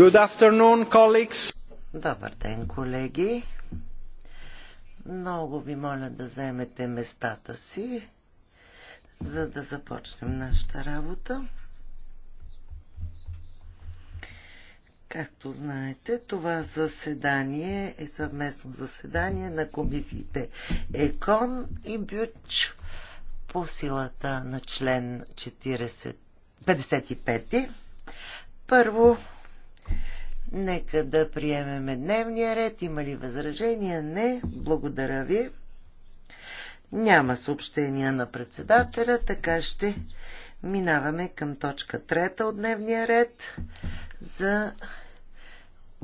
Good afternoon, colleagues. Добър ден, колеги. Много ви моля да вземете местата си, за да започнем нашата работа. Както знаете, това заседание е съвместно заседание на комисиите ЕКОН и БЮЧ по силата на член 40, 55. Първо Нека да приемеме дневния ред. Има ли възражения? Не. Благодаря ви. Няма съобщения на председателя, така ще минаваме към точка трета от дневния ред за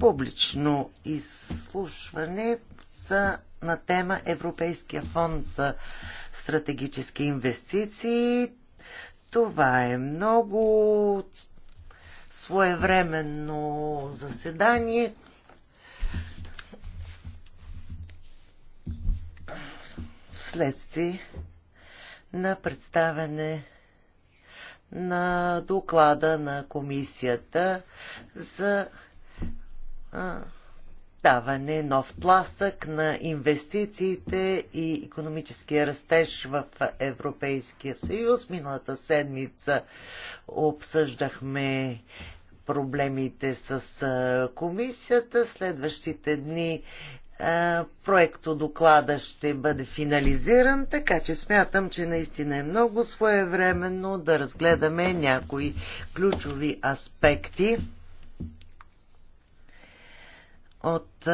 публично изслушване за, на тема Европейския фонд за стратегически инвестиции. Това е много своевременно заседание. Вследствие на представяне на доклада на комисията за даване нов тласък на инвестициите и економическия растеж в Европейския съюз. Миналата седмица обсъждахме проблемите с комисията. Следващите дни проекто доклада ще бъде финализиран, така че смятам, че наистина е много своевременно да разгледаме някои ключови аспекти от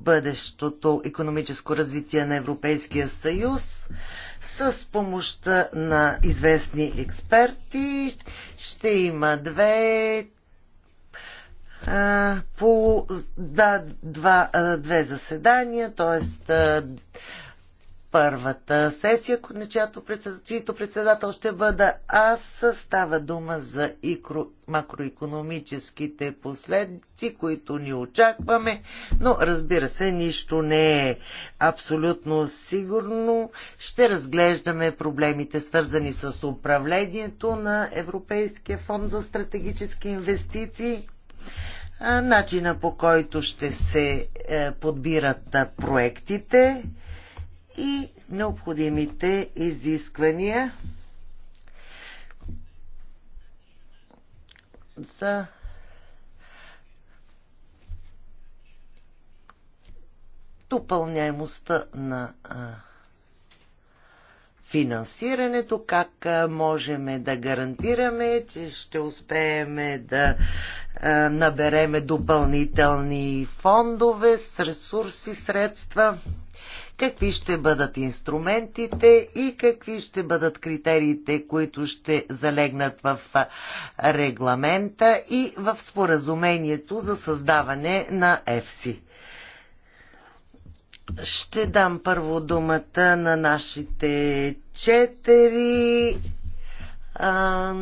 бъдещото економическо развитие на Европейския съюз с помощта на известни експерти. Ще има две по да, два, две заседания, т.е първата сесия, на чиято председател, председател ще бъда аз. Става дума за икро, макроекономическите последици, които ни очакваме, но разбира се, нищо не е абсолютно сигурно. Ще разглеждаме проблемите, свързани с управлението на Европейския фонд за стратегически инвестиции начина по който ще се е, подбират проектите и необходимите изисквания за допълняемостта на финансирането, как можем да гарантираме, че ще успеем да набереме допълнителни фондове с ресурси, средства какви ще бъдат инструментите и какви ще бъдат критериите, които ще залегнат в регламента и в споразумението за създаване на ЕФСИ. Ще дам първо думата на нашите четири а,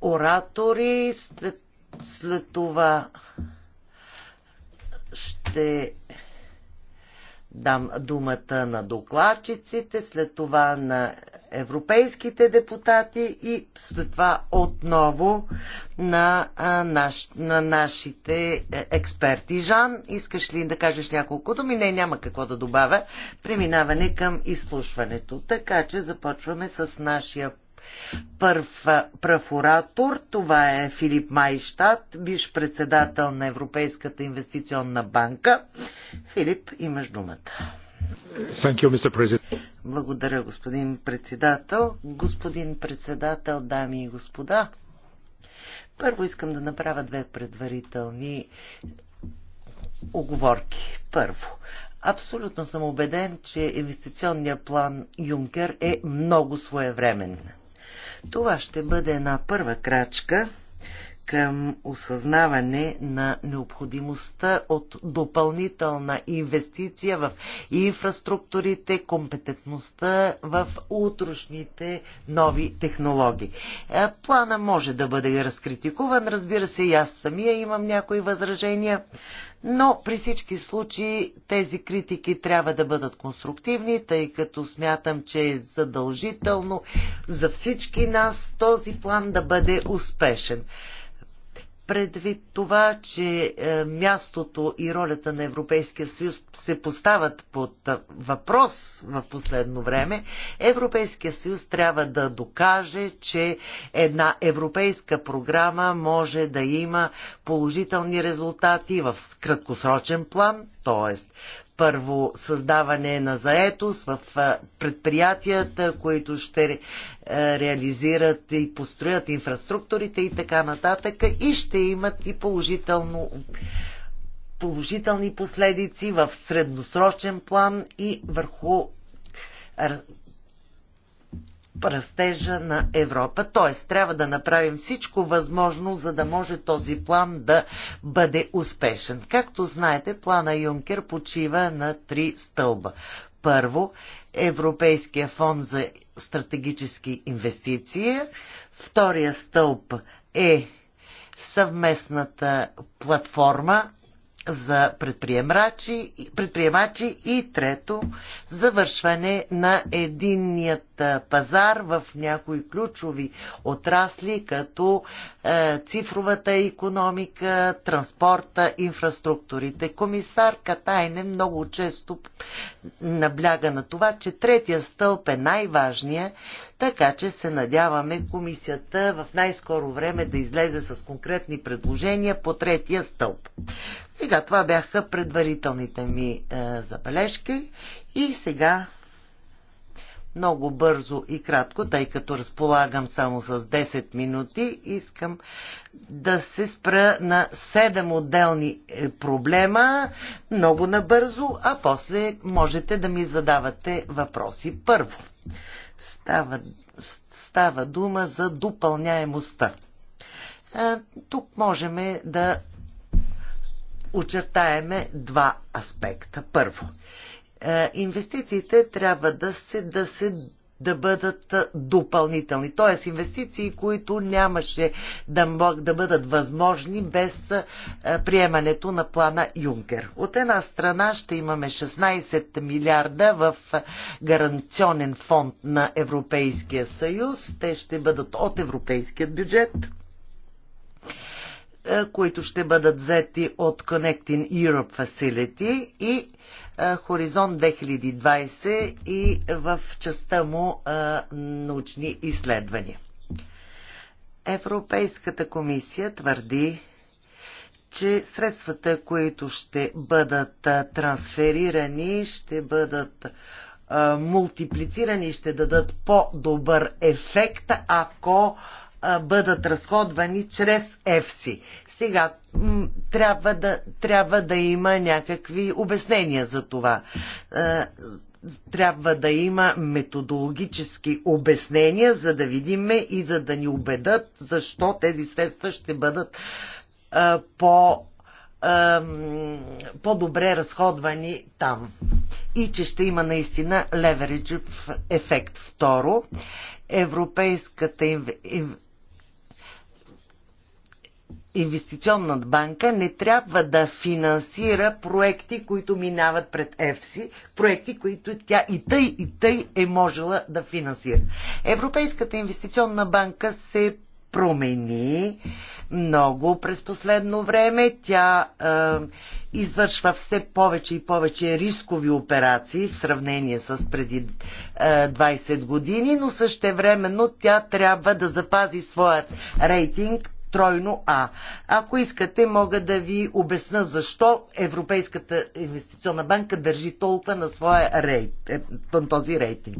оратори. След, след това ще дам думата на докладчиците, след това на европейските депутати и след това отново на, а, наш, на нашите е, експерти. Жан, искаш ли да кажеш няколко думи? Не, няма какво да добавя. Преминаване към изслушването. Така че започваме с нашия Първ, пръв оратор, това е Филип Майштад, биш председател на Европейската инвестиционна банка. Филип, имаш думата. You, Благодаря, господин председател. Господин председател, дами и господа, първо искам да направя две предварителни оговорки. Първо, абсолютно съм убеден, че инвестиционният план Юнкер е много своевременен. Това ще бъде една първа крачка към осъзнаване на необходимостта от допълнителна инвестиция в инфраструктурите, компетентността в утрошните нови технологии. Е, плана може да бъде разкритикуван, разбира се, и аз самия имам някои възражения, но при всички случаи тези критики трябва да бъдат конструктивни, тъй като смятам, че е задължително за всички нас този план да бъде успешен предвид това, че е, мястото и ролята на Европейския съюз се поставят под е, въпрос в последно време, Европейския съюз трябва да докаже, че една европейска програма може да има положителни резултати в краткосрочен план, т.е първо създаване на заетост в предприятията, които ще е, реализират и построят инфраструктурите и така нататък и ще имат и положително положителни последици в средносрочен план и върху растежа на Европа. Т.е. трябва да направим всичко възможно, за да може този план да бъде успешен. Както знаете, плана Юнкер почива на три стълба. Първо, Европейския фонд за стратегически инвестиции. Втория стълб е съвместната платформа за предприемачи, предприемачи и трето завършване на единният пазар в някои ключови отрасли, като цифровата економика, транспорта, инфраструктурите. Комисар Катайне много често набляга на това, че третия стълб е най-важния, така че се надяваме комисията в най-скоро време да излезе с конкретни предложения по третия стълб. Сега това бяха предварителните ми е, забележки и сега много бързо и кратко, тъй като разполагам само с 10 минути, искам да се спра на 7 отделни е, проблема, много набързо, а после можете да ми задавате въпроси. Първо, става, става дума за допълняемостта. Тук можем да очертаеме два аспекта. Първо, е, инвестициите трябва да се, да се да бъдат е, допълнителни. Т.е. инвестиции, които нямаше да, мог, да бъдат възможни без е, приемането на плана Юнкер. От една страна ще имаме 16 милиарда в гаранционен фонд на Европейския съюз. Те ще бъдат от европейският бюджет които ще бъдат взети от Connecting Europe Facility и Хоризонт 2020 и в частта му научни изследвания. Европейската комисия твърди, че средствата, които ще бъдат трансферирани, ще бъдат мултиплицирани и ще дадат по-добър ефект, ако бъдат разходвани чрез ЕФСИ. Сега трябва да, трябва да има някакви обяснения за това. Трябва да има методологически обяснения, за да видиме и за да ни убедат защо тези средства ще бъдат по по-добре разходвани там. И че ще има наистина левериджов ефект. Второ, Европейската Инв... Инвестиционната банка не трябва да финансира проекти, които минават пред ЕФСИ, проекти, които тя и тъй, и тъй е можела да финансира. Европейската инвестиционна банка се промени много през последно време. Тя е, извършва все повече и повече рискови операции в сравнение с преди е, 20 години, но същевременно тя трябва да запази своят рейтинг тройно А. Ако искате, мога да ви обясна защо Европейската инвестиционна банка държи толкова на своя рейт, е, на този рейтинг.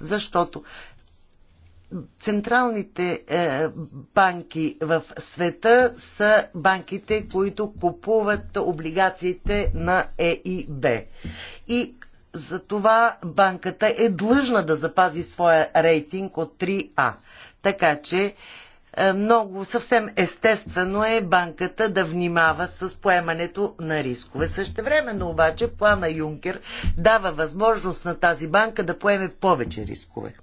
Защото централните е, банки в света са банките, които купуват облигациите на ЕИБ. И за това банката е длъжна да запази своя рейтинг от 3А. Така че е, много съвсем естествено е банката да внимава с поемането на рискове. Същевременно обаче плана Юнкер дава възможност на тази банка да поеме повече рискове.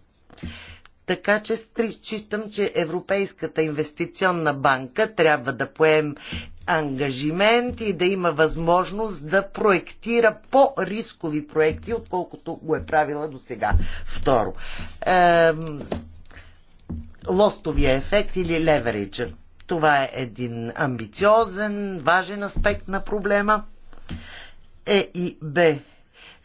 Така че считам, че Европейската инвестиционна банка трябва да поем ангажимент и да има възможност да проектира по-рискови проекти, отколкото го е правила до сега. Второ, лостовия ефект или левериджа. Това е един амбициозен, важен аспект на проблема. Е и Б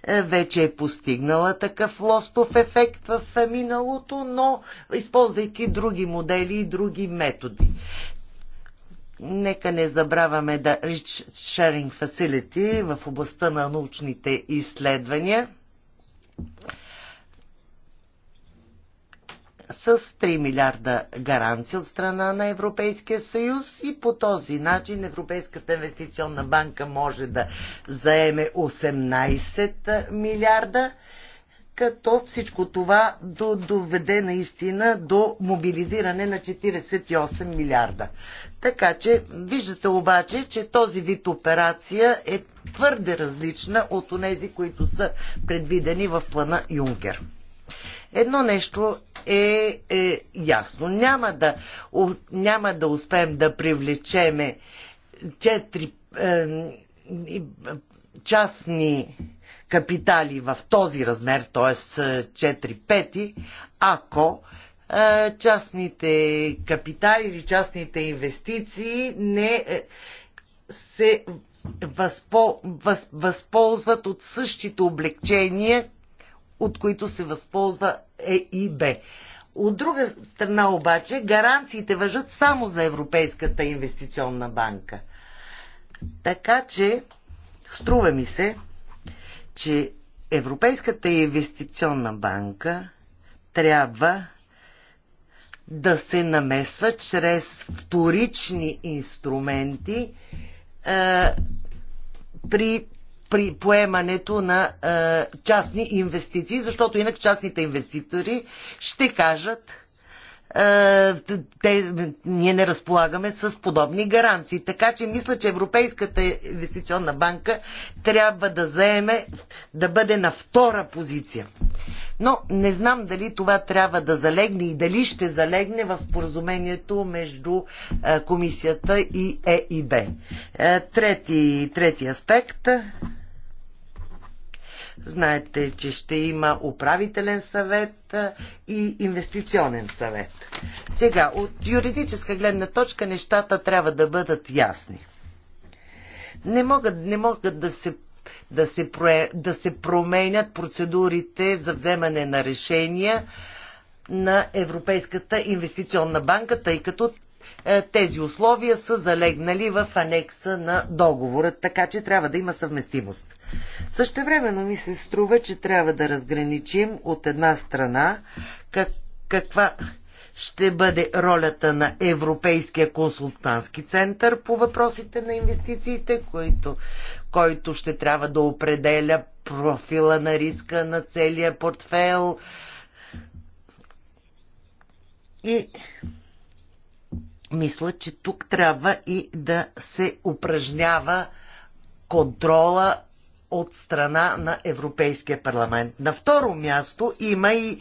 е, вече е постигнала такъв лостов ефект в е, миналото, но използвайки други модели и други методи. Нека не забравяме да Rich Sharing Facility в областта на научните изследвания – с 3 милиарда гаранции от страна на Европейския съюз и по този начин Европейската инвестиционна банка може да заеме 18 милиарда като всичко това до, доведе наистина до мобилизиране на 48 милиарда. Така че виждате обаче, че този вид операция е твърде различна от тези, които са предвидени в плана Юнкер. Едно нещо е, е ясно. Няма да, няма да успеем да привлечеме четири е, частни капитали в този размер, т.е. 4 пети, ако е, частните капитали или частните инвестиции не е, се възпо, въз, възползват от същите облегчения, от които се възползва е Б. От друга страна обаче гаранциите въжат само за Европейската инвестиционна банка. Така че струва ми се, че Европейската инвестиционна банка трябва да се намесва чрез вторични инструменти е, при при поемането на е, частни инвестиции, защото инак частните инвеститори ще кажат, е, те, ние не разполагаме с подобни гаранции. Така че мисля, че Европейската инвестиционна банка трябва да заеме, да бъде на втора позиция. Но не знам дали това трябва да залегне и дали ще залегне в споразумението между е, комисията и ЕИБ. Е, трети, трети аспект Знаете, че ще има управителен съвет и инвестиционен съвет. Сега, от юридическа гледна точка нещата трябва да бъдат ясни. Не могат, не могат да се да се, да се променят процедурите за вземане на решения на Европейската инвестиционна банка, тъй като е, тези условия са залегнали в анекса на договора, така че трябва да има съвместимост. времено ми се струва, че трябва да разграничим от една страна как, каква ще бъде ролята на Европейския консултантски център по въпросите на инвестициите, който, който ще трябва да определя профила на риска на целия портфел. И мисля, че тук трябва и да се упражнява контрола от страна на Европейския парламент. На второ място има и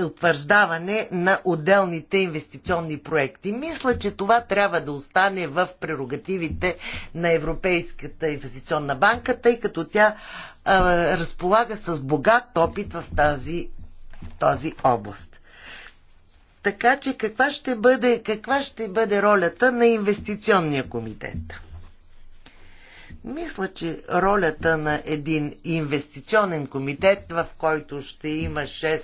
утвърждаване на отделните инвестиционни проекти. Мисля, че това трябва да остане в прерогативите на Европейската инвестиционна банка, тъй като тя а, разполага с богат опит в тази, в тази област. Така че каква ще бъде, каква ще бъде ролята на инвестиционния комитет? Мисля, че ролята на един инвестиционен комитет, в който ще има 6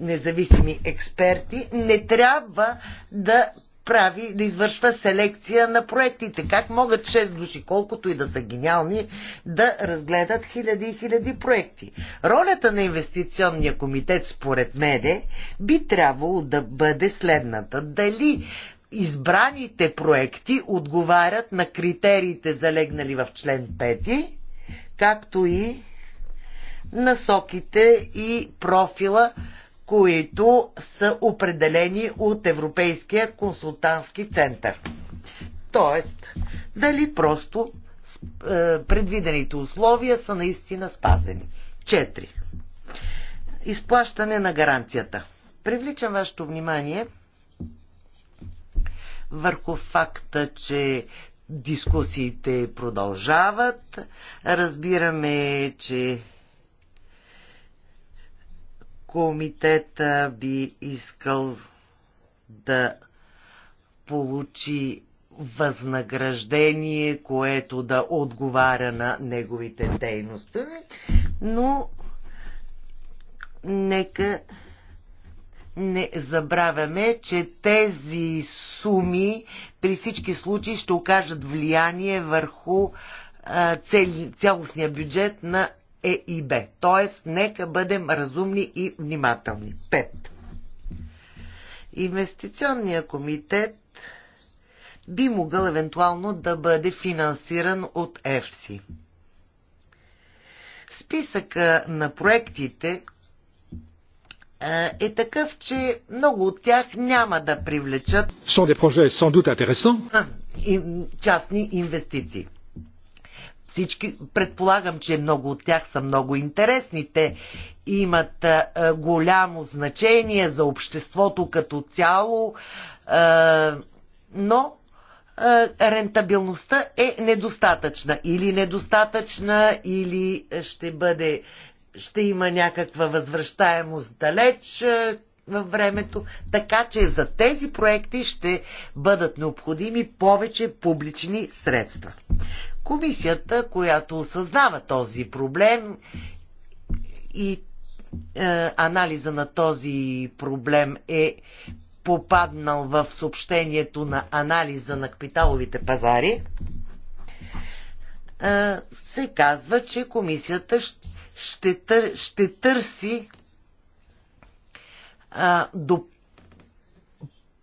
независими експерти, не трябва да прави, да извършва селекция на проектите. Как могат 6 души, колкото и да са гениални, да разгледат хиляди и хиляди проекти? Ролята на инвестиционния комитет, според мене, би трябвало да бъде следната. Дали избраните проекти отговарят на критериите залегнали в член 5, както и насоките и профила които са определени от Европейския консултантски център. Тоест, дали просто е, предвидените условия са наистина спазени. 4. Изплащане на гаранцията. Привличам вашето внимание върху факта, че дискусиите продължават. Разбираме, че комитета би искал да получи възнаграждение, което да отговаря на неговите дейности. Но нека не забравяме, че тези суми при всички случаи ще окажат влияние върху цялостния бюджет на е и бе. Тоест, нека бъдем разумни и внимателни. Пет. Инвестиционния комитет би могъл евентуално да бъде финансиран от ЕФСИ. Списъка на проектите е, е такъв, че много от тях няма да привлечат sans des projets, sans doute частни инвестиции. Всички, предполагам, че много от тях са много интересни. Те имат а, голямо значение за обществото като цяло, а, но а, рентабилността е недостатъчна. Или недостатъчна, или ще бъде ще има някаква възвръщаемост далеч във времето, така че за тези проекти ще бъдат необходими повече публични средства комисията, която осъзнава този проблем и е, анализа на този проблем е попаднал в съобщението на анализа на капиталовите пазари, е, се казва, че комисията ще, ще, тър, ще търси е, до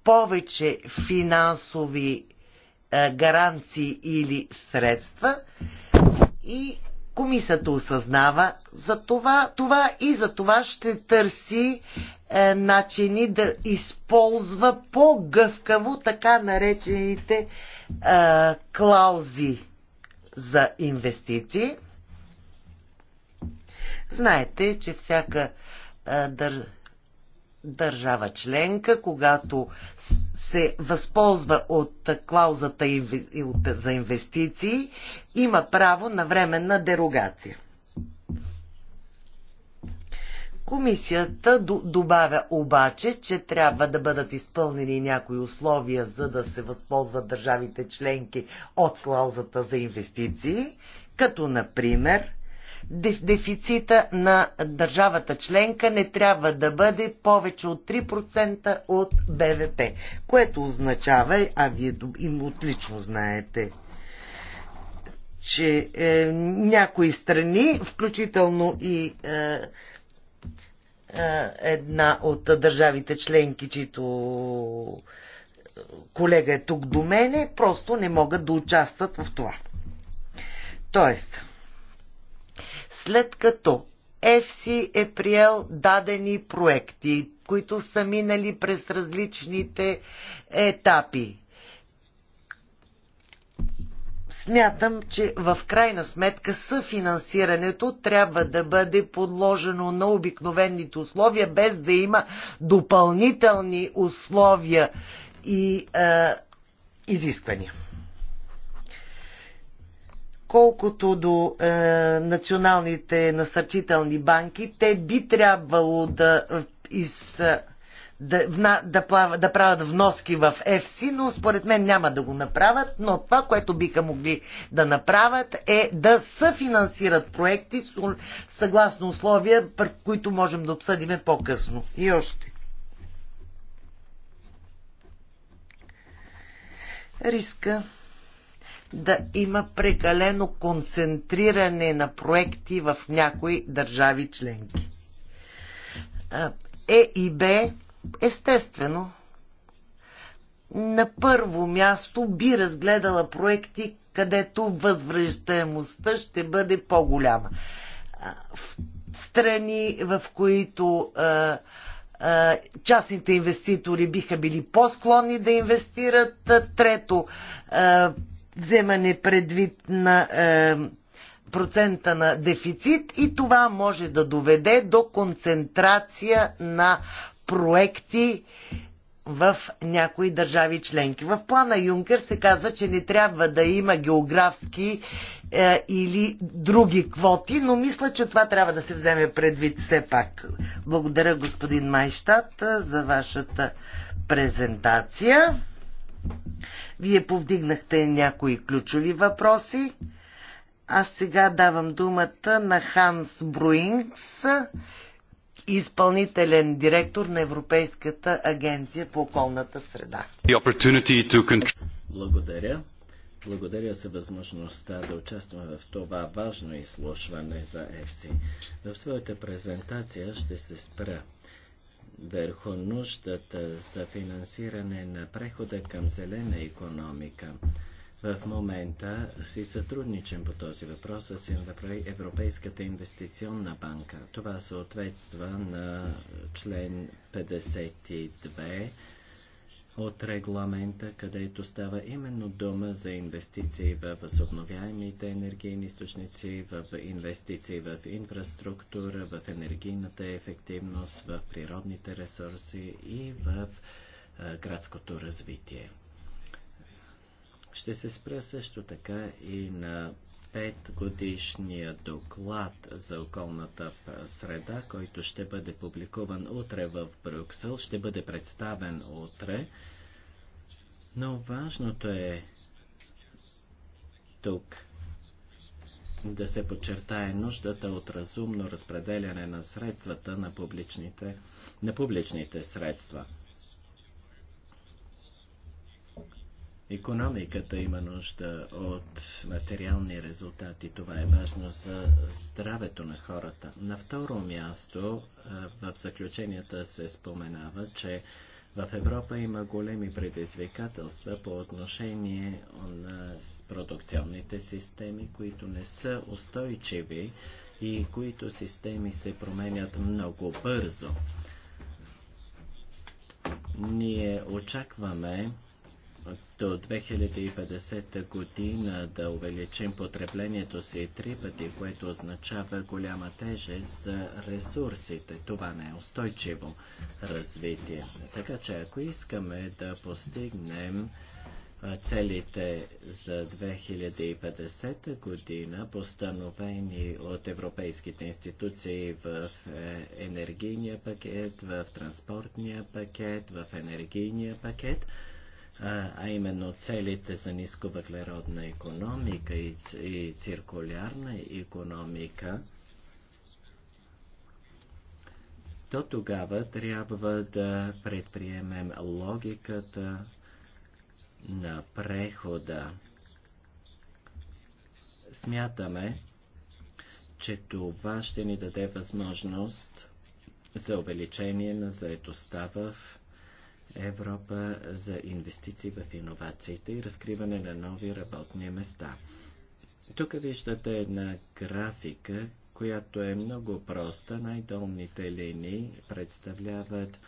повече финансови е, гаранции или средства и комисията осъзнава за това, това и за това ще търси е, начини да използва по-гъвкаво така наречените е, клаузи за инвестиции. Знаете, че всяка е, дър, държава членка, когато се възползва от клаузата за инвестиции, има право на временна дерогация. Комисията добавя обаче, че трябва да бъдат изпълнени някои условия, за да се възползват държавите членки от клаузата за инвестиции, като например дефицита на държавата членка не трябва да бъде повече от 3% от БВП, което означава, а вие им отлично знаете, че е, някои страни, включително и е, е, една от държавите членки, чието колега е тук до мене, просто не могат да участват в това. Тоест, след като ЕФСИ е приел дадени проекти, които са минали през различните етапи. Смятам, че в крайна сметка съфинансирането трябва да бъде подложено на обикновените условия, без да има допълнителни условия и е, изисквания. Колкото до е, националните насърчителни банки, те би трябвало да, е, из, е, да, вна, да, плава, да правят вноски в ЕФСИ, но според мен няма да го направят. Но това, което биха могли да направят е да съфинансират проекти съгласно условия, които можем да обсъдиме по-късно. И още. Риска да има прекалено концентриране на проекти в някои държави членки. Е и Б, естествено, на първо място би разгледала проекти, където възвръщаемостта ще бъде по-голяма. В страни, в които а, а, частните инвеститори биха били по-склонни да инвестират. Трето, а, вземане предвид на е, процента на дефицит и това може да доведе до концентрация на проекти в някои държави членки. В плана Юнкер се казва, че не трябва да има географски е, или други квоти, но мисля, че това трябва да се вземе предвид все пак. Благодаря господин Майштат за вашата презентация. Вие повдигнахте някои ключови въпроси. Аз сега давам думата на Ханс Бруинкс, изпълнителен директор на Европейската агенция по околната среда. Благодаря. Благодаря за възможността да участваме в това важно изслушване за ЕФСИ. В своята презентация ще се спра върху нуждата за финансиране на прехода към зелена економика. В момента си сътрудничам по този въпрос с Европейската инвестиционна банка. Това съответства на член 52 от регламента, където става именно дума за инвестиции в възобновяемите енергийни източници, в инвестиции в инфраструктура, в енергийната ефективност, в природните ресурси и в градското развитие. Ще се спра също така и на 5 годишния доклад за околната среда, който ще бъде публикуван утре в Брюксел, ще бъде представен утре. Но важното е тук да се подчертае нуждата от разумно разпределяне на средствата на публичните, на публичните средства. Економиката има нужда от материални резултати. Това е важно за здравето на хората. На второ място в заключенията се споменава, че в Европа има големи предизвикателства по отношение на продукционните системи, които не са устойчиви и които системи се променят много бързо. Ние очакваме до 2050 година да увеличим потреблението си три пъти, което означава голяма тежест за ресурсите. Това не е устойчиво развитие. Така че ако искаме да постигнем целите за 2050 година, постановени от европейските институции в е, енергийния пакет, в транспортния пакет, в енергийния пакет, а именно целите за нисковъглеродна економика и, и циркулярна економика, то тогава трябва да предприемем логиката на прехода. Смятаме, че това ще ни даде възможност за увеличение на заедостта в Европа за инвестиции в иновациите и разкриване на нови работни места. Тук виждате една графика, която е много проста. Най-долните линии представляват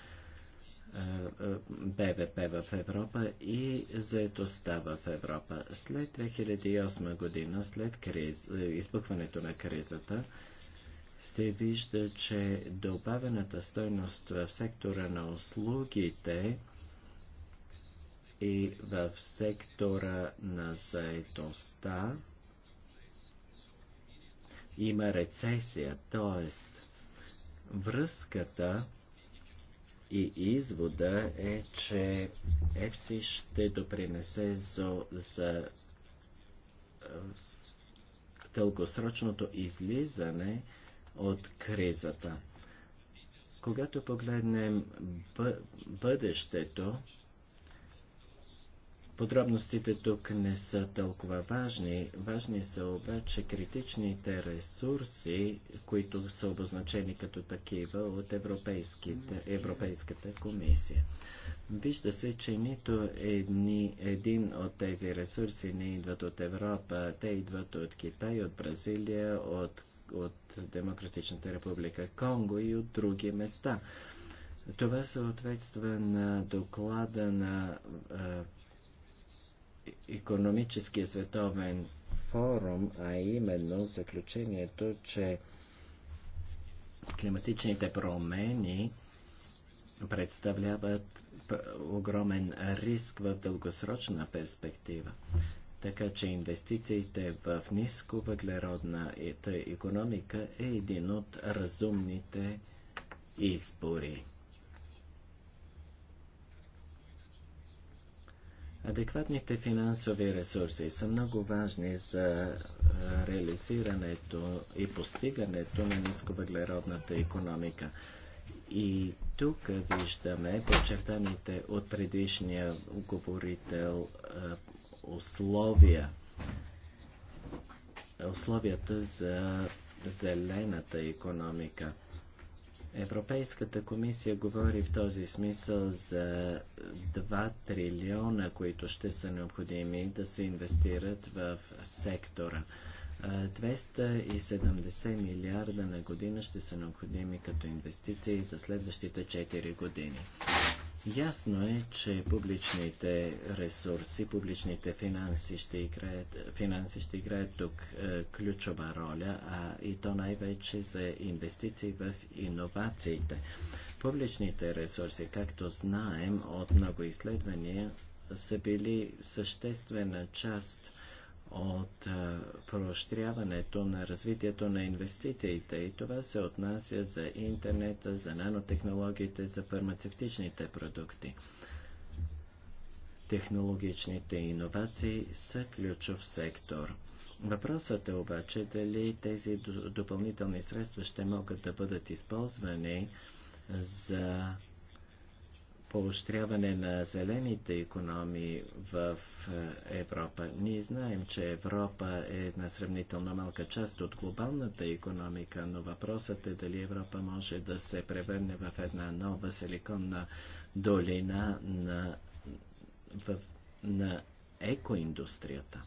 БВП в Европа и заетостта в Европа. След 2008 година, след криз, избухването на кризата, се вижда, че добавената стойност в сектора на услугите и в сектора на заедостта има рецесия, т.е. връзката и извода е, че ЕПСИ ще допринесе за, за дългосрочното излизане от кризата. Когато погледнем бъдещето, подробностите тук не са толкова важни. Важни са обаче критичните ресурси, които са обозначени като такива от Европейската комисия. Вижда се, че нито едни, един от тези ресурси не идват от Европа. Те идват от Китай, от Бразилия, от от Демократичната република Конго и от други места. Това съответства на доклада на економическия световен форум, а именно заключението, че климатичните промени представляват огромен риск в дългосрочна перспектива. Така че инвестициите в ниско въглеродната економика е един от разумните избори. Адекватните финансови ресурси са много важни за реализирането и постигането на нисковъглеродната економика. И тук виждаме подчертаните от предишния говорител условия, условията за зелената економика. Европейската комисия говори в този смисъл за 2 трилиона, които ще са необходими да се инвестират в сектора. 270 милиарда на година ще са необходими като инвестиции за следващите 4 години. Ясно е, че публичните ресурси, публичните финанси ще играят, финанси ще играят тук е, ключова роля, а и то най-вече за инвестиции в иновациите. Публичните ресурси, както знаем от много изследвания, са били съществена част от проощряването на развитието на инвестициите и това се отнася за интернета, за нанотехнологиите, за фармацевтичните продукти. Технологичните иновации са ключов сектор. Въпросът е обаче дали тези допълнителни средства ще могат да бъдат използвани за поощряване на зелените економии в е, Европа. Ние знаем, че Европа е една сравнително малка част от глобалната економика, но въпросът е дали Европа може да се превърне в една нова силиконна долина на, в, на екоиндустрията.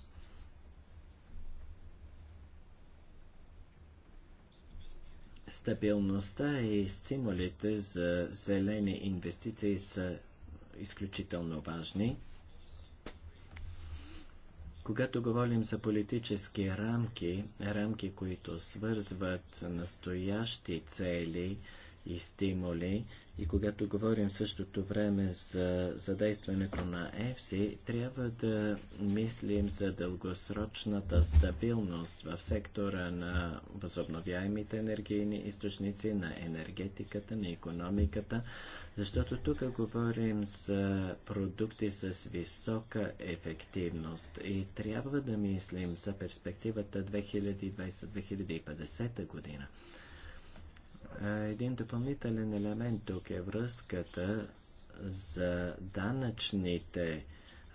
Стабилността и стимулите за зелени инвестиции са изключително важни. Когато говорим за политически рамки, рамки, които свързват настоящи цели и стимули. И когато говорим в същото време за задействането на ЕФСИ, трябва да мислим за дългосрочната стабилност в сектора на възобновяемите енергийни източници, на енергетиката, на економиката, защото тук говорим за продукти с висока ефективност и трябва да мислим за перспективата 2020-2050 година. Е, един допълнителен елемент тук е връзката за данъчните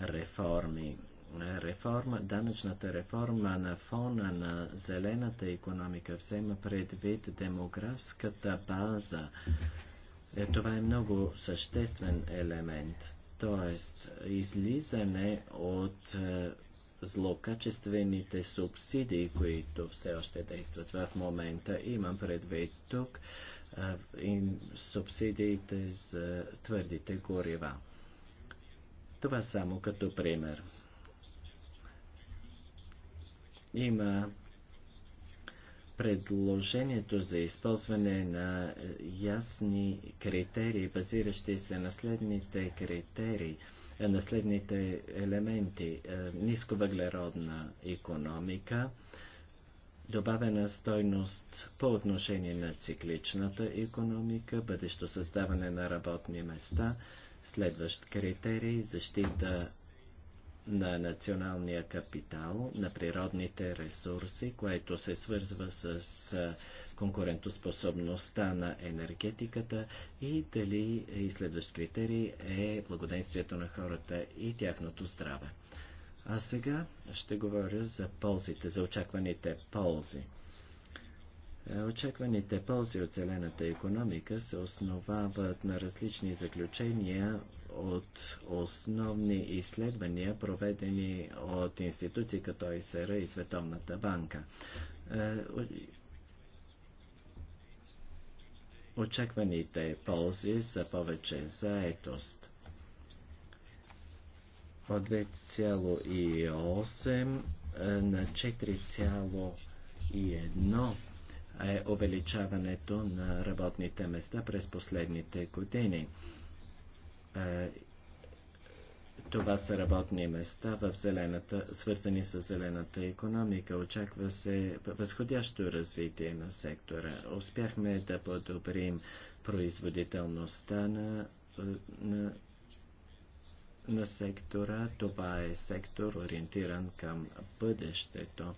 реформи. Е, реформа, данъчната реформа на фона на зелената економика взема предвид демографската база. Е, това е много съществен елемент, т.е. излизане от е, злокачествените субсидии, които все още действат в момента. Имам предвид тук а, и субсидиите за твърдите горива. Това само като пример. Има предложението за използване на ясни критерии, базиращи се на следните критерии – е на следните елементи. Е, Нисковъглеродна економика, добавена стойност по отношение на цикличната економика, бъдещо създаване на работни места, следващ критерий защита на националния капитал, на природните ресурси, което се свързва с конкурентоспособността на енергетиката и дали и следващ критерий е благоденствието на хората и тяхното здраве. А сега ще говоря за ползите, за очакваните ползи. Е, очакваните ползи от зелената економика се основават на различни заключения от основни изследвания, проведени от институции като ИСР и Световната банка. Е, очакваните ползи са повече заетост. От 2,8 е, на 4,1 е увеличаването на работните места през последните години. Е, това са работни места в зелената, свързани с зелената економика. Очаква се възходящо развитие на сектора. Успяхме да подобрим производителността на, на, на сектора. Това е сектор ориентиран към бъдещето.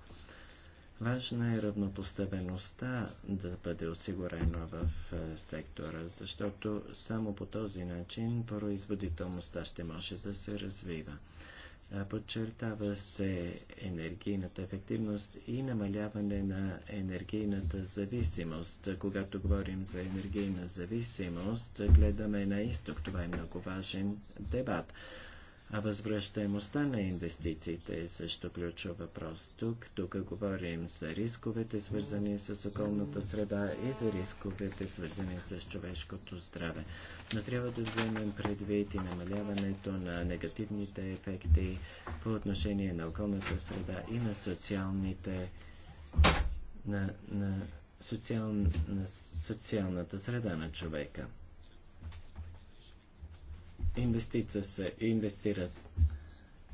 Важна е равнопоставеността да бъде осигурена в е, сектора, защото само по този начин производителността ще може да се развива. Е, подчертава се енергийната ефективност и намаляване на енергийната зависимост. Когато говорим за енергийна зависимост, гледаме на изток. Това е много важен дебат. А възвръщаемостта на инвестициите е също ключов въпрос. Тук, тук говорим за рисковете, свързани с околната среда и за рисковете, свързани с човешкото здраве. Но трябва да вземем предвид и намаляването на негативните ефекти по отношение на околната среда и на социалните на, на, социал, на социалната среда на човека. Инвестиция се, инвестират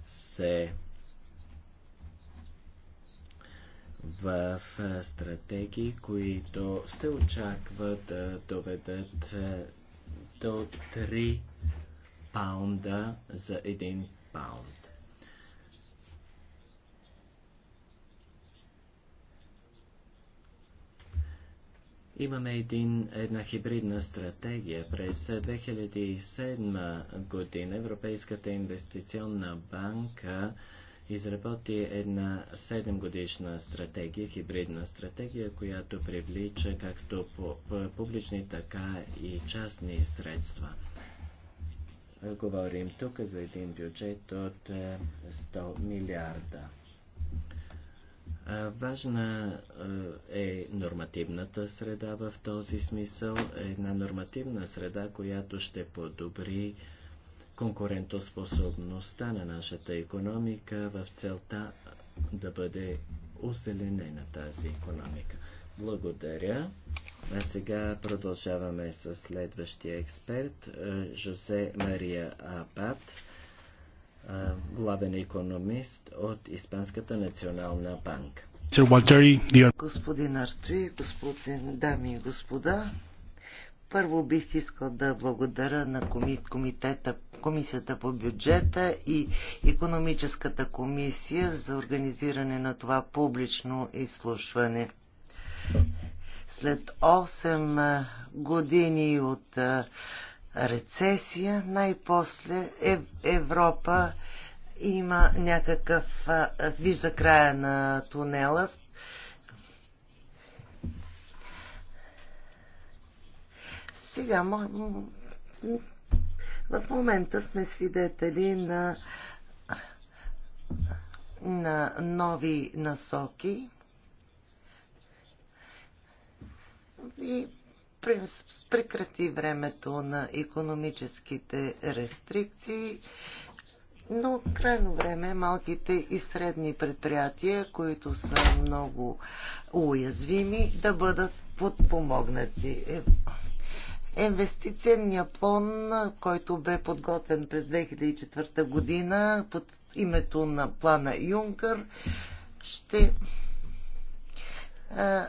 се в стратегии, които се очаква да доведат до 3 паунда за 1 паунд. Имаме един, една хибридна стратегия. През 2007 година Европейската инвестиционна банка изработи една 7 годишна стратегия, хибридна стратегия, която привлича както публични, така и частни средства. Говорим тук за един бюджет от 100 е, милиарда. Важна е нормативната среда в този смисъл, една нормативна среда, която ще подобри конкурентоспособността на нашата економика в целта да бъде усиленена тази економика. Благодаря. А сега продължаваме с следващия експерт, Жозе Мария Апат главен економист от Испанската национална банка. Господин Артуи, господин, дами и господа, първо бих искал да благодаря на комитета, Комисията по бюджета и Економическата комисия за организиране на това публично изслушване. След 8 години от рецесия. Най-после Европа има някакъв, вижда края на тунела. Сега, в момента сме свидетели на, на нови насоки и прекрати времето на економическите рестрикции, но крайно време е малките и средни предприятия, които са много уязвими, да бъдат подпомогнати. Е, инвестиционния план, който бе подготвен през 2004 година под името на плана Юнкър, ще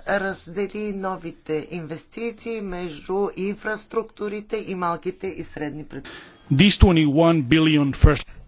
раздели новите инвестиции между инфраструктурите и малките и средни предприятия.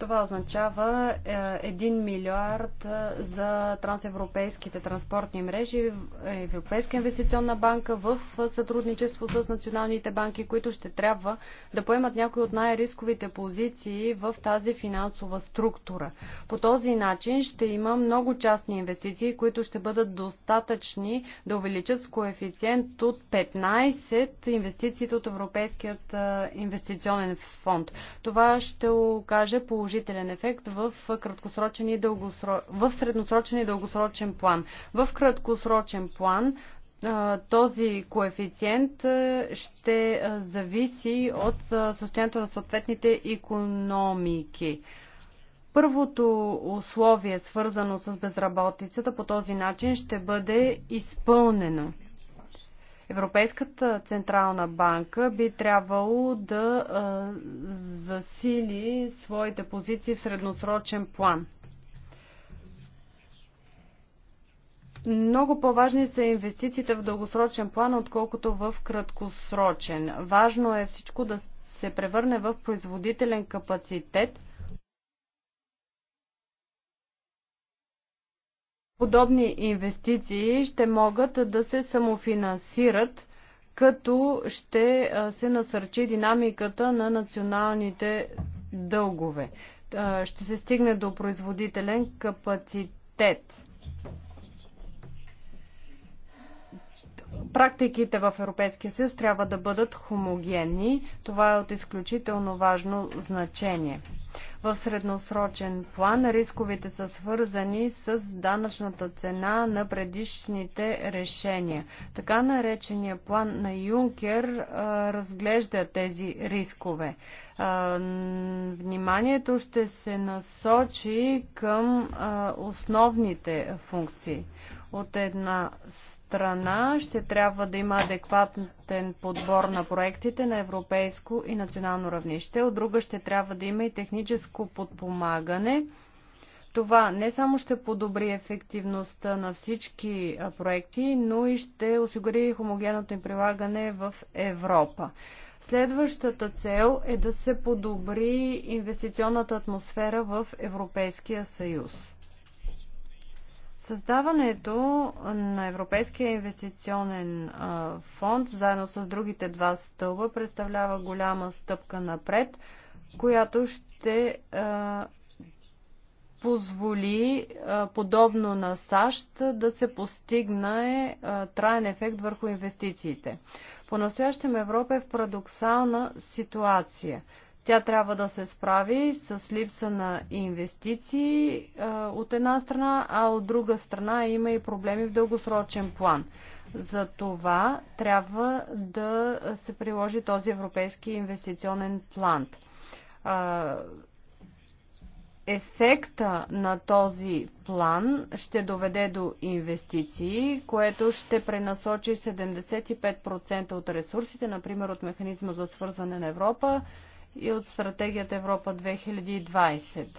Това означава 1 е, милиард е, за трансевропейските транспортни мрежи, е, Европейска инвестиционна банка в сътрудничество с националните банки, които ще трябва да поемат някои от най-рисковите позиции в тази финансова структура. По този начин ще има много частни инвестиции, които ще бъдат достатъчни да увеличат с коефициент от 15 инвестициите от Европейският инвестиционен фонд. Това ще окаже положението положителен ефект в, краткосрочен и в средносрочен и дългосрочен план. В краткосрочен план този коефициент ще зависи от състоянието на съответните економики. Първото условие, свързано с безработицата, по този начин ще бъде изпълнено. Европейската централна банка би трябвало да засили своите позиции в средносрочен план. Много по-важни са инвестициите в дългосрочен план, отколкото в краткосрочен. Важно е всичко да се превърне в производителен капацитет – подобни инвестиции ще могат да се самофинансират, като ще се насърчи динамиката на националните дългове. Ще се стигне до производителен капацитет. Практиките в Европейския съюз трябва да бъдат хомогенни. Това е от изключително важно значение. В средносрочен план рисковите са свързани с данъчната цена на предишните решения. Така наречения план на Юнкер а, разглежда тези рискове. А, вниманието ще се насочи към а, основните функции. От една страна, страна ще трябва да има адекватен подбор на проектите на европейско и национално равнище. От друга ще трябва да има и техническо подпомагане. Това не само ще подобри ефективността на всички проекти, но и ще осигури хомогенното им прилагане в Европа. Следващата цел е да се подобри инвестиционната атмосфера в Европейския съюз. Създаването на Европейския инвестиционен фонд, заедно с другите два стълба, представлява голяма стъпка напред, която ще позволи, подобно на САЩ, да се постигне траен ефект върху инвестициите. По-настоящем Европа е в парадоксална ситуация – тя трябва да се справи с липса на инвестиции от една страна, а от друга страна има и проблеми в дългосрочен план. За това трябва да се приложи този европейски инвестиционен план. Ефекта на този план ще доведе до инвестиции, което ще пренасочи 75% от ресурсите, например от механизма за свързване на Европа, и от стратегията Европа 2020.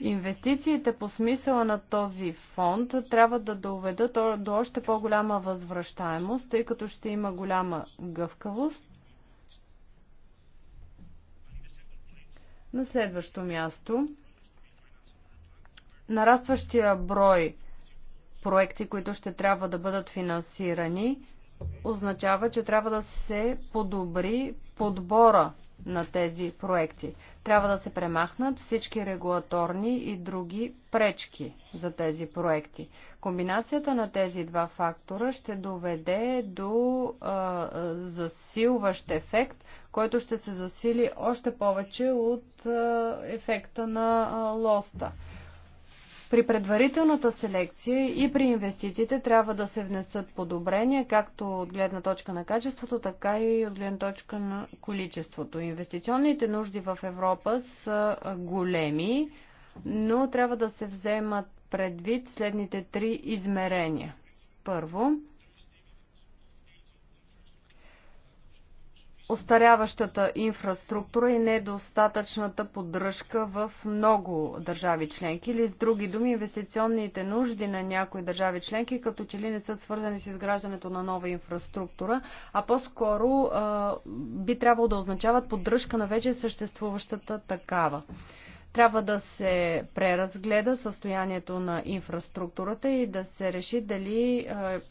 Инвестициите по смисъла на този фонд трябва да доведат до още по-голяма възвръщаемост, тъй като ще има голяма гъвкавост. На следващо място, нарастващия брой проекти, които ще трябва да бъдат финансирани, означава, че трябва да се подобри подбора на тези проекти. Трябва да се премахнат всички регулаторни и други пречки за тези проекти. Комбинацията на тези два фактора ще доведе до а, засилващ ефект, който ще се засили още повече от а, ефекта на а, лоста. При предварителната селекция и при инвестициите трябва да се внесат подобрения, както от гледна точка на качеството, така и от гледна точка на количеството. Инвестиционните нужди в Европа са големи, но трябва да се вземат предвид следните три измерения. Първо, остаряващата инфраструктура и недостатъчната поддръжка в много държави членки или с други думи инвестиционните нужди на някои държави членки като че ли не са свързани с изграждането на нова инфраструктура, а по-скоро би трябвало да означават поддръжка на вече съществуващата такава трябва да се преразгледа състоянието на инфраструктурата и да се реши дали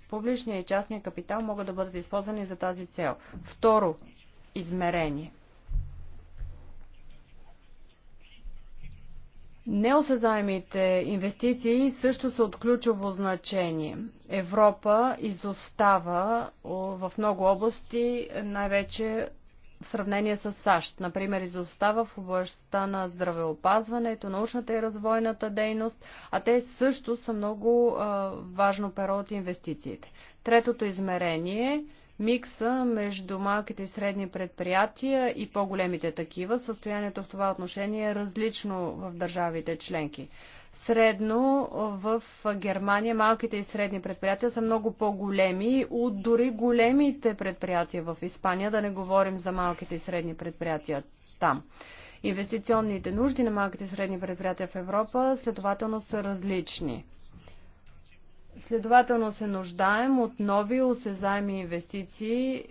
публичния и частния капитал могат да бъдат използвани за тази цел. Второ, измерение. Неосъзаемите инвестиции също са от ключово значение. Европа изостава в много области, най-вече в сравнение с САЩ. Например, изостава в областта на здравеопазването, научната и развойната дейност, а те също са много важно перо от инвестициите. Третото измерение е микса между малките и средни предприятия и по-големите такива. Състоянието в това отношение е различно в държавите членки. Средно в Германия малките и средни предприятия са много по-големи от дори големите предприятия в Испания, да не говорим за малките и средни предприятия там. Инвестиционните нужди на малките и средни предприятия в Европа следователно са различни. Следователно се нуждаем от нови осезаеми инвестиции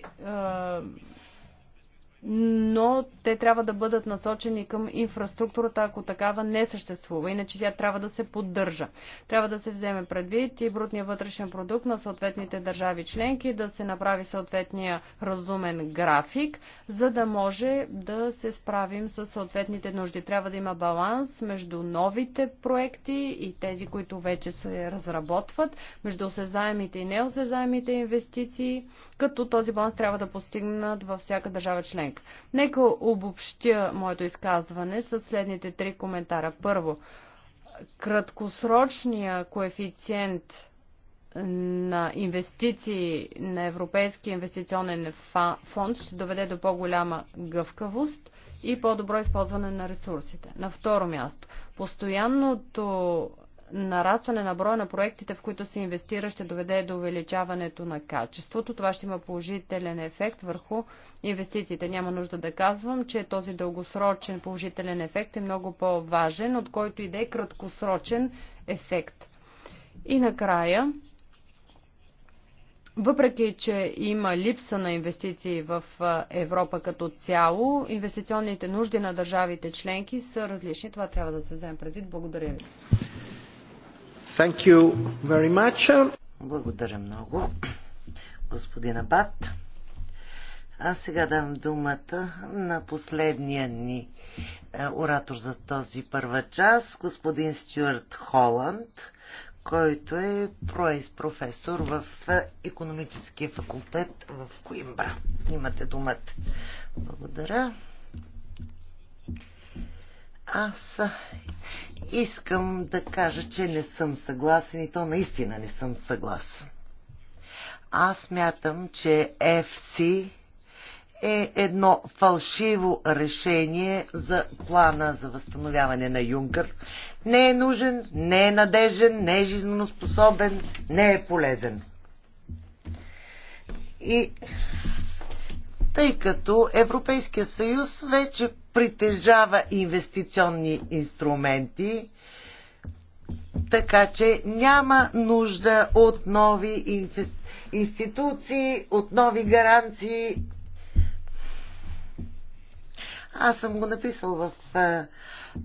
но те трябва да бъдат насочени към инфраструктурата, ако такава не съществува, иначе тя трябва да се поддържа. Трябва да се вземе предвид и брутния вътрешен продукт на съответните държави членки, да се направи съответния разумен график, за да може да се справим с съответните нужди. Трябва да има баланс между новите проекти и тези, които вече се разработват, между осезаемите и неосезаемите инвестиции, като този баланс трябва да постигнат във всяка държава членка членка. Нека обобщя моето изказване с следните три коментара. Първо, краткосрочния коефициент на инвестиции на Европейския инвестиционен фонд ще доведе до по-голяма гъвкавост и по-добро използване на ресурсите. На второ място, постоянното нарастване на броя на проектите, в които се инвестира, ще доведе до увеличаването на качеството. Това ще има положителен ефект върху инвестициите. Няма нужда да казвам, че този дългосрочен положителен ефект е много по-важен, от който иде краткосрочен ефект. И накрая, въпреки, че има липса на инвестиции в Европа като цяло, инвестиционните нужди на държавите членки са различни. Това трябва да се вземе предвид. Благодаря ви. Thank you very much. Благодаря много, господина Бат. А сега дам думата на последния ни е, оратор за този първа час, господин Стюарт Холанд, който е професор в е, економическия факултет в Коимбра. Имате думата. Благодаря. Аз искам да кажа, че не съм съгласен и то наистина не съм съгласен. Аз мятам, че FC е едно фалшиво решение за плана за възстановяване на Юнкър. Не е нужен, не е надежен, не е жизненоспособен, не е полезен. И тъй като Европейския съюз вече притежава инвестиционни инструменти, така че няма нужда от нови институции, от нови гаранции. Аз съм го написал в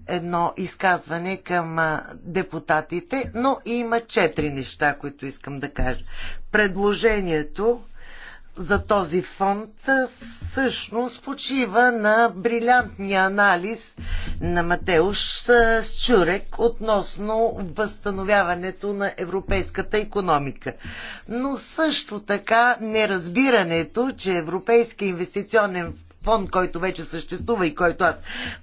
едно изказване към депутатите, но има четири неща, които искам да кажа. Предложението за този фонд всъщност почива на брилянтния анализ на Матеуш Счурек относно възстановяването на европейската економика. Но също така неразбирането, че Европейския инвестиционен фонд, който вече съществува и който аз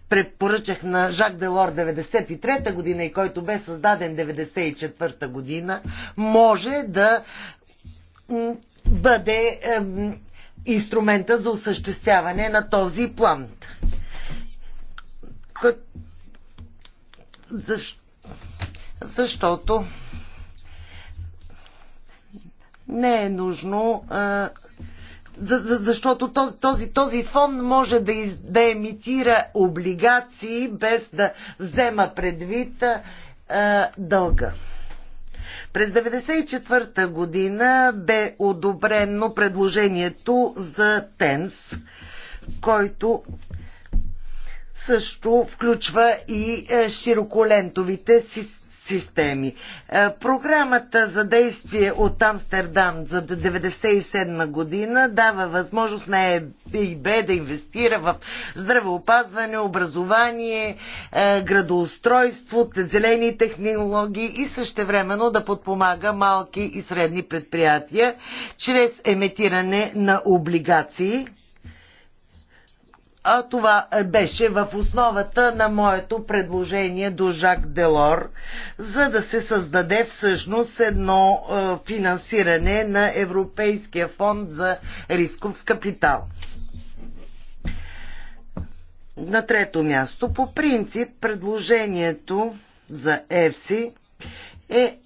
препоръчах на Жак Делор 93-та година и който бе създаден 94-та година, може да бъде инструмента за осъществяване на този план. Защо? Защото не е нужно е, защото този, този, този фонд може да, из, да емитира облигации без да взема предвид е, дълга. През 1994 година бе одобрено предложението за ТЕНС, който също включва и е, широколентовите системи системи. Е, програмата за действие от Амстердам за 1997 година дава възможност на ЕИБ да инвестира в здравеопазване, образование, е, градоустройство, зелени технологии и същевременно да подпомага малки и средни предприятия чрез емитиране на облигации а това беше в основата на моето предложение до Жак Делор, за да се създаде всъщност едно е, финансиране на Европейския фонд за рисков капитал. На трето място, по принцип, предложението за ЕФСИ е,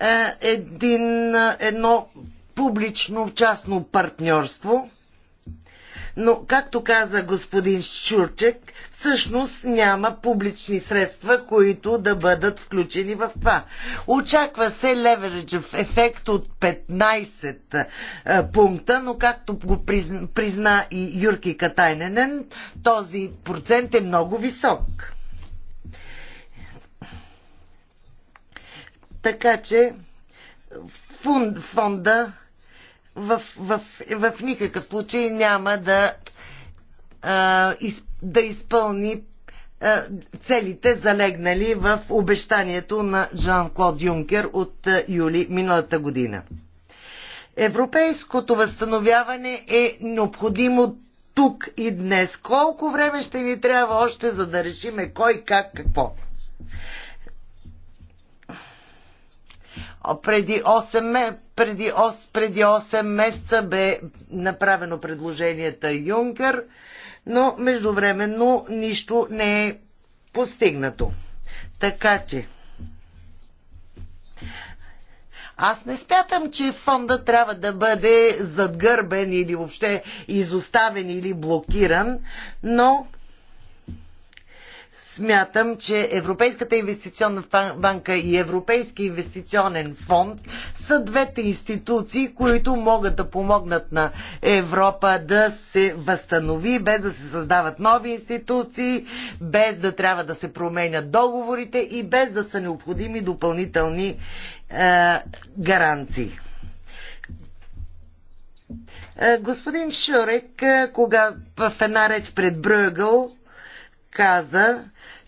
е, един, е, едно публично-частно партньорство – но, както каза господин Щурчек, всъщност няма публични средства, които да бъдат включени в това. Очаква се левереджев ефект от 15 е, пункта, но както го призна и Юрки Катайненен, този процент е много висок. Така че фонда в, в, в никакъв случай няма да, а, из, да изпълни а, целите залегнали в обещанието на Жан-Клод Юнкер от а, юли миналата година. Европейското възстановяване е необходимо тук и днес. Колко време ще ни трябва още, за да решиме кой, как, какво? Преди 8, преди 8, преди 8 месеца бе направено предложенията Юнкер, но междувременно нищо не е постигнато. Така че, аз не смятам, че фонда трябва да бъде задгърбен или въобще изоставен или блокиран, но смятам, че Европейската инвестиционна банка и Европейски инвестиционен фонд са двете институции, които могат да помогнат на Европа да се възстанови, без да се създават нови институции, без да трябва да се променят договорите и без да са необходими допълнителни е, гаранции. Е, господин Шурек, е, кога в една реч пред Брюгъл каза,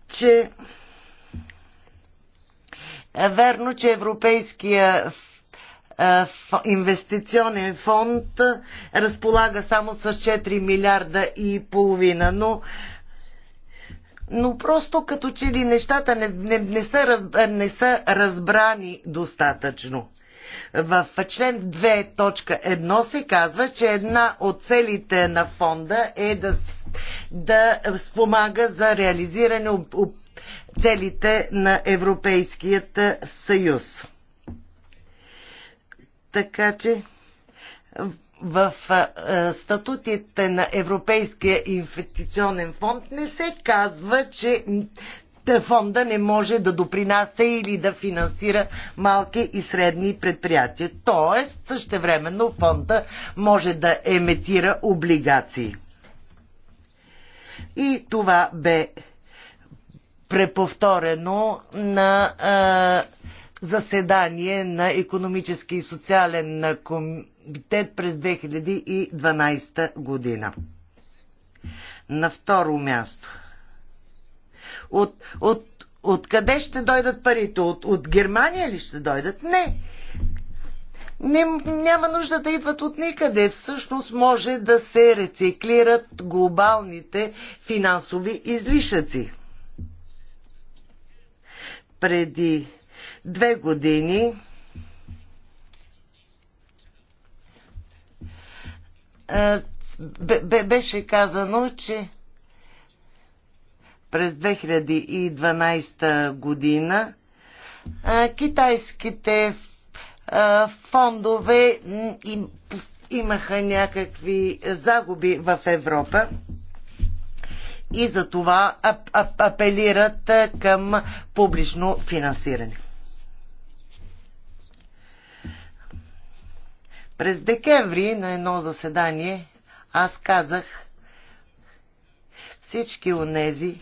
че е верно, че Европейския е, инвестиционен фонд разполага само с 4 милиарда и половина, но но просто като че ли нещата не, не, не, са, не са разбрани достатъчно. В член 2.1 се казва, че една от целите на фонда е да да спомага за реализиране целите на Европейският съюз. Така че в статутите на Европейския инвестиционен фонд не се казва, че фонда не може да допринася или да финансира малки и средни предприятия. Тоест, същевременно фонда може да емитира облигации. И това бе преповторено на а, заседание на економически и социален комитет през 2012 година. На второ място. От, от, от къде ще дойдат парите? От, от Германия ли ще дойдат? Не не, няма нужда да идват от никъде. Всъщност може да се рециклират глобалните финансови излишъци. Преди две години е, беше казано, че през 2012 година е, китайските фондове имаха някакви загуби в Европа и за това апелират към публично финансиране. През декември на едно заседание аз казах всички онези,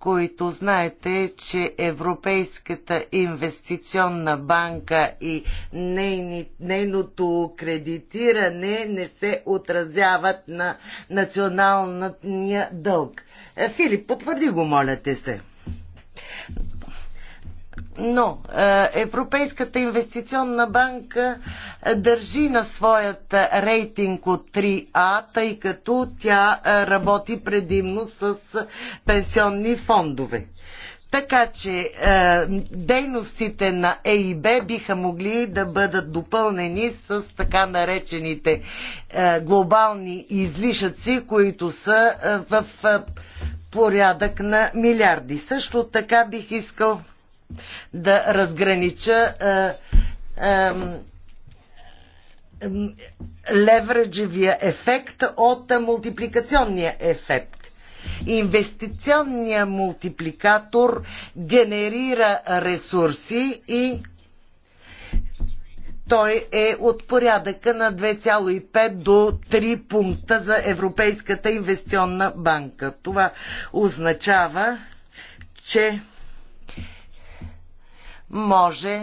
които знаете, че Европейската инвестиционна банка и нейни, нейното кредитиране не се отразяват на националния дълг. Е, Филип, потвърди го, моля те се но е, Европейската инвестиционна банка е, държи на своят рейтинг от 3А, тъй като тя е, работи предимно с пенсионни фондове. Така че е, дейностите на ЕИБ биха могли да бъдат допълнени с така наречените е, глобални излишъци, които са е, в е, порядък на милиарди. Също така бих искал да разгранича е, левреджевия ефект от мултипликационния ефект. Инвестиционният мултипликатор генерира ресурси и той е от порядъка на 2,5 до 3 пункта за Европейската инвестиционна банка. Това означава, че може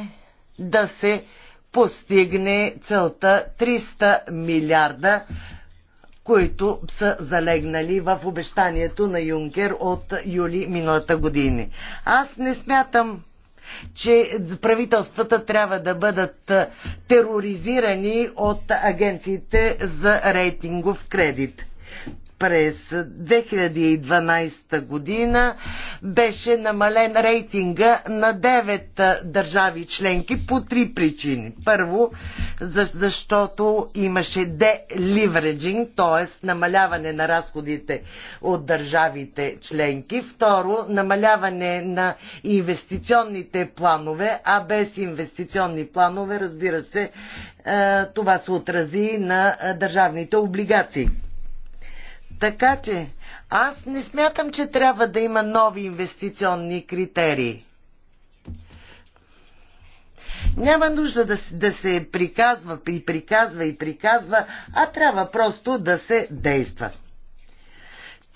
да се постигне целта 300 милиарда, които са залегнали в обещанието на Юнкер от юли миналата година. Аз не смятам, че правителствата трябва да бъдат тероризирани от агенциите за рейтингов кредит през 2012 година беше намален рейтинга на 9 държави членки по три причини. Първо, защото имаше деливреджинг, т.е. намаляване на разходите от държавите членки. Второ, намаляване на инвестиционните планове, а без инвестиционни планове, разбира се, това се отрази на държавните облигации. Така че аз не смятам, че трябва да има нови инвестиционни критерии. Няма нужда да, да се приказва, и приказва, и приказва, а трябва просто да се действа.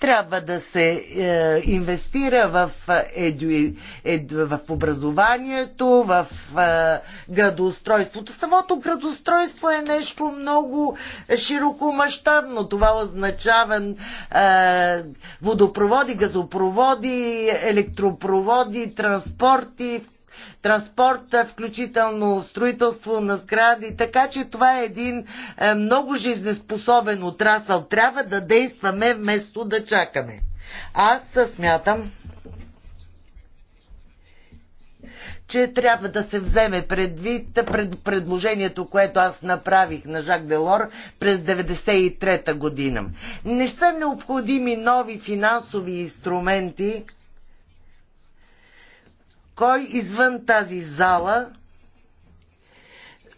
Трябва да се е, инвестира в, е, еду, еду, е, в образованието, в е, градоустройството. Самото градоустройство е нещо много широкомащабно. Това означава е, водопроводи, газопроводи, електропроводи, транспорти, транспорта, включително строителство на сгради. Така че това е един е, много жизнеспособен отрасъл. Трябва да действаме вместо да чакаме. Аз смятам, че трябва да се вземе предвид пред предложението, което аз направих на Жак Делор през 1993 година. Не са необходими нови финансови инструменти, кой извън тази зала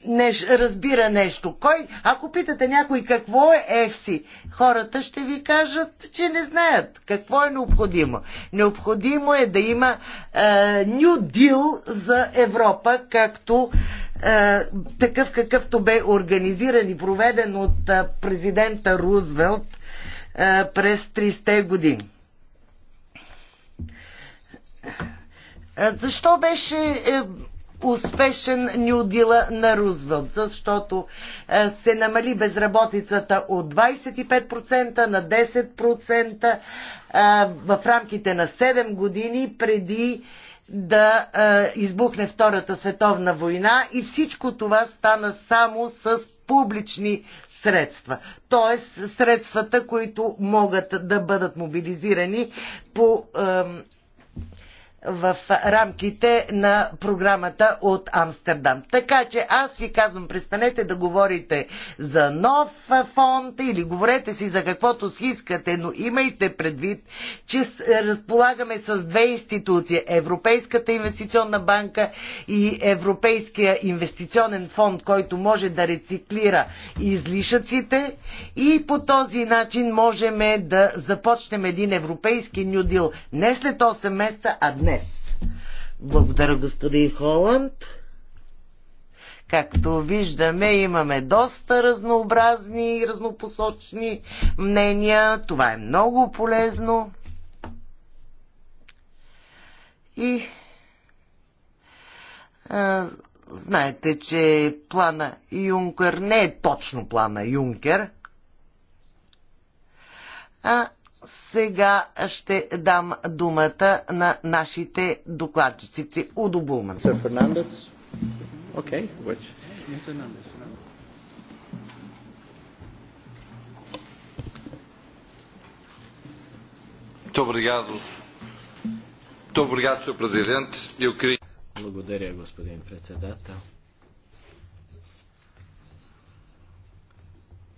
не, разбира нещо. Кой, ако питате някой какво е ЕФСИ, хората ще ви кажат, че не знаят какво е необходимо. Необходимо е да има е, New Deal за Европа, както е, такъв какъвто бе организиран и проведен от е, президента Рузвелт е, през 30-те години. Е, защо беше е, успешен нюдила на Рузвелт, защото е, се намали безработицата от 25% на 10% в рамките на 7 години преди да избухне Втората световна война и всичко това стана само с публични средства. Тоест средствата, които могат да бъдат мобилизирани по в рамките на програмата от Амстердам. Така че аз ви казвам, престанете да говорите за нов фонд или говорете си за каквото си искате, но имайте предвид, че разполагаме с две институции Европейската инвестиционна банка и Европейския инвестиционен фонд, който може да рециклира излишъците и по този начин можем да започнем един европейски нюдил не след 8 месеца, а днес. Благодаря, господин Холанд. Както виждаме, имаме доста разнообразни и разнопосочни мнения. Това е много полезно. И а, знаете, че плана Юнкер не е точно плана Юнкер, а сега ще дам думата на нашите докладчици. Удо Булман. Okay, which? Благодаря, господин председател.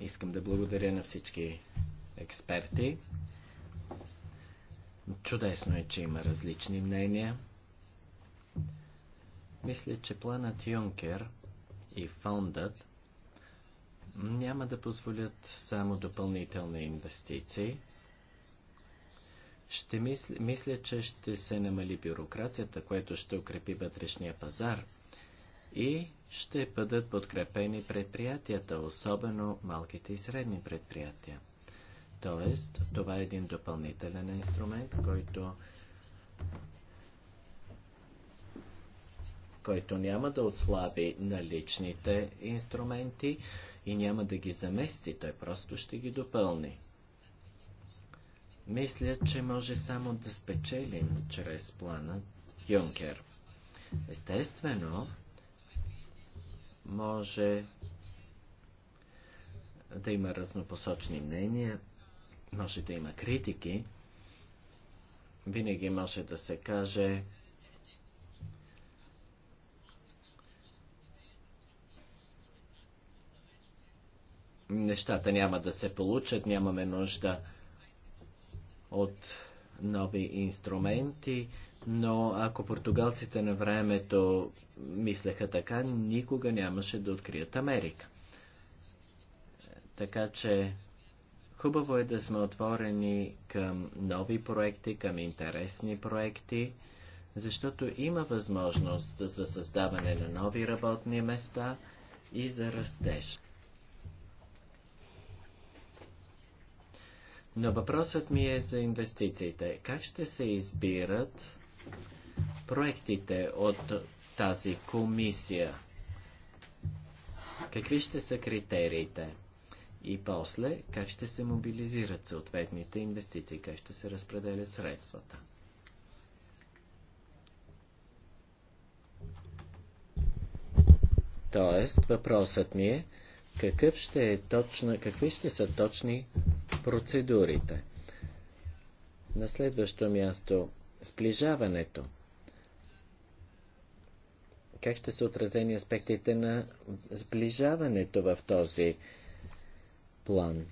Искам да благодаря на всички експерти, Чудесно е, че има различни мнения. Мисля, че планът Юнкер и фондът няма да позволят само допълнителни инвестиции. Ще мисля, мисля, че ще се намали бюрокрацията, което ще укрепи вътрешния пазар и ще бъдат подкрепени предприятията, особено малките и средни предприятия. Тоест, това е един допълнителен инструмент, който който няма да отслаби наличните инструменти и няма да ги замести, той просто ще ги допълни. Мисля, че може само да спечелим чрез плана Юнкер. Естествено, може да има разнопосочни мнения, може да има критики, винаги може да се каже, нещата няма да се получат, нямаме нужда от нови инструменти, но ако португалците на времето мислеха така, никога нямаше да открият Америка. Така че Хубаво е да сме отворени към нови проекти, към интересни проекти, защото има възможност за създаване на нови работни места и за растеж. Но въпросът ми е за инвестициите. Как ще се избират проектите от тази комисия? Какви ще са критериите? и после как ще се мобилизират съответните инвестиции, как ще се разпределят средствата. Тоест, въпросът ми е, какъв ще е точна, какви ще са точни процедурите. На следващо място, сближаването. Как ще са отразени аспектите на сближаването в този план.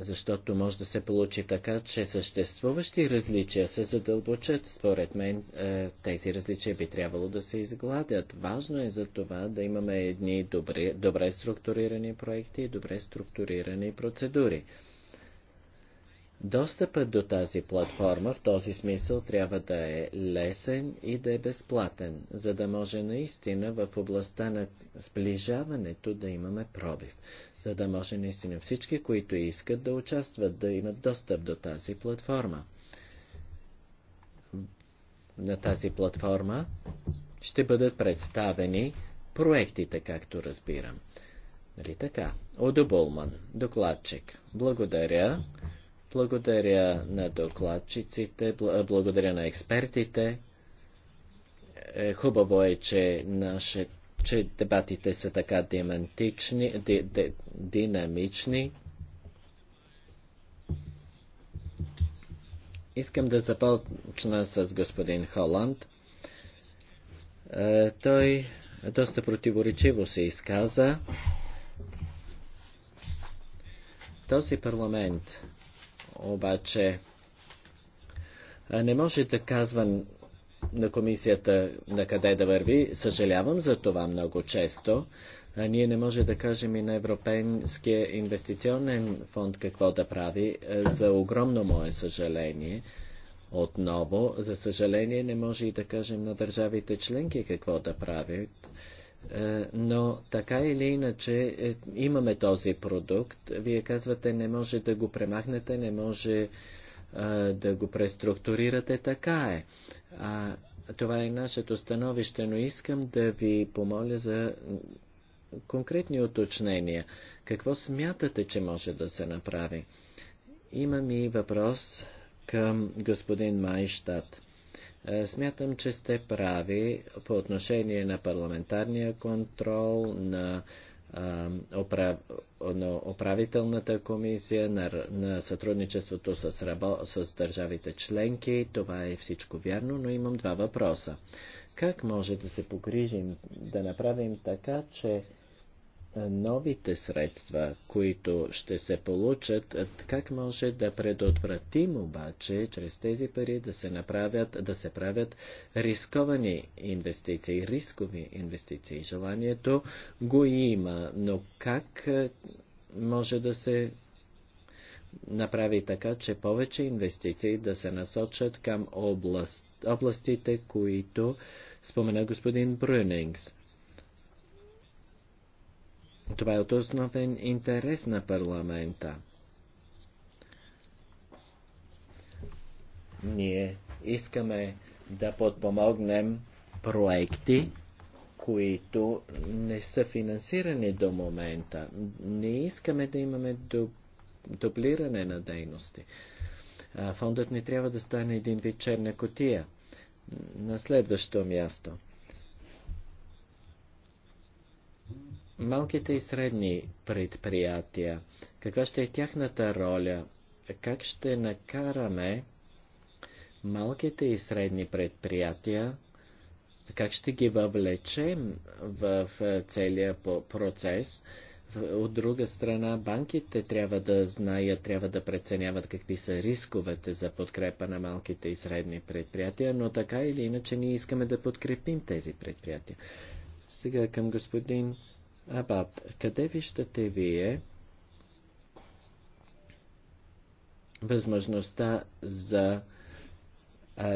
Защото може да се получи така, че съществуващи различия се задълбочат. Според мен е, тези различия би трябвало да се изгладят. Важно е за това да имаме едни добре, добре структурирани проекти и добре структурирани процедури. Достъпът до тази платформа в този смисъл трябва да е лесен и да е безплатен, за да може наистина в областта на сближаването да имаме пробив, за да може наистина всички, които искат да участват, да имат достъп до тази платформа. На тази платформа ще бъдат представени проектите, както разбирам. Нали така? Одоболман, докладчик. Благодаря. Благодаря на докладчиците, благодаря на експертите. Е, хубаво е, че, наше, че дебатите са така ди, ди, динамични. Искам да започна с господин Холанд. Е, той доста противоречиво се изказа. Този парламент обаче не може да казвам на комисията на къде да върви. Съжалявам за това много често. А ние не може да кажем и на Европейския инвестиционен фонд какво да прави. За огромно мое съжаление, отново, за съжаление не може и да кажем на държавите членки какво да правят. Е, но така или иначе е, имаме този продукт. Вие казвате, не може да го премахнете, не може е, да го преструктурирате. Така е. А, това е нашето становище, но искам да ви помоля за конкретни уточнения. Какво смятате, че може да се направи? Имам и въпрос към господин Майштадт. Е, смятам, че сте прави по отношение на парламентарния контрол, на, а, на управителната комисия, на, на сътрудничеството с, рабо... с държавите членки. Това е всичко вярно, но имам два въпроса. Как може да се погрижим, да направим така, че новите средства, които ще се получат, е, как може да предотвратим обаче чрез тези пари да се направят, да се правят рисковани инвестиции, рискови инвестиции. Желанието го има, но как е, може да се направи така, че повече инвестиции да се насочат към област, областите, които спомена господин Брюнингс. Това е от основен интерес на парламента. Ние искаме да подпомогнем проекти, които не са финансирани до момента. Не искаме да имаме дублиране на дейности. Фондът не трябва да стане един вечерна котия. На следващо място – малките и средни предприятия, каква ще е тяхната роля, как ще накараме малките и средни предприятия, как ще ги въвлечем в целия процес. От друга страна, банките трябва да знаят, трябва да преценяват какви са рисковете за подкрепа на малките и средни предприятия, но така или иначе ние искаме да подкрепим тези предприятия. Сега към господин Абат, къде виждате вие възможността за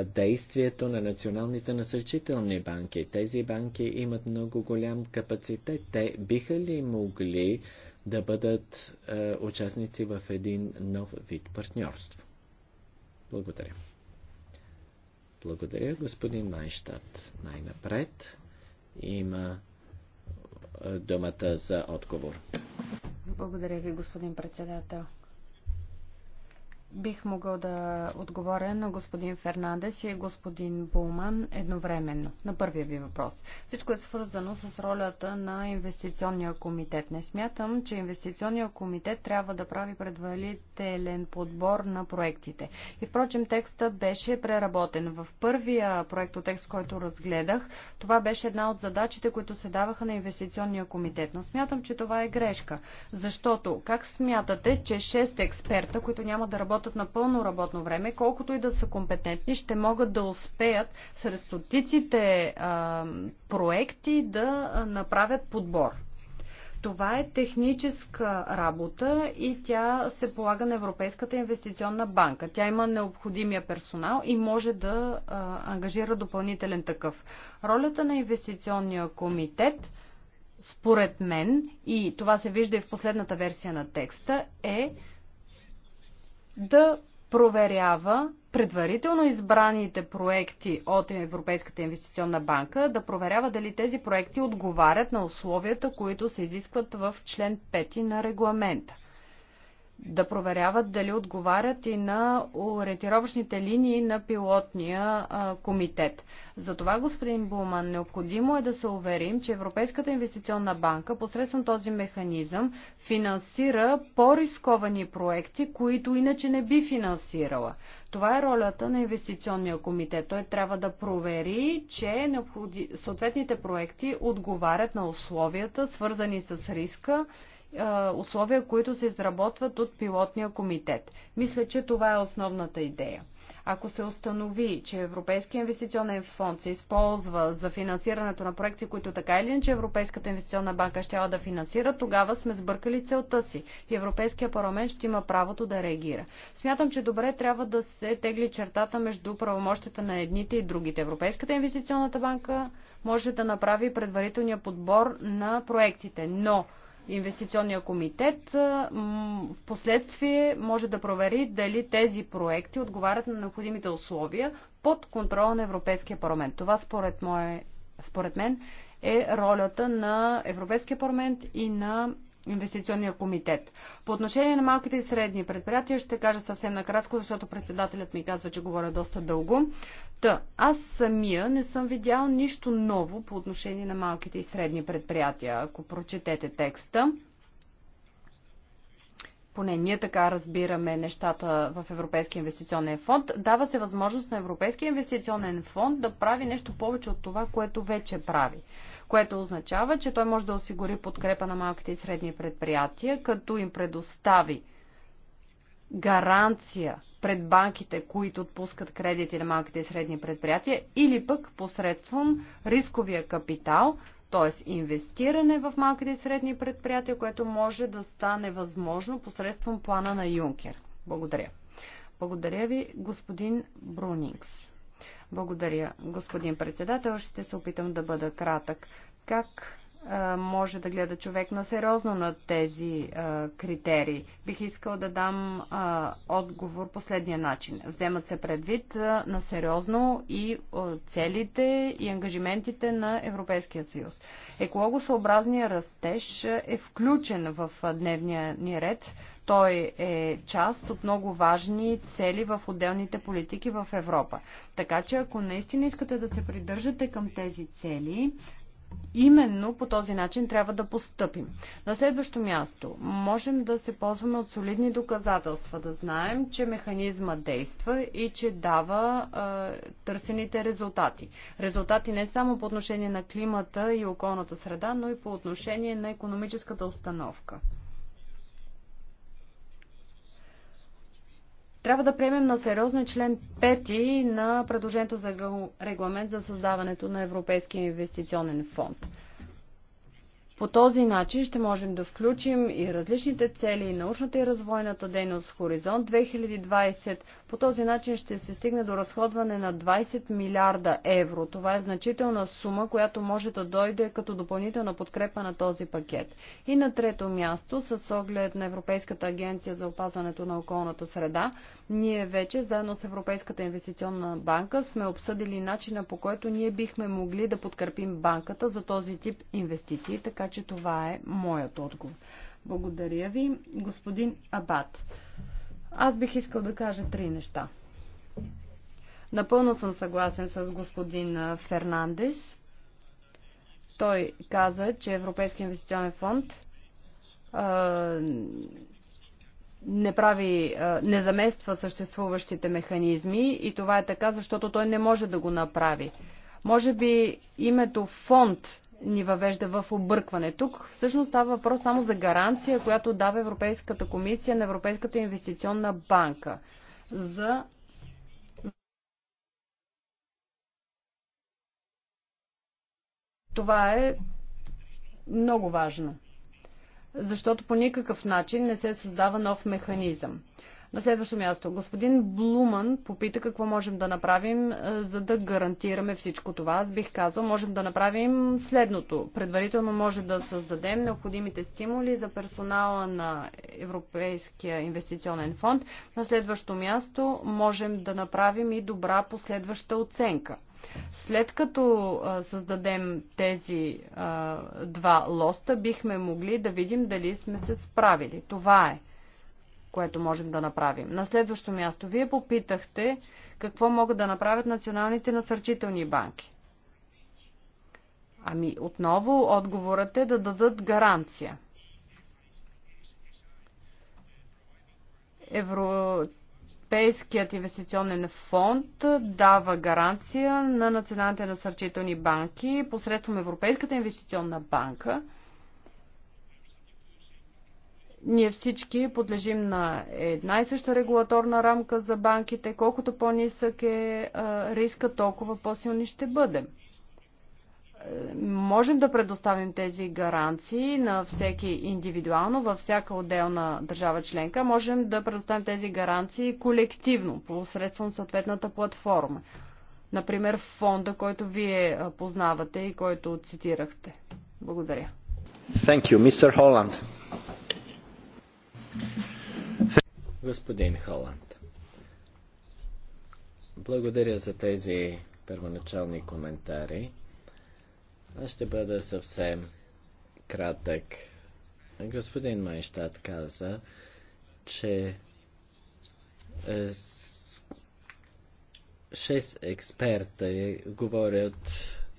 действието на националните насърчителни банки. Тези банки имат много голям капацитет. Те биха ли могли да бъдат е, участници в един нов вид партньорство? Благодаря. Благодаря, господин Майштат. Най-напред има думата за отговор. Благодаря ви, господин председател. Бих могъл да отговоря на господин Фернандес и господин Булман едновременно. На първия ви въпрос. Всичко е свързано с ролята на инвестиционния комитет. Не смятам, че инвестиционния комитет трябва да прави предварителен подбор на проектите. И впрочем текста беше преработен. В първия проектотекст, който разгледах, това беше една от задачите, които се даваха на инвестиционния комитет. Но смятам, че това е грешка. Защото как смятате, че 6 експерта, които няма да работят работят на пълно работно време, колкото и да са компетентни, ще могат да успеят сред стотиците проекти да направят подбор. Това е техническа работа и тя се полага на Европейската инвестиционна банка. Тя има необходимия персонал и може да а, ангажира допълнителен такъв. Ролята на инвестиционния комитет, според мен, и това се вижда и в последната версия на текста, е да проверява предварително избраните проекти от Европейската инвестиционна банка, да проверява дали тези проекти отговарят на условията, които се изискват в член 5 на регламента да проверяват дали отговарят и на ориентировъчните линии на пилотния комитет. Затова, господин Булман, необходимо е да се уверим, че Европейската инвестиционна банка посредством този механизъм финансира по-рисковани проекти, които иначе не би финансирала. Това е ролята на инвестиционния комитет. Той трябва да провери, че съответните проекти отговарят на условията, свързани с риска условия, които се изработват от пилотния комитет. Мисля, че това е основната идея. Ако се установи, че Европейския инвестиционен фонд се използва за финансирането на проекти, които така или иначе Европейската инвестиционна банка ще да финансира, тогава сме сбъркали целта си и Европейския парламент ще има правото да реагира. Смятам, че добре трябва да се тегли чертата между правомощите на едните и другите. Европейската инвестиционната банка може да направи предварителния подбор на проектите, но инвестиционния комитет в последствие може да провери дали тези проекти отговарят на необходимите условия под контрола на Европейския парламент. Това според, мое, според мен е ролята на Европейския парламент и на инвестиционния комитет. По отношение на малките и средни предприятия ще кажа съвсем накратко, защото председателят ми казва, че говоря доста дълго. Та, аз самия не съм видял нищо ново по отношение на малките и средни предприятия. Ако прочетете текста, поне ние така разбираме нещата в Европейския инвестиционен фонд, дава се възможност на Европейския инвестиционен фонд да прави нещо повече от това, което вече прави което означава, че той може да осигури подкрепа на малките и средни предприятия, като им предостави гаранция пред банките, които отпускат кредити на малките и средни предприятия, или пък посредством рисковия капитал, т.е. инвестиране в малките и средни предприятия, което може да стане възможно посредством плана на Юнкер. Благодаря. Благодаря ви, господин Брунингс. Благодаря, господин председател. Ще се опитам да бъда кратък. Как може да гледа човек на сериозно на тези а, критерии. Бих искал да дам а, отговор последния начин. Вземат се предвид а, на сериозно и а, целите и ангажиментите на Европейския съюз. Екологосъобразният растеж е включен в дневния ни ред той е част от много важни цели в отделните политики в Европа. Така че ако наистина искате да се придържате към тези цели, Именно по този начин трябва да постъпим. На следващо място, можем да се ползваме от солидни доказателства, да знаем, че механизма действа и че дава е, търсените резултати. Резултати не само по отношение на климата и околната среда, но и по отношение на економическата установка. Трябва да приемем на сериозно член 5 на предложението за регламент за създаването на Европейския инвестиционен фонд. По този начин ще можем да включим и различните цели, и научната и развойната дейност в Хоризонт 2020. По този начин ще се стигне до разходване на 20 милиарда евро. Това е значителна сума, която може да дойде като допълнителна подкрепа на този пакет. И на трето място, с оглед на Европейската агенция за опазването на околната среда, ние вече заедно с Европейската инвестиционна банка сме обсъдили начина по който ние бихме могли да подкрепим банката за този тип инвестиции, така че това е моят отговор. Благодаря ви, господин Абат. Аз бих искал да кажа три неща. Напълно съм съгласен с господин Фернандес. Той каза, че Европейския инвестиционен фонд не прави, не замества съществуващите механизми и това е така, защото той не може да го направи. Може би името фонд ни въвежда в объркване. Тук всъщност става въпрос само за гаранция, която дава Европейската комисия на Европейската инвестиционна банка за Това е много важно, защото по никакъв начин не се създава нов механизъм. На следващо място, господин Блуман попита какво можем да направим, е, за да гарантираме всичко това. Аз бих казал, можем да направим следното. Предварително може да създадем необходимите стимули за персонала на Европейския инвестиционен фонд. На следващо място можем да направим и добра последваща оценка. След като а, е, създадем тези а, е, два лоста, бихме могли да видим дали сме се справили. Това е което можем да направим. На следващо място, вие попитахте какво могат да направят националните насърчителни банки. Ами отново отговорът е да дадат гаранция. Европейският инвестиционен фонд дава гаранция на националните насърчителни банки посредством Европейската инвестиционна банка – ние всички подлежим на една и съща регулаторна рамка за банките. Колкото по-нисък е риска, толкова по-силни ще бъдем. Можем да предоставим тези гаранции на всеки индивидуално, във всяка отделна държава членка. Можем да предоставим тези гаранции колективно, посредством съответната платформа. Например, фонда, който вие познавате и който цитирахте. Благодаря. Thank you, Mr. Holland. Господин Холанд, благодаря за тези първоначални коментари. Аз ще бъда съвсем кратък. Господин Майштат каза, че 6 е, експерта е, говорят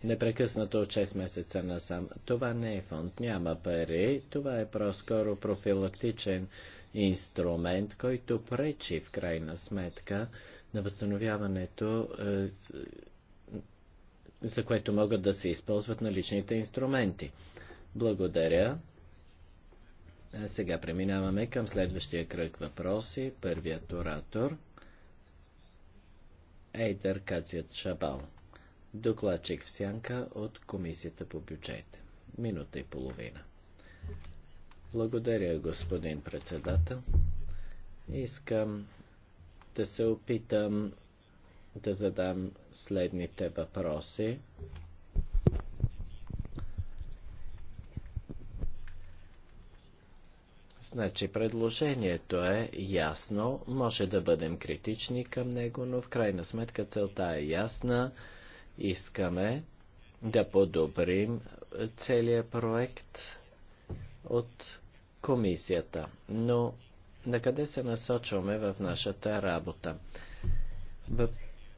непрекъснато от 6 месеца насам. Това не е фонд, няма пари, това е проскоро скоро профилактичен инструмент, който пречи в крайна сметка на възстановяването, е, за което могат да се използват наличните инструменти. Благодаря. А сега преминаваме към следващия кръг въпроси. Първият оратор Ейдер Кацият Шабал докладчик в сянка от Комисията по бюджет. Минута и половина. Благодаря, господин председател. Искам да се опитам да задам следните въпроси. Значи предложението е ясно, може да бъдем критични към него, но в крайна сметка целта е ясна. Искаме да подобрим целия проект от комисията. Но на къде се насочваме в нашата работа?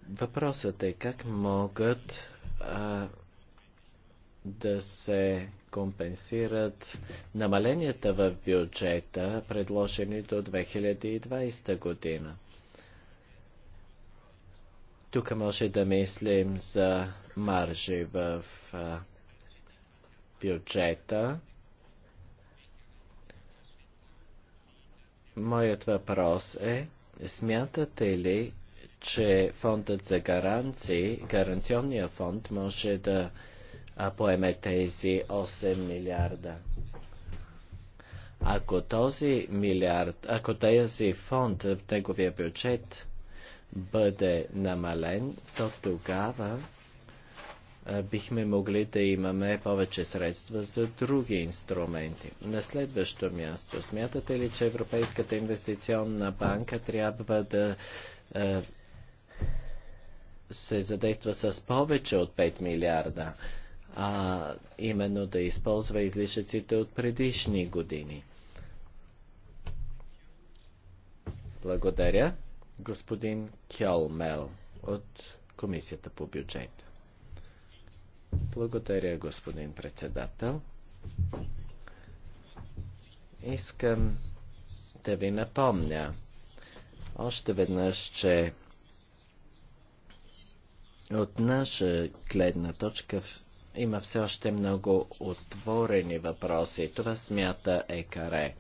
Въпросът е как могат а, да се компенсират намаленията в бюджета, предложени до 2020 година. Тук може да мислим за маржи в бюджета. Моят въпрос е, смятате ли, че фондът за гаранции, гаранционния фонд може да поеме тези 8 милиарда? Ако този милиард, ако този фонд, неговия бюджет бъде намален, то тогава бихме могли да имаме повече средства за други инструменти. На следващо място, смятате ли, че Европейската инвестиционна банка трябва да се задейства с повече от 5 милиарда, а именно да използва излишъците от предишни години? Благодаря господин Кьолмел от Комисията по бюджет. Благодаря, господин председател. Искам да ви напомня още веднъж, че от наша гледна точка има все още много отворени въпроси. Това смята ЕКАРЕ.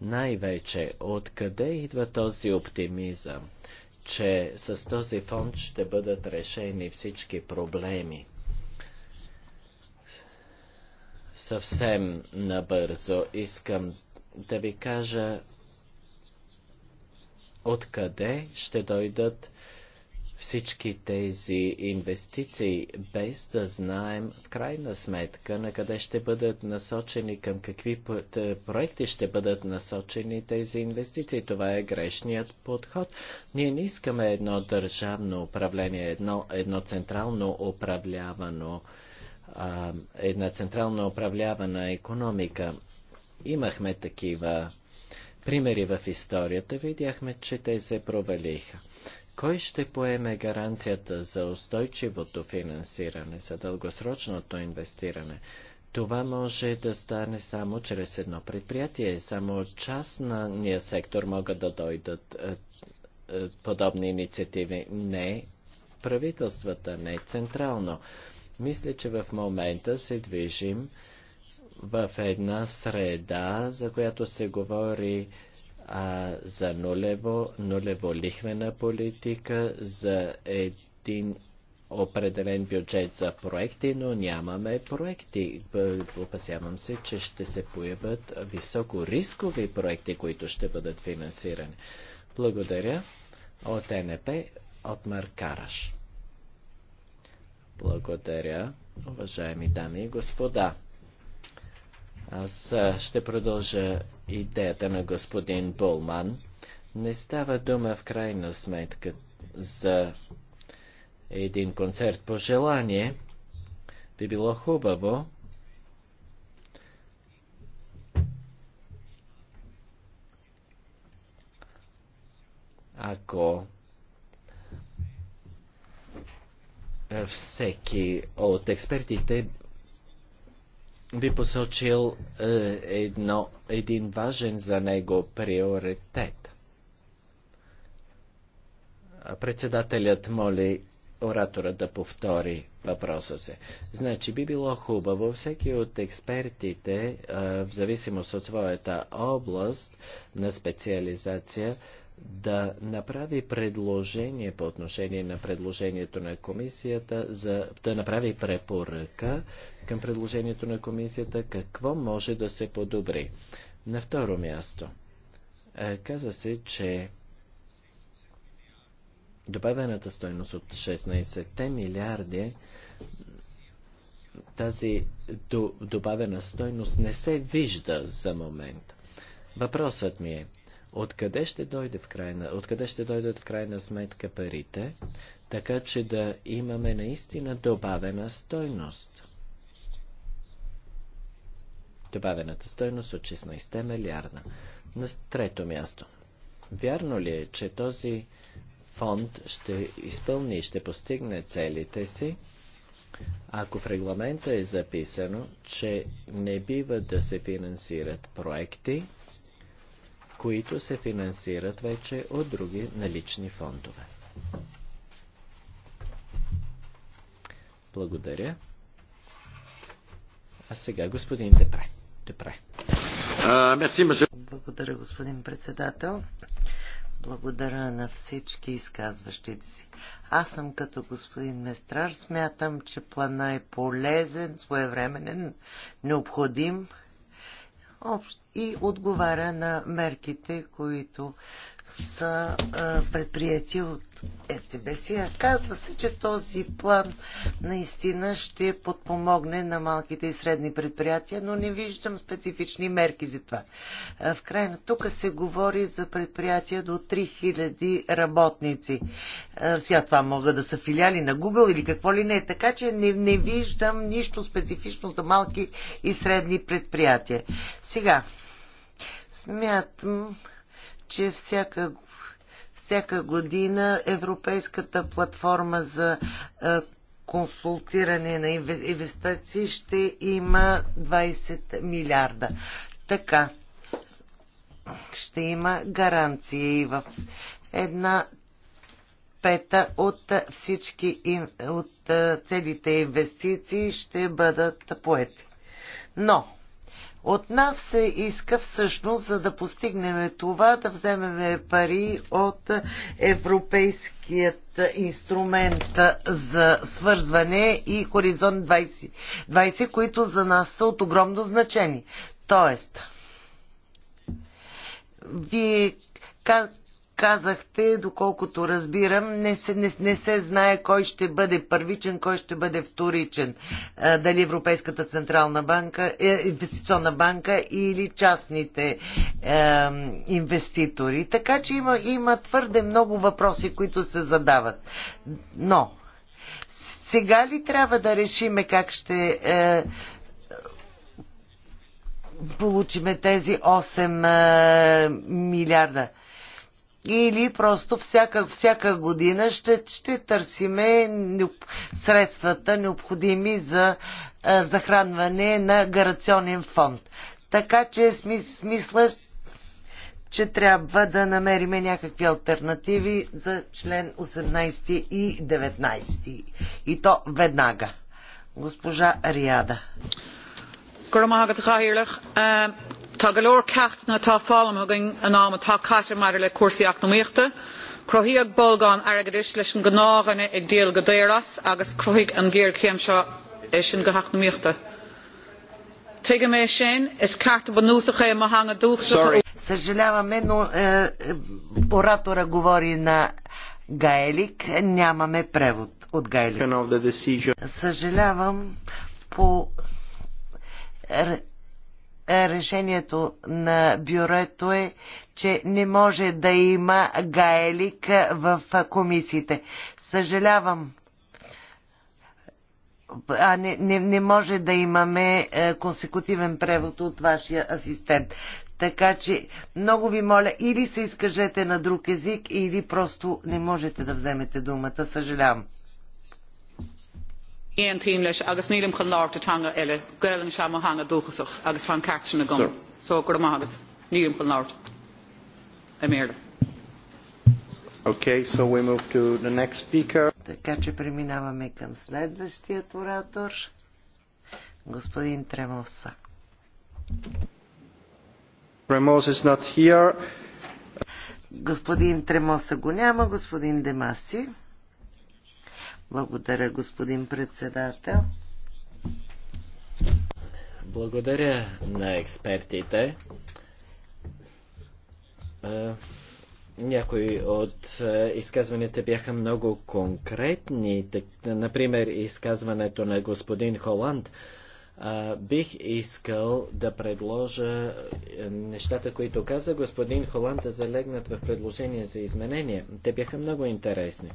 Най-вече, откъде идва този оптимизъм, че с този фонд ще бъдат решени всички проблеми? Съвсем набързо искам да ви кажа откъде ще дойдат всички тези инвестиции, без да знаем в крайна сметка на къде ще бъдат насочени, към какви проекти ще бъдат насочени тези инвестиции. Това е грешният подход. Ние не искаме едно държавно управление, едно, едно централно управлявано, а, една централно управлявана економика. Имахме такива примери в историята, видяхме, че те се провалиха. Кой ще поеме гаранцията за устойчивото финансиране, за дългосрочното инвестиране? Това може да стане само чрез едно предприятие. Само частния сектор могат да дойдат е, е, подобни инициативи. Не правителствата, не централно. Мисля, че в момента се движим в една среда, за която се говори а, за нулево, нулево лихвена политика, за един определен бюджет за проекти, но нямаме проекти. Опасявам се, че ще се появят високо рискови проекти, които ще бъдат финансирани. Благодаря от НП, от Маркараш. Благодаря, уважаеми дами и господа. Аз ще продължа идеята на господин Болман. Не става дума в крайна сметка за един концерт по желание. Би било хубаво ако всеки от експертите би посочил е, едно, един важен за него приоритет. Председателят моли оратора да повтори въпроса се. Значи би било хубаво всеки от експертите, е, в зависимост от своята област на специализация, да направи предложение по отношение на предложението на комисията, за, да направи препоръка към предложението на комисията, какво може да се подобри. На второ място, е, каза се, че добавената стойност от 16 милиарди тази добавена стойност не се вижда за момент. Въпросът ми е, Откъде ще, дойде в крайна, откъде ще дойдат в крайна сметка парите, така че да имаме наистина добавена стойност? Добавената стойност от 16 милиарда. На трето място. Вярно ли е, че този фонд ще изпълни и ще постигне целите си, ако в регламента е записано, че не бива да се финансират проекти, които се финансират вече от други налични фондове. Благодаря. А сега господин Депре. Депре. Благодаря, господин председател. Благодаря на всички изказващите си. Аз съм като господин Местрар. Смятам, че плана е полезен, своевременен, необходим. Общо и отговаря на мерките, които са предприяти от ЕЦБ. Сега казва се, че този план наистина ще подпомогне на малките и средни предприятия, но не виждам специфични мерки за това. В крайна тук се говори за предприятия до 3000 работници. Сега това могат да са филиали на Google или какво ли не. Така че не, не виждам нищо специфично за малки и средни предприятия. Сега, Смятам, че всяка, всяка година Европейската платформа за консултиране на инвестиции ще има 20 милиарда. Така, ще има гаранции в една пета от всички от целите инвестиции ще бъдат поети. Но от нас се иска всъщност, за да постигнем това, да вземем пари от Европейският инструмент за свързване и Хоризонт 20, 20 които за нас са от огромно значение. Тоест, вие казахте, доколкото разбирам, не се, не, не се знае кой ще бъде първичен, кой ще бъде вторичен. А, дали Европейската централна банка, е, инвестиционна банка или частните е, инвеститори. Така че има, има твърде много въпроси, които се задават. Но, сега ли трябва да решиме как ще. Е, получиме тези 8 е, милиарда или просто всяка, всяка година ще, ще търсиме средствата необходими за е, захранване на гарационен фонд. Така че смисъл, че трябва да намерим някакви альтернативи за член 18 и 19. И то веднага. Госпожа Риада tá go leor ceacht na tá fálamthagainn an ná atá caiir mar le cuasaíach nóíochta cruthaíodh bolgán airgeadis leis an gnáhanna ag déal go déras agus cruthaigh an ggéir chéim seo é sin go heachnaíochta. Тега ме шен, из карта банусаха е махана a Съжаляваме, но е, оратора говори на гаелик. Нямаме превод от гаелик. Съжалявам по решението на бюрото е, че не може да има гаелик в комисиите. Съжалявам. А не, не, не може да имаме е, консекутивен превод от вашия асистент. Така че много ви моля, или се изкажете на друг език, или просто не можете да вземете думата. Съжалявам éontaoim leis agus nílim chun lár atanga eile gaalann se mo hanga dúchasach agus tá ceart sin na gom só gur amgat nílim chun láir a méle. Okay, so we move to the next speaker. Така че преминаваме към следващия оратор, господин Тремоса. Тремос is not here. Господин Тремоса го няма, господин Демаси. Благодаря, господин председател. Благодаря на експертите. Някои от изказванията бяха много конкретни. Например, изказването на господин Холанд. Бих искал да предложа нещата, които каза господин Холанд, да залегнат в предложение за изменение. Те бяха много интересни.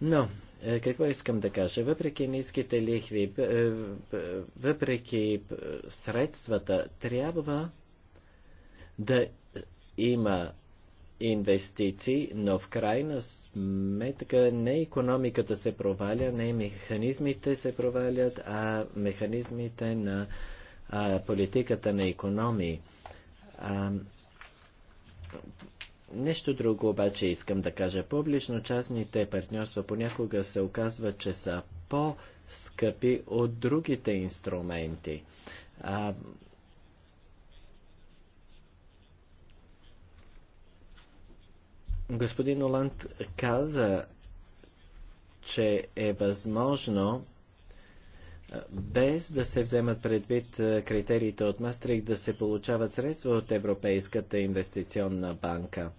Но е, какво искам да кажа? Въпреки ниските лихви, е, е, въпреки средствата, трябва да има инвестиции, но в крайна сметка не економиката се проваля, не механизмите се провалят, а механизмите на политиката на економии. Нещо друго обаче искам да кажа. Публично-частните партньорства понякога се оказват, че са по-скъпи от другите инструменти. А, господин Оланд каза, че е възможно без да се вземат предвид критериите от Мастрих да се получават средства от Европейската инвестиционна банка.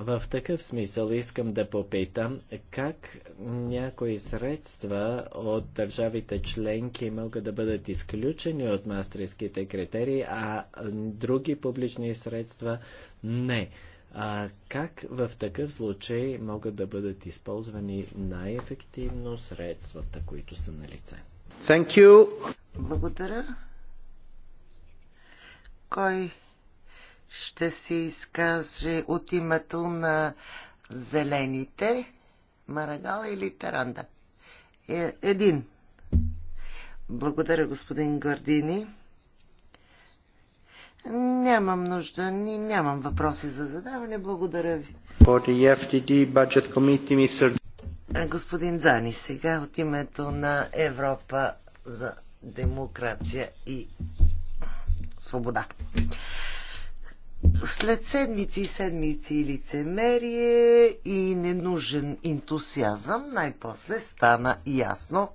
В такъв смисъл искам да попитам как някои средства от държавите членки могат да бъдат изключени от мастерските критерии, а други публични средства не. А как в такъв случай могат да бъдат използвани най-ефективно средствата, които са на лице? Thank you. Благодаря. Кой ще се изкаже от името на зелените? Марагала или Таранда? Е, един. Благодаря, господин Гордини. Нямам нужда, ни, нямам въпроси за задаване. Благодаря ви. Господин Зани, сега от името на Европа за демокрация и свобода. След седмици и седмици и лицемерие и ненужен ентусиазъм, най-после стана ясно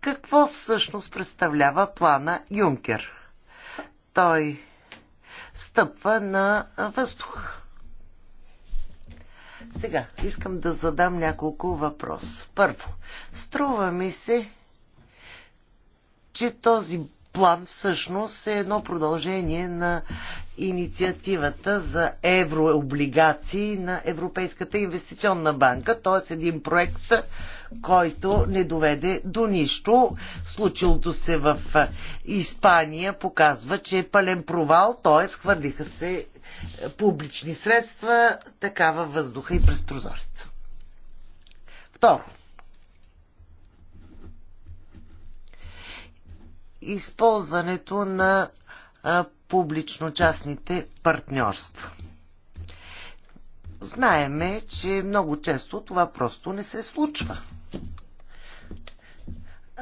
какво всъщност представлява плана Юнкер. Той стъпва на въздух. Сега, искам да задам няколко въпроса. Първо, струва ми се, че този план всъщност е едно продължение на инициативата за еврооблигации на Европейската инвестиционна банка, т.е. един проект, който не доведе до нищо. Случилото се в Испания показва, че е пълен провал, т.е. хвърлиха се публични средства такава въздуха и през прозореца. Второ. Използването на публично-частните партньорства. Знаеме, че много често това просто не се случва.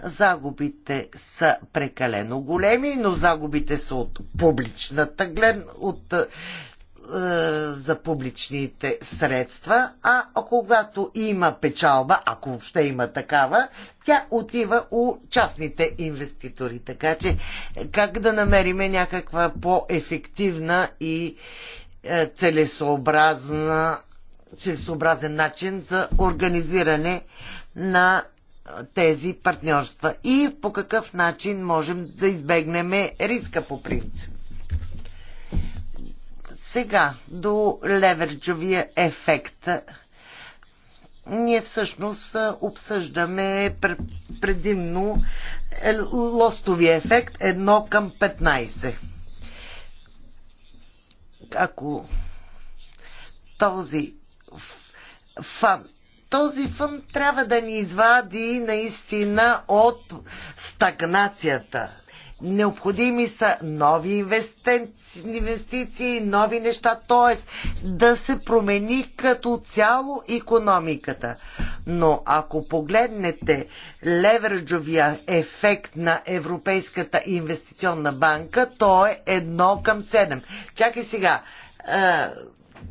Загубите са прекалено големи, но загубите са от публичната глед, от е, за публичните средства, а когато има печалба, ако въобще има такава, тя отива у частните инвеститори. Така че как да намериме някаква по-ефективна и е, целесообразна целесообразен начин за организиране на тези партньорства и по какъв начин можем да избегнем риска по принцип. Сега до леверджовия ефект. Ние всъщност обсъждаме предимно е, лостовия ефект 1 към 15. Ако този фан, този фонд трябва да ни извади наистина от стагнацията. Необходими са нови инвестиции, нови неща, т.е. да се промени като цяло економиката. Но ако погледнете леверджовия ефект на Европейската инвестиционна банка, то е 1 към 7. Чакай сега е,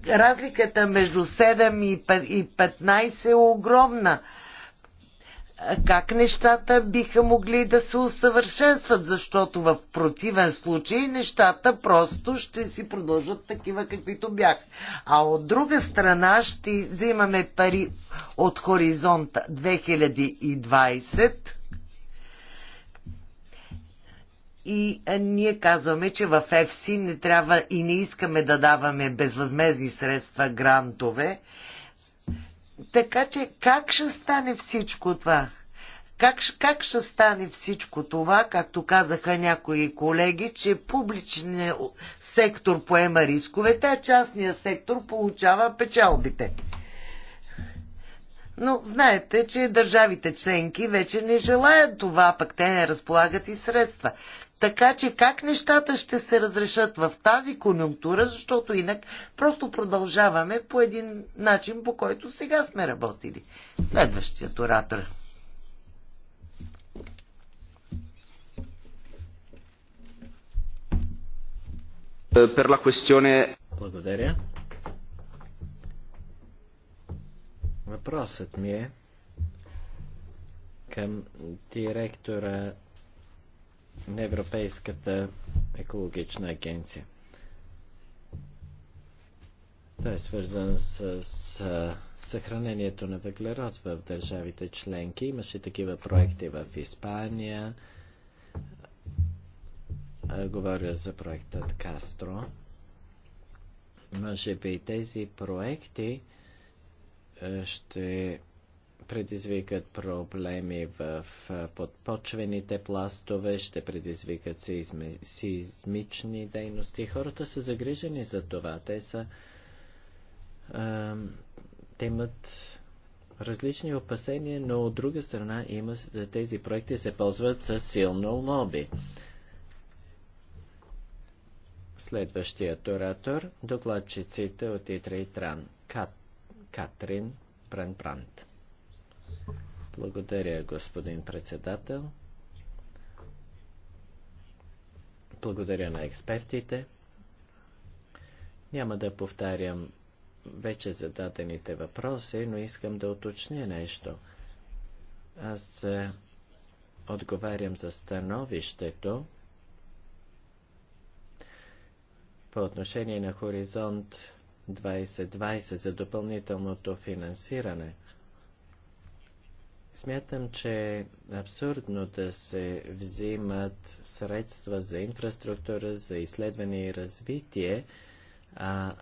разликата между 7 и 15 е огромна. Как нещата биха могли да се усъвършенстват, защото в противен случай нещата просто ще си продължат такива, каквито бях. А от друга страна ще взимаме пари от хоризонта 2020 и а, ние казваме, че в ЕФСИ не трябва и не искаме да даваме безвъзмезни средства, грантове. Така че как ще стане всичко това? Как, как ще стане всичко това, както казаха някои колеги, че публичният сектор поема рисковете, а частният сектор получава печалбите? Но знаете, че държавите членки вече не желаят това, пък те не разполагат и средства. Така че как нещата ще се разрешат в тази конюнктура, защото инак просто продължаваме по един начин, по който сега сме работили. Следващият оратор. Per la questione... Благодаря. Въпросът ми е към директора на Европейската екологична агенция. Той е свързан с, с съхранението на въглерод в държавите членки. Имаше такива проекти в Испания. Говоря за проектът Кастро. Може би тези проекти ще предизвикат проблеми в подпочвените пластове, ще предизвикат сизмични дейности. Хората са загрижени за това. Те са. А, те имат различни опасения, но от друга страна има, тези проекти се ползват с силно лоби. Следващият оратор, докладчиците от Итра Тран, Кат, Катрин Бренбрант. Благодаря, господин председател. Благодаря на експертите. Няма да повтарям вече зададените въпроси, но искам да уточня нещо. Аз е, отговарям за становището по отношение на Хоризонт 2020 за допълнителното финансиране. Смятам, че е абсурдно да се взимат средства за инфраструктура, за изследване и развитие, а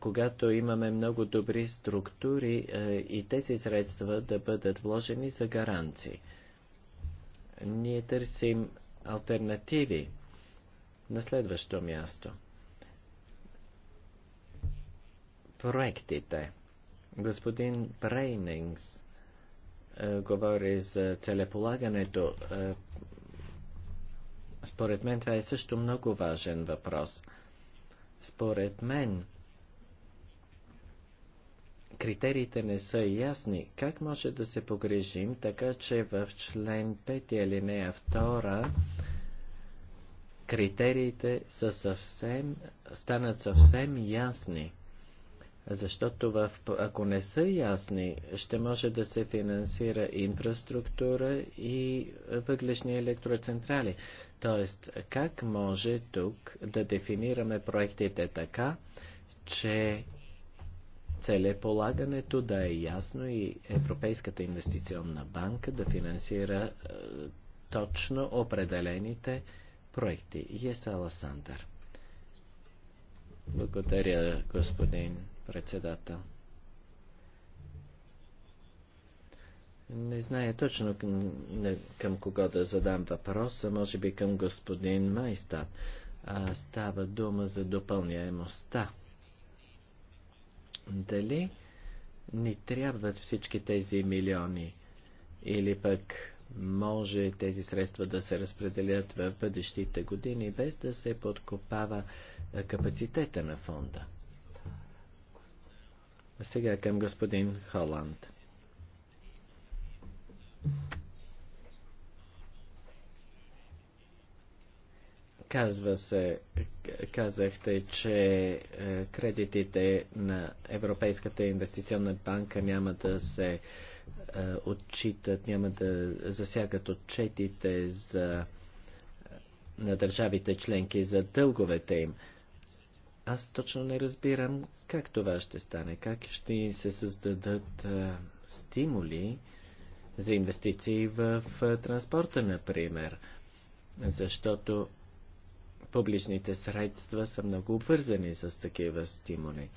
когато имаме много добри структури е, и тези средства да бъдат вложени за гаранции. Ние търсим альтернативи на следващо място. Проектите. Господин Брейнингс е, говори за целеполагането. Е, според мен това е също много важен въпрос. Според мен критериите не са ясни. Как може да се погрежим така, че в член 5 алинея 2 критериите са съвсем, станат съвсем ясни? Защото в, ако не са ясни, ще може да се финансира инфраструктура и въглешни електроцентрали. Тоест, как може тук да дефинираме проектите така, че целеполагането да е ясно и Европейската инвестиционна банка да финансира е, точно определените проекти. Есала Сандър. Благодаря, господин председател. Не зная точно към, към кого да задам въпроса, може би към господин Майстат. А, става дума за допълняемостта. Дали ни трябват всички тези милиони или пък може тези средства да се разпределят в бъдещите години, без да се подкопава капацитета на фонда? А сега към господин Халанд. Казва се, казахте, че е, кредитите на Европейската инвестиционна банка няма да се е, отчитат, няма да засягат отчетите за, е, на държавите членки за дълговете им. Аз точно не разбирам как това ще стане, как ще се създадат стимули за инвестиции в транспорта, например, защото публичните средства са много обвързани с такива стимули.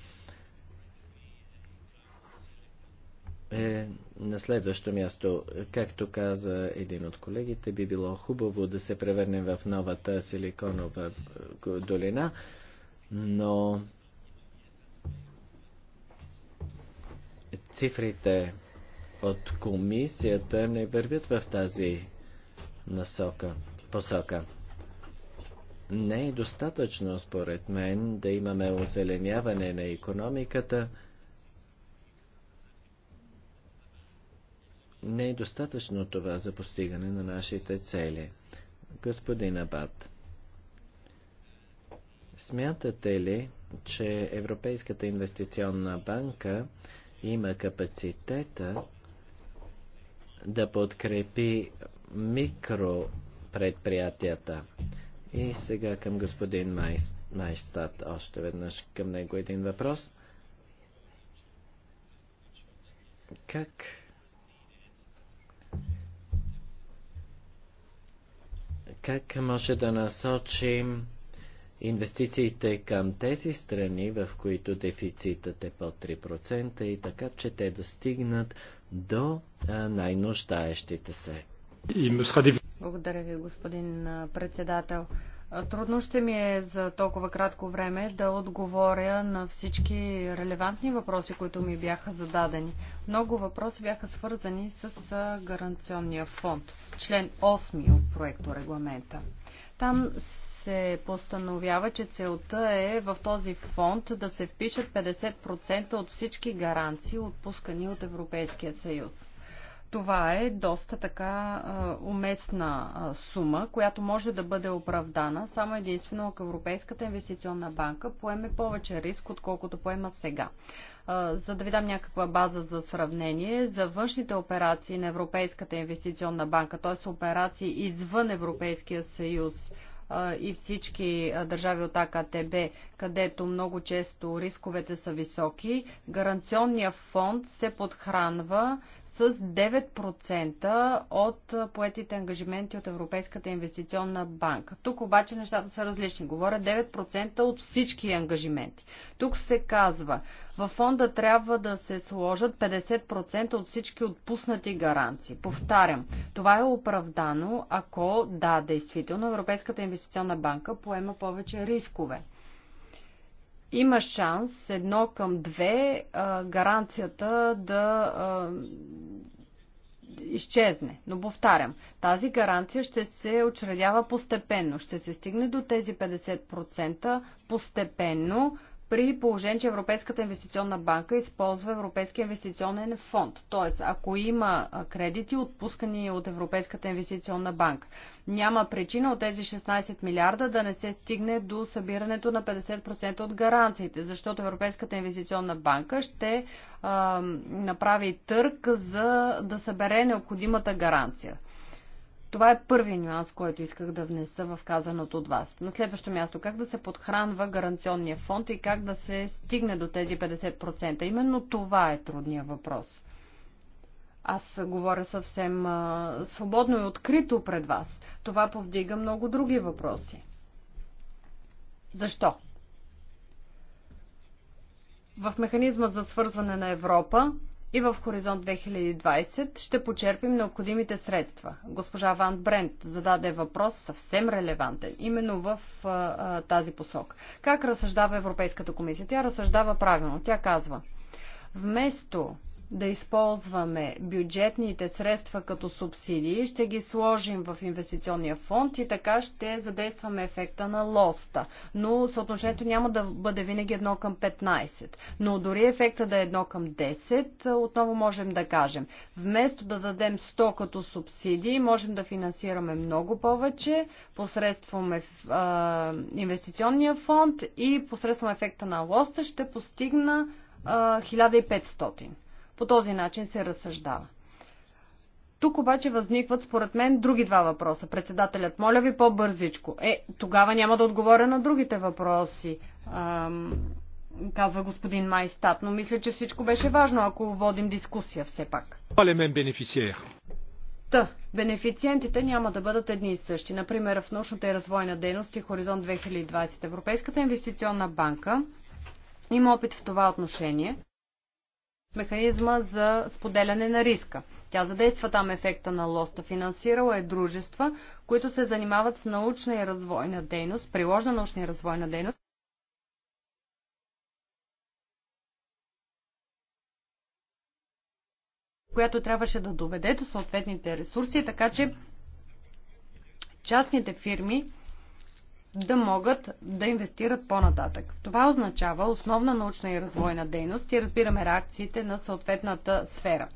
Е, на следващо място, както каза един от колегите, би било хубаво да се превърнем в новата силиконова долина но цифрите от комисията не вървят в тази насока, посока. Не е достатъчно, според мен, да имаме озеленяване на економиката. Не е достатъчно това за постигане на нашите цели. Господин Абат. Смятате ли, че Европейската инвестиционна банка има капацитета да подкрепи микропредприятията? И сега към господин Майстат още веднъж към него един въпрос. Как как може да насочим инвестициите към тези страни, в които дефицитът е под 3% и така, че те да стигнат до най-нуждаещите се. Благодаря ви, господин председател. Трудно ще ми е за толкова кратко време да отговоря на всички релевантни въпроси, които ми бяха зададени. Много въпроси бяха свързани с гаранционния фонд, член 8 от проекто регламента. Там се постановява, че целта е в този фонд да се впишат 50% от всички гаранции, отпускани от Европейския съюз. Това е доста така уместна сума, която може да бъде оправдана само единствено ако Европейската инвестиционна банка поеме повече риск, отколкото поема сега. За да ви дам някаква база за сравнение, за външните операции на Европейската инвестиционна банка, т.е. операции извън Европейския съюз и всички държави от АКТБ, където много често рисковете са високи, гаранционният фонд се подхранва с 9% от поетите ангажименти от Европейската инвестиционна банка. Тук обаче нещата са различни. Говоря 9% от всички ангажименти. Тук се казва, във фонда трябва да се сложат 50% от всички отпуснати гаранции. Повтарям, това е оправдано, ако да, действително Европейската инвестиционна банка поема повече рискове има шанс едно към две а, гаранцията да а, изчезне. Но повтарям, тази гаранция ще се очредява постепенно. Ще се стигне до тези 50% постепенно при положение, че Европейската инвестиционна банка използва Европейския инвестиционен фонд. Тоест, ако има кредити, отпускани от Европейската инвестиционна банка, няма причина от тези 16 милиарда да не се стигне до събирането на 50% от гаранциите, защото Европейската инвестиционна банка ще а, направи търк за да събере необходимата гаранция. Това е първият нюанс, който исках да внеса в казаното от вас. На следващо място, как да се подхранва гаранционния фонд и как да се стигне до тези 50%. Именно това е трудният въпрос. Аз говоря съвсем а, свободно и открито пред вас. Това повдига много други въпроси. Защо? В механизма за свързване на Европа и в Хоризонт 2020 ще почерпим необходимите средства. Госпожа Ван Брент зададе въпрос съвсем релевантен, именно в а, а, тази посок. Как разсъждава Европейската комисия? Тя разсъждава правилно. Тя казва, вместо да използваме бюджетните средства като субсидии, ще ги сложим в инвестиционния фонд и така ще задействаме ефекта на лоста. Но съотношението няма да бъде винаги 1 към 15. Но дори ефекта да е 1 към 10, отново можем да кажем. Вместо да дадем 100 като субсидии, можем да финансираме много повече посредством а, инвестиционния фонд и посредством ефекта на лоста ще постигна а, 1500. По този начин се разсъждава. Тук обаче възникват, според мен, други два въпроса. Председателят, моля ви по-бързичко. Е, тогава няма да отговоря на другите въпроси, ам, казва господин Майстат, но мисля, че всичко беше важно, ако водим дискусия все пак. Палемен бенефициер. Та, бенефициентите няма да бъдат едни и същи. Например, в научната и развойна дейност и Хоризонт 2020 Европейската инвестиционна банка има опит в това отношение – механизма за споделяне на риска. Тя задейства там ефекта на лоста. Финансирала е дружества, които се занимават с научна и развойна дейност, приложна научна и развойна дейност. която трябваше да доведе до съответните ресурси, така че частните фирми да могат да инвестират по-нататък. Това означава основна научна и развойна дейност и разбираме реакциите на съответната сфера.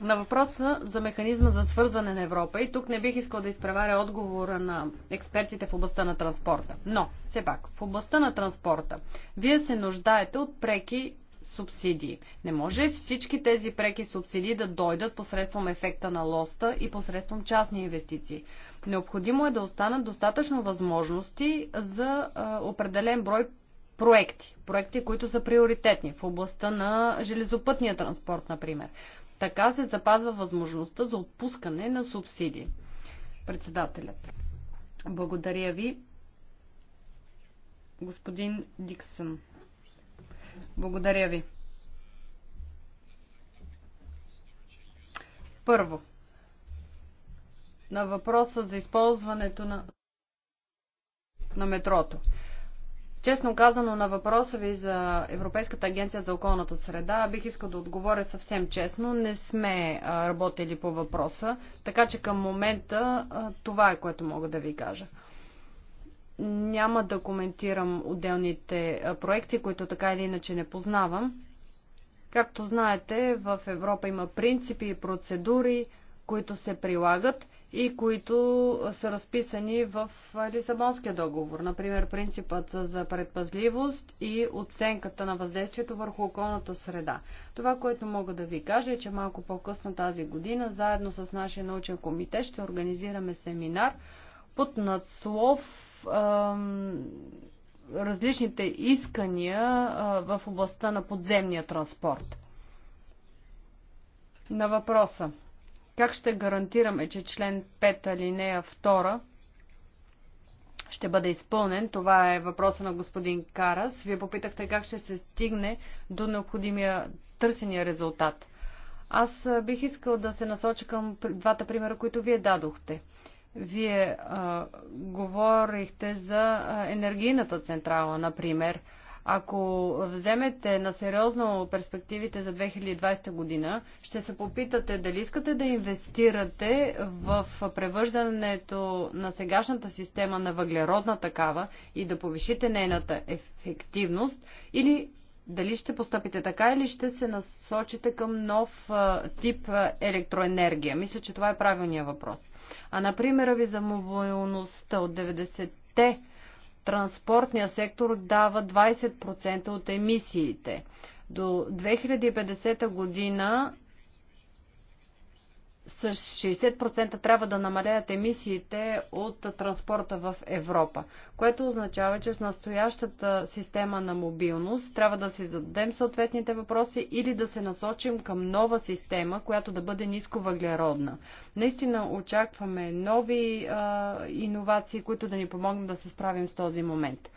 На въпроса за механизма за свързване на Европа и тук не бих искал да изпреваря отговора на експертите в областта на транспорта. Но, все пак, в областта на транспорта, вие се нуждаете от преки субсидии. Не може всички тези преки субсидии да дойдат посредством ефекта на лоста и посредством частни инвестиции. Необходимо е да останат достатъчно възможности за определен брой проекти. Проекти, които са приоритетни в областта на железопътния транспорт, например. Така се запазва възможността за отпускане на субсидии. Председателят. Благодаря ви. Господин Диксън. Благодаря ви. Първо, на въпроса за използването на, на метрото. Честно казано, на въпроса ви за Европейската агенция за околната среда, бих искал да отговоря съвсем честно. Не сме работили по въпроса, така че към момента това е което мога да ви кажа. Няма да коментирам отделните проекти, които така или иначе не познавам. Както знаете, в Европа има принципи и процедури, които се прилагат и които са разписани в Лисабонския договор. Например, принципът за предпазливост и оценката на въздействието върху околната среда. Това, което мога да ви кажа е, че малко по-късно тази година, заедно с нашия научен комитет, ще организираме семинар под надслов различните искания в областта на подземния транспорт. На въпроса. Как ще гарантираме, че член 5 алинея 2 ще бъде изпълнен? Това е въпроса на господин Карас. Вие попитахте как ще се стигне до необходимия търсения резултат. Аз бих искал да се насоча към двата примера, които вие дадохте. Вие а, говорихте за енергийната централа, например. Ако вземете на сериозно перспективите за 2020 година, ще се попитате дали искате да инвестирате в превъждането на сегашната система на въглеродна такава и да повишите нейната ефективност или дали ще постъпите така или ще се насочите към нов тип електроенергия? Мисля, че това е правилният въпрос. А на примера ви за мобилността от 90-те транспортния сектор дава 20% от емисиите. До 2050 година с 60% трябва да намалят емисиите от транспорта в Европа, което означава, че с настоящата система на мобилност трябва да си зададем съответните въпроси или да се насочим към нова система, която да бъде ниско въглеродна. Наистина очакваме нови а, иновации, които да ни помогнат да се справим с този момент.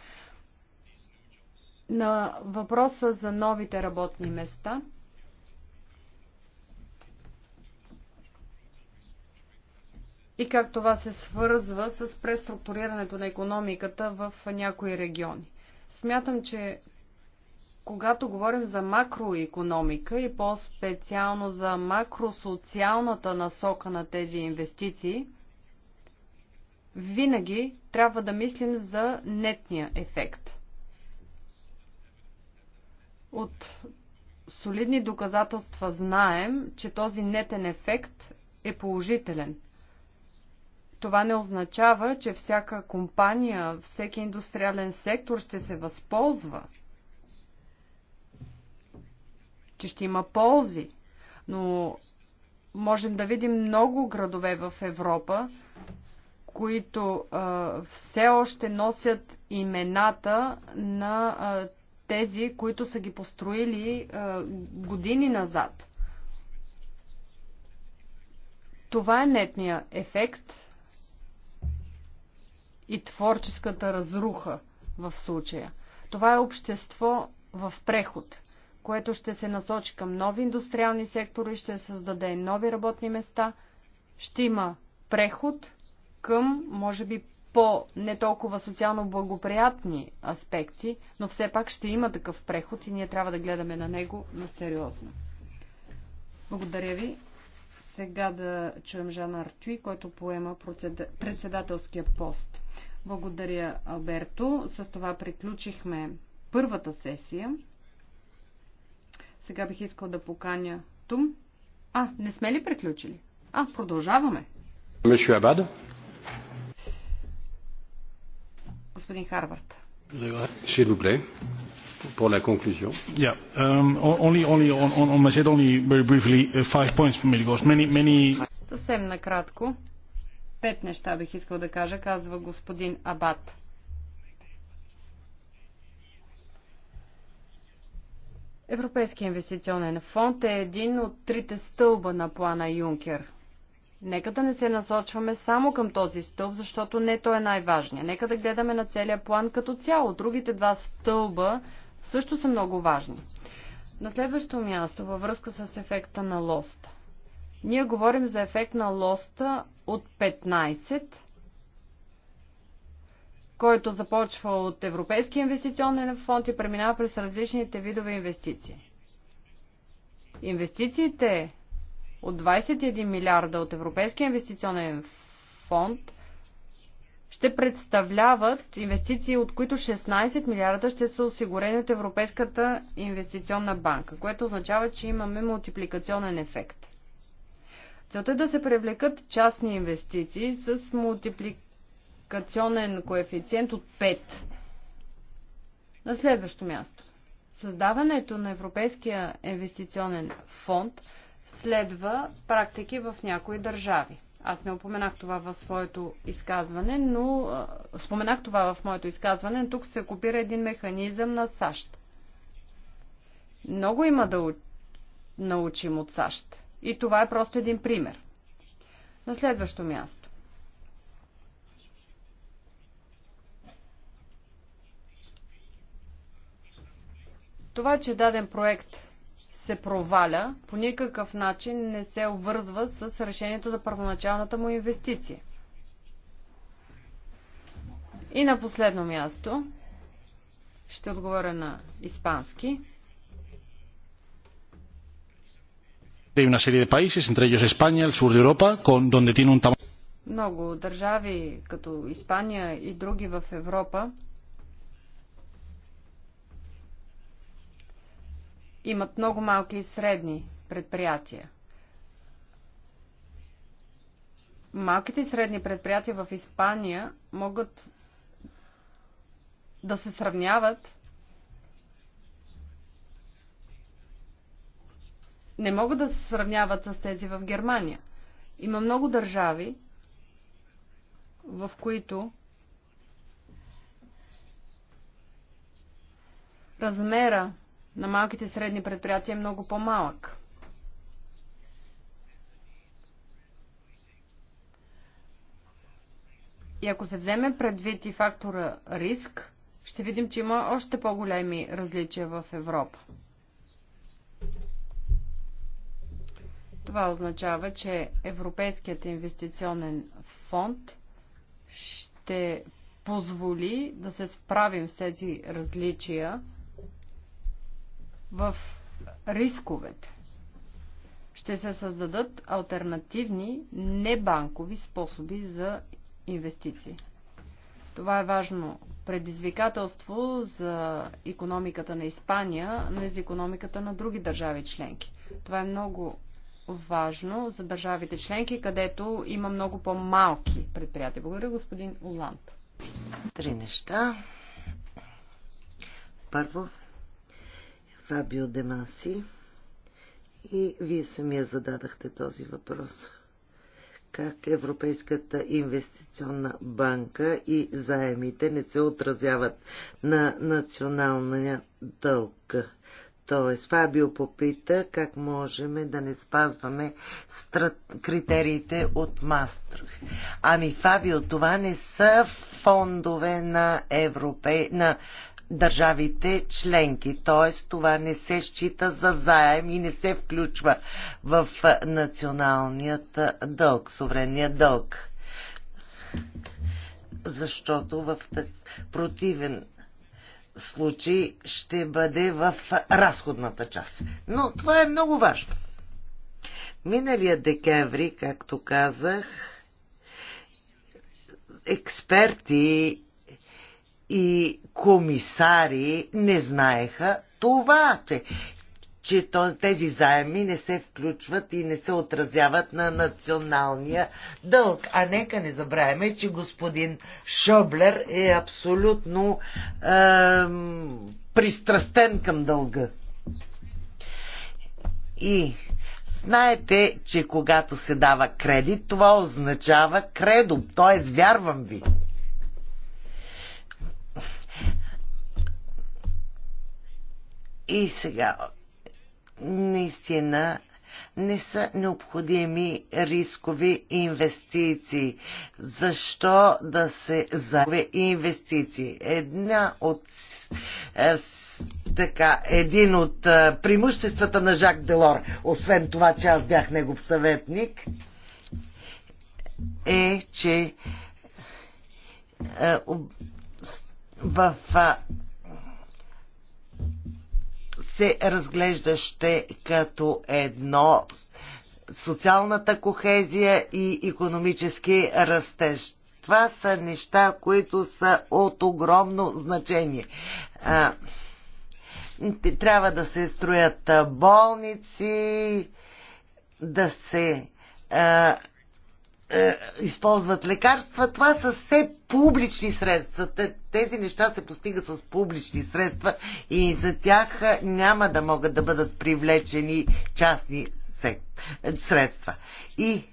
На въпроса за новите работни места – и как това се свързва с преструктурирането на економиката в някои региони. Смятам, че когато говорим за макроекономика и по-специално за макросоциалната насока на тези инвестиции, винаги трябва да мислим за нетния ефект. От солидни доказателства знаем, че този нетен ефект е положителен – това не означава, че всяка компания, всеки индустриален сектор ще се възползва, че ще има ползи. Но можем да видим много градове в Европа, които а, все още носят имената на а, тези, които са ги построили а, години назад. Това е нетния ефект и творческата разруха в случая. Това е общество в преход, което ще се насочи към нови индустриални сектори, ще създаде нови работни места, ще има преход към, може би, по не толкова социално благоприятни аспекти, но все пак ще има такъв преход и ние трябва да гледаме на него на сериозно. Благодаря ви. Сега да чуем Жан Артюи, който поема председателския пост. Благодаря, Алберто. С това приключихме първата сесия. Сега бих искал да поканя Тум. А, не сме ли приключили? А, продължаваме. Мишо Абадо. Господин Харвард. Ще добре pour la conclusion. Yeah. Um, on my side, only very briefly, uh, five points, Miligos. many, many- Съвсем накратко. Пет неща бих искал да кажа, казва господин Абат. Европейския инвестиционен фонд е един от трите стълба на плана Юнкер. Нека да не се насочваме само към този стълб, защото не той е най-важният. Нека да гледаме на целия план като цяло. Другите два стълба също са много важни. На следващо място, във връзка с ефекта на лоста. Ние говорим за ефект на лоста от 15, който започва от Европейския инвестиционен фонд и преминава през различните видове инвестиции. Инвестициите от 21 милиарда от Европейския инвестиционен фонд – ще представляват инвестиции, от които 16 милиарда ще са осигурени от Европейската инвестиционна банка, което означава, че имаме мултипликационен ефект. Целта е да се привлекат частни инвестиции с мултипликационен коефициент от 5. На следващо място. Създаването на Европейския инвестиционен фонд следва практики в някои държави. Аз не упоменах това в своето изказване, но споменах това в моето изказване, но тук се копира един механизъм на САЩ. Много има да научим от САЩ. И това е просто един пример. На следващо място. Това, че даден проект се проваля, по никакъв начин не се обвързва с решението за първоначалната му инвестиция. И на последно място ще отговоря на испански. de una serie de países, entre ellos España, el sur de Europa, con, donde tiene un tamaño. Много държави, като Испания и други в Европа, имат много малки и средни предприятия. Малките и средни предприятия в Испания могат да се сравняват не могат да се сравняват с тези в Германия. Има много държави, в които размера на малките и средни предприятия е много по-малък. И ако се вземе предвид и фактора риск, ще видим, че има още по-големи различия в Европа. Това означава, че Европейският инвестиционен фонд ще позволи да се справим с тези различия в рисковете. Ще се създадат альтернативни небанкови способи за инвестиции. Това е важно предизвикателство за економиката на Испания, но и за економиката на други държави членки. Това е много важно за държавите членки, където има много по-малки предприятия. Благодаря, господин Оланд. Три неща. Първо, Фабио Демаси и вие самия зададахте този въпрос. Как Европейската инвестиционна банка и заемите не се отразяват на националния дълг? Тоест, Фабио попита как можем да не спазваме страт... критериите от Мастър. Ами, Фабио, това не са фондове на, Европе... на държавите членки. Т.е. това не се счита за заем и не се включва в националният дълг, суверенният дълг. Защото в противен случай ще бъде в разходната част. Но това е много важно. Миналия декември, както казах, експерти и комисари не знаеха това, че, че тези заеми не се включват и не се отразяват на националния дълг. А нека не забравяме, че господин Шоблер е абсолютно е, пристрастен към дълга. И знаете, че когато се дава кредит, това означава кредо, т.е. вярвам ви. И сега, наистина, не са необходими рискови инвестиции. Защо да се загубя инвестиции? Една от е, така, един от е, преимуществата на Жак Делор, освен това, че аз бях негов съветник, е, че е, в а, се разглеждаще като едно социалната кохезия и економически растеж. Това са неща, които са от огромно значение. А, трябва да се строят болници, да се а, е, използват лекарства. Това са все публични средства. Тези неща се постигат с публични средства и за тях няма да могат да бъдат привлечени частни средства. И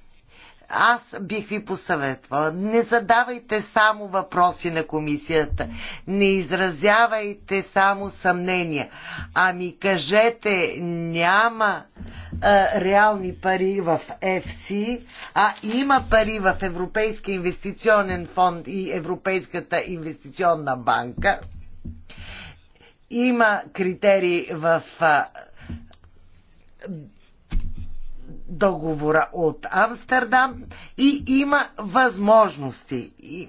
аз бих ви посъветвала, не задавайте само въпроси на комисията, не изразявайте само съмнения, ами кажете, няма а, е, реални пари в ЕФСИ, а има пари в Европейския инвестиционен фонд и Европейската инвестиционна банка. Има критерии в а, е, договора от Амстердам и има възможности. И,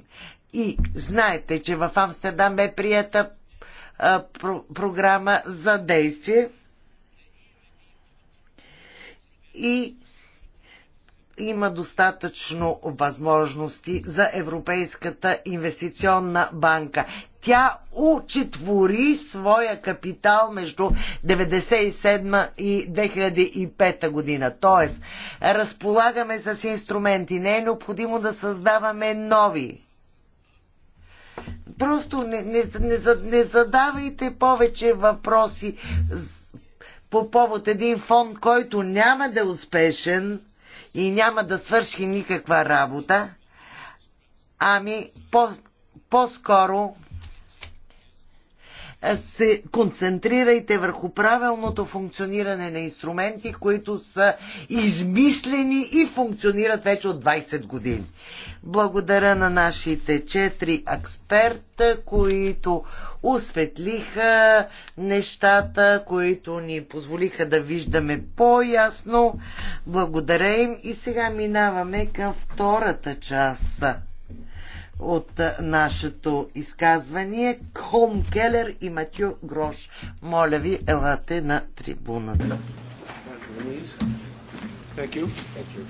и знаете, че в Амстердам е прията а, про, програма за действие и има достатъчно възможности за Европейската инвестиционна банка. Тя учетвори своя капитал между 1997 и 2005 година. Тоест, разполагаме с инструменти. Не е необходимо да създаваме нови. Просто не, не, не, не задавайте повече въпроси по повод един фонд, който няма да е успешен и няма да свърши никаква работа, ами по-скоро по скоро се концентрирайте върху правилното функциониране на инструменти, които са измислени и функционират вече от 20 години. Благодаря на нашите четири експерта, които осветлиха нещата, които ни позволиха да виждаме по-ясно. Благодаря им и сега минаваме към втората част от нашето изказване. Хом Келер и Матю Грош. Моля ви, елате на трибуната. Thank you. Thank you.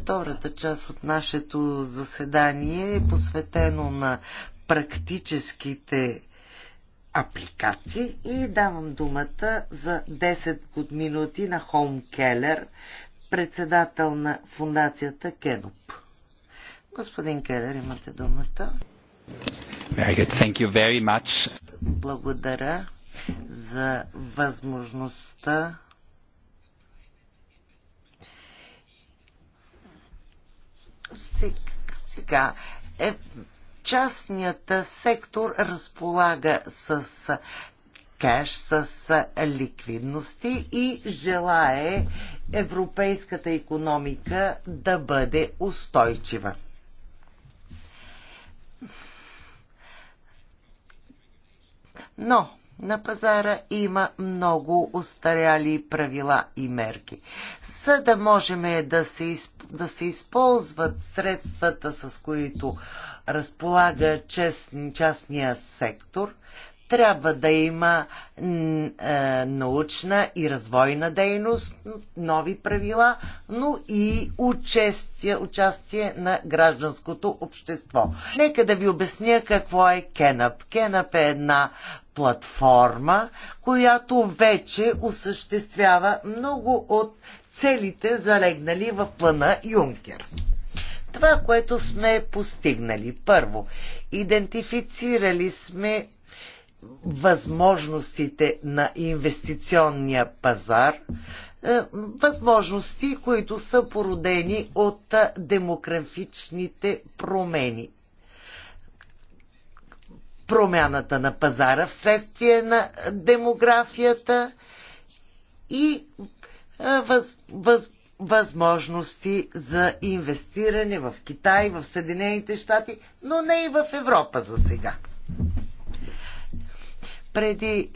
Втората част от нашето заседание е посветено на практическите апликации и давам думата за 10 минути на Холм Келер, председател на фундацията Кеноп. Господин Келер, имате думата. Very good. Thank you very much. Благодаря за възможността Сега, е, частният сектор разполага с кеш, с ликвидности и желае европейската економика да бъде устойчива. Но на пазара има много устаряли правила и мерки за да можем да се, да се използват средствата, с които разполага частния сектор, трябва да има е, научна и развойна дейност, нови правила, но и участие, участие на гражданското общество. Нека да ви обясня какво е Кенап. Кенап е една платформа, която вече осъществява много от целите залегнали в плана Юнкер. Това, което сме постигнали. Първо, идентифицирали сме възможностите на инвестиционния пазар, е, възможности, които са породени от е, демографичните промени. Промяната на пазара вследствие на демографията и въз, въз, възможности за инвестиране в Китай, в Съединените щати, но не и в Европа за сега. Преди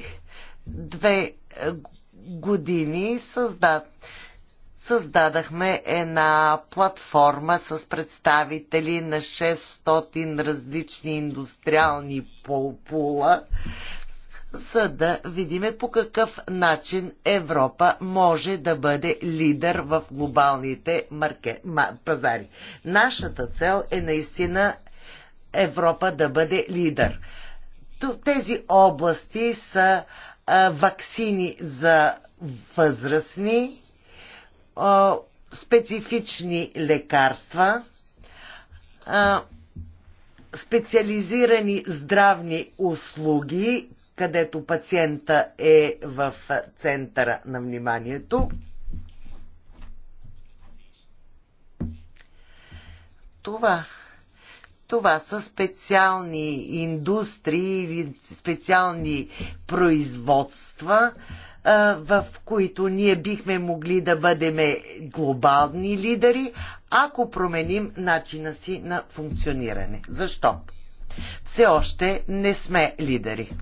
две години създад, създадахме една платформа с представители на 600 различни индустриални Пол, за да видиме по какъв начин Европа може да бъде лидер в глобалните марке, ма, пазари. Нашата цел е наистина Европа да бъде лидер. Тези области са а, вакцини за възрастни, а, специфични лекарства, а, специализирани здравни услуги, където пациента е в центъра на вниманието. Това това са специални индустрии, специални производства, в които ние бихме могли да бъдем глобални лидери, ако променим начина си на функциониране. Защо? Все още не сме лидери.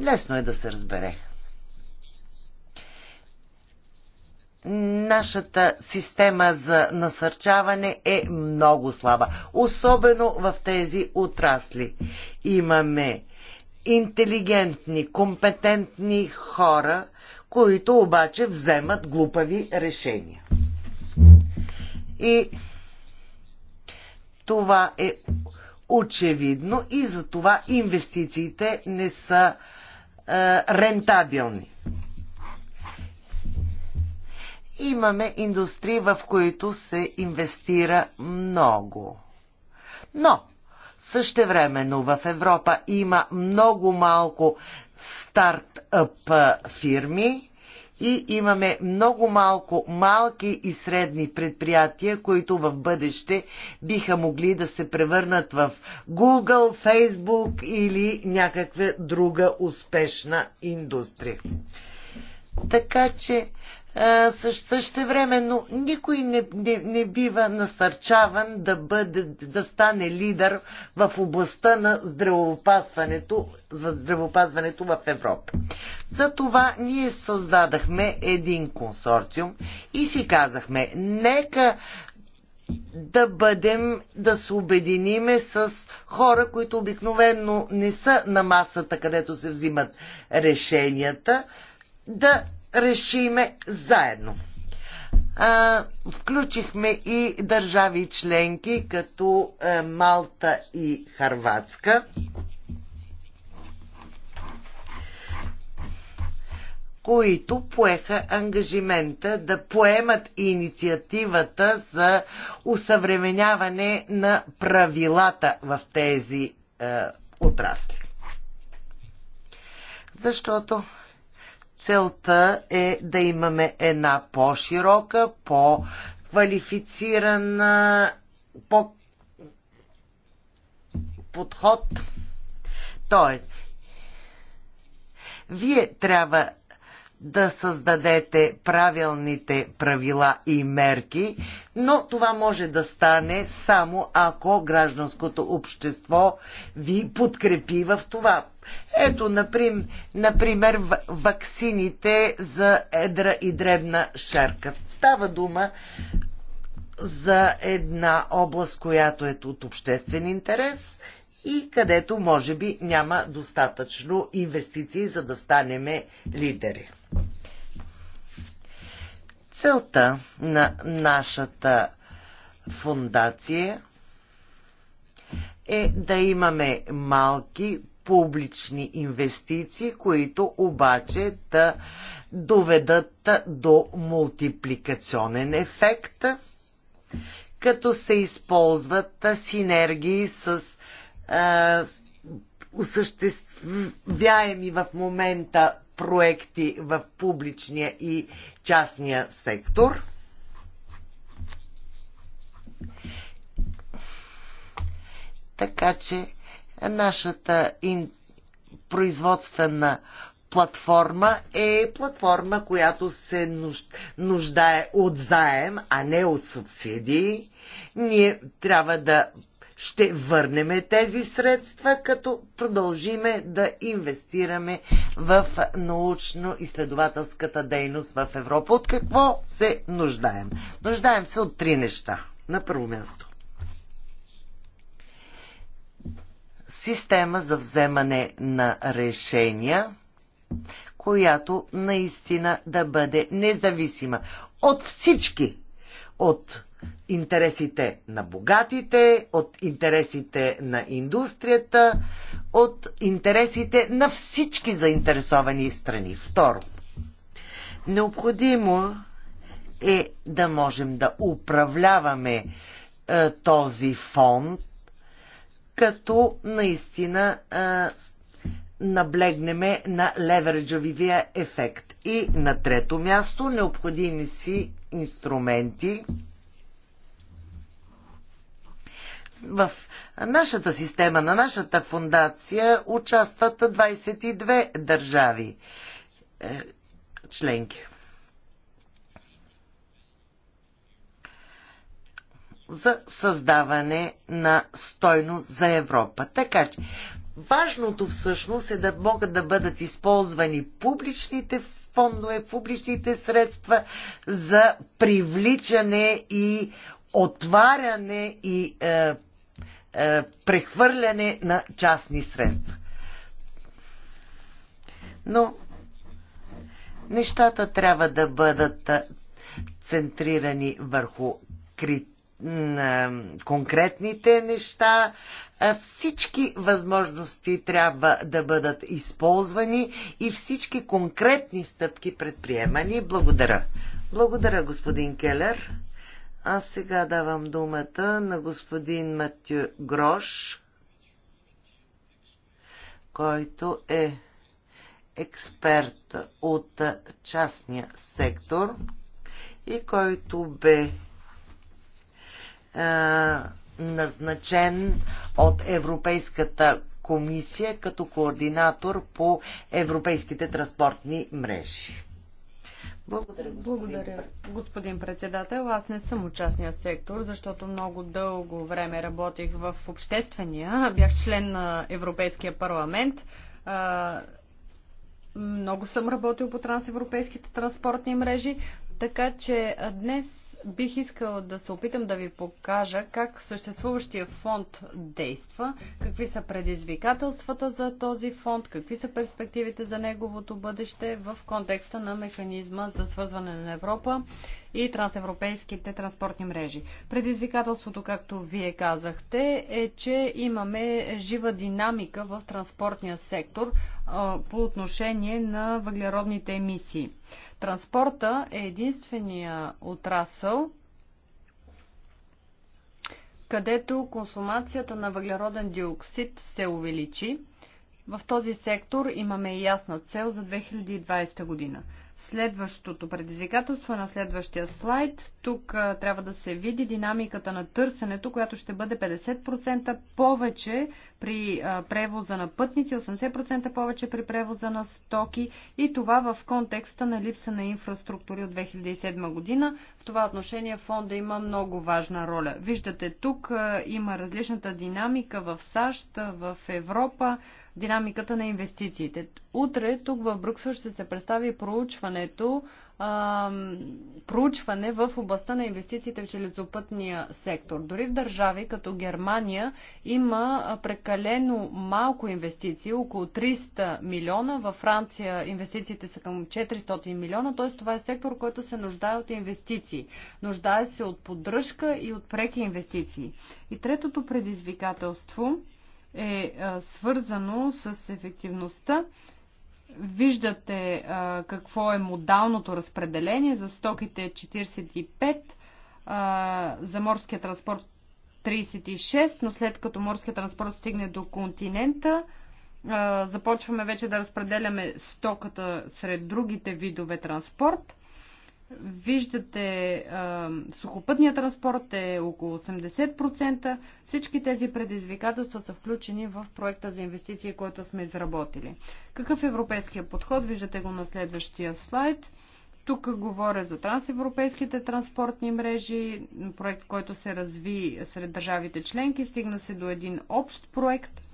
Лесно е да се разбере. Нашата система за насърчаване е много слаба, особено в тези отрасли. Имаме интелигентни, компетентни хора, които обаче вземат глупави решения. И това е очевидно и за това инвестициите не са е, рентабилни. Имаме индустрии, в които се инвестира много. Но същевременно в Европа има много малко стартъп фирми, и имаме много малко малки и средни предприятия, които в бъдеще биха могли да се превърнат в Google, Facebook или някаква друга успешна индустрия. Така че но никой не, не, не бива насърчаван да, бъде, да стане лидер в областта на здравеопазването, здравеопазването в Европа. За това ние създадахме един консорциум и си казахме, нека да бъдем, да се обединиме с хора, които обикновенно не са на масата, където се взимат решенията, да решиме заедно. А, включихме и държави членки, като е, Малта и Харватска. които поеха ангажимента да поемат инициативата за усъвременяване на правилата в тези е, отрасли. Защото Целта е да имаме една по-широка, по-квалифицирана, по подход. Тоест, вие трябва да създадете правилните правила и мерки, но това може да стане само ако гражданското общество ви подкрепи в това. Ето, например, ваксините за едра и дребна шерка. Става дума за една област, която е от обществен интерес и където може би няма достатъчно инвестиции, за да станеме лидери. Целта на нашата фундация е да имаме малки публични инвестиции, които обаче да доведат до мултипликационен ефект, като се използват синергии с а, осъществяеми в момента проекти в публичния и частния сектор. Така че нашата ин... производствена платформа е платформа, която се нуждае от заем, а не от субсидии. Ние трябва да ще върнеме тези средства, като продължиме да инвестираме в научно-изследователската дейност в Европа. От какво се нуждаем? Нуждаем се от три неща. На първо място. Система за вземане на решения, която наистина да бъде независима от всички, от интересите на богатите, от интересите на индустрията, от интересите на всички заинтересовани страни. Второ, необходимо е да можем да управляваме е, този фонд, като наистина е, наблегнеме на левереджовия ефект. И на трето място необходими си инструменти, в нашата система, на нашата фундация участват 22 държави е, членки. за създаване на стойност за Европа. Така че, важното всъщност е да могат да бъдат използвани публичните фондове, публичните средства за привличане и отваряне и е, е, прехвърляне на частни средства. Но нещата трябва да бъдат е, центрирани върху е, конкретните неща. Всички възможности трябва да бъдат използвани и всички конкретни стъпки предприемани. Благодаря. Благодаря, господин Келер. Аз сега давам думата на господин Матю Грош, който е експерт от частния сектор и който бе е, назначен от Европейската комисия като координатор по европейските транспортни мрежи. Благодаря, господин, Благодаря, господин председател. Аз не съм участния сектор, защото много дълго време работих в обществения. Бях член на Европейския парламент. Много съм работил по трансевропейските транспортни мрежи, така че днес бих искал да се опитам да ви покажа как съществуващия фонд действа, какви са предизвикателствата за този фонд, какви са перспективите за неговото бъдеще в контекста на механизма за свързване на Европа и трансевропейските транспортни мрежи. Предизвикателството, както вие казахте, е, че имаме жива динамика в транспортния сектор по отношение на въглеродните емисии. Транспорта е единствения отрасъл, където консумацията на въглероден диоксид се увеличи. В този сектор имаме ясна цел за 2020 година. Следващото предизвикателство е на следващия слайд. Тук а, трябва да се види динамиката на търсенето, която ще бъде 50% повече при а, превоза на пътници, 80% повече при превоза на стоки и това в контекста на липса на инфраструктури от 2007 година. В това отношение фонда има много важна роля. Виждате, тук а, има различната динамика в САЩ, в Европа, динамиката на инвестициите. Утре тук в Брюксел ще се представи проучването, проучване в областта на инвестициите в железопътния сектор. Дори в държави като Германия има прекалено малко инвестиции, около 300 милиона. Във Франция инвестициите са към 400 милиона, т.е. това е сектор, който се нуждае от инвестиции. Нуждае се от поддръжка и от преки инвестиции. И третото предизвикателство е, е свързано с ефективността. Виждате е, какво е модалното разпределение за стоките 45, е, за морския транспорт 36, но след като морския транспорт стигне до континента, започваме вече да разпределяме стоката сред другите видове транспорт – Виждате, сухопътният транспорт е около 80%. Всички тези предизвикателства са включени в проекта за инвестиции, който сме изработили. Какъв е европейския подход? Виждате го на следващия слайд. Тук говоря за трансевропейските транспортни мрежи, проект, който се разви сред държавите членки. Стигна се до един общ проект –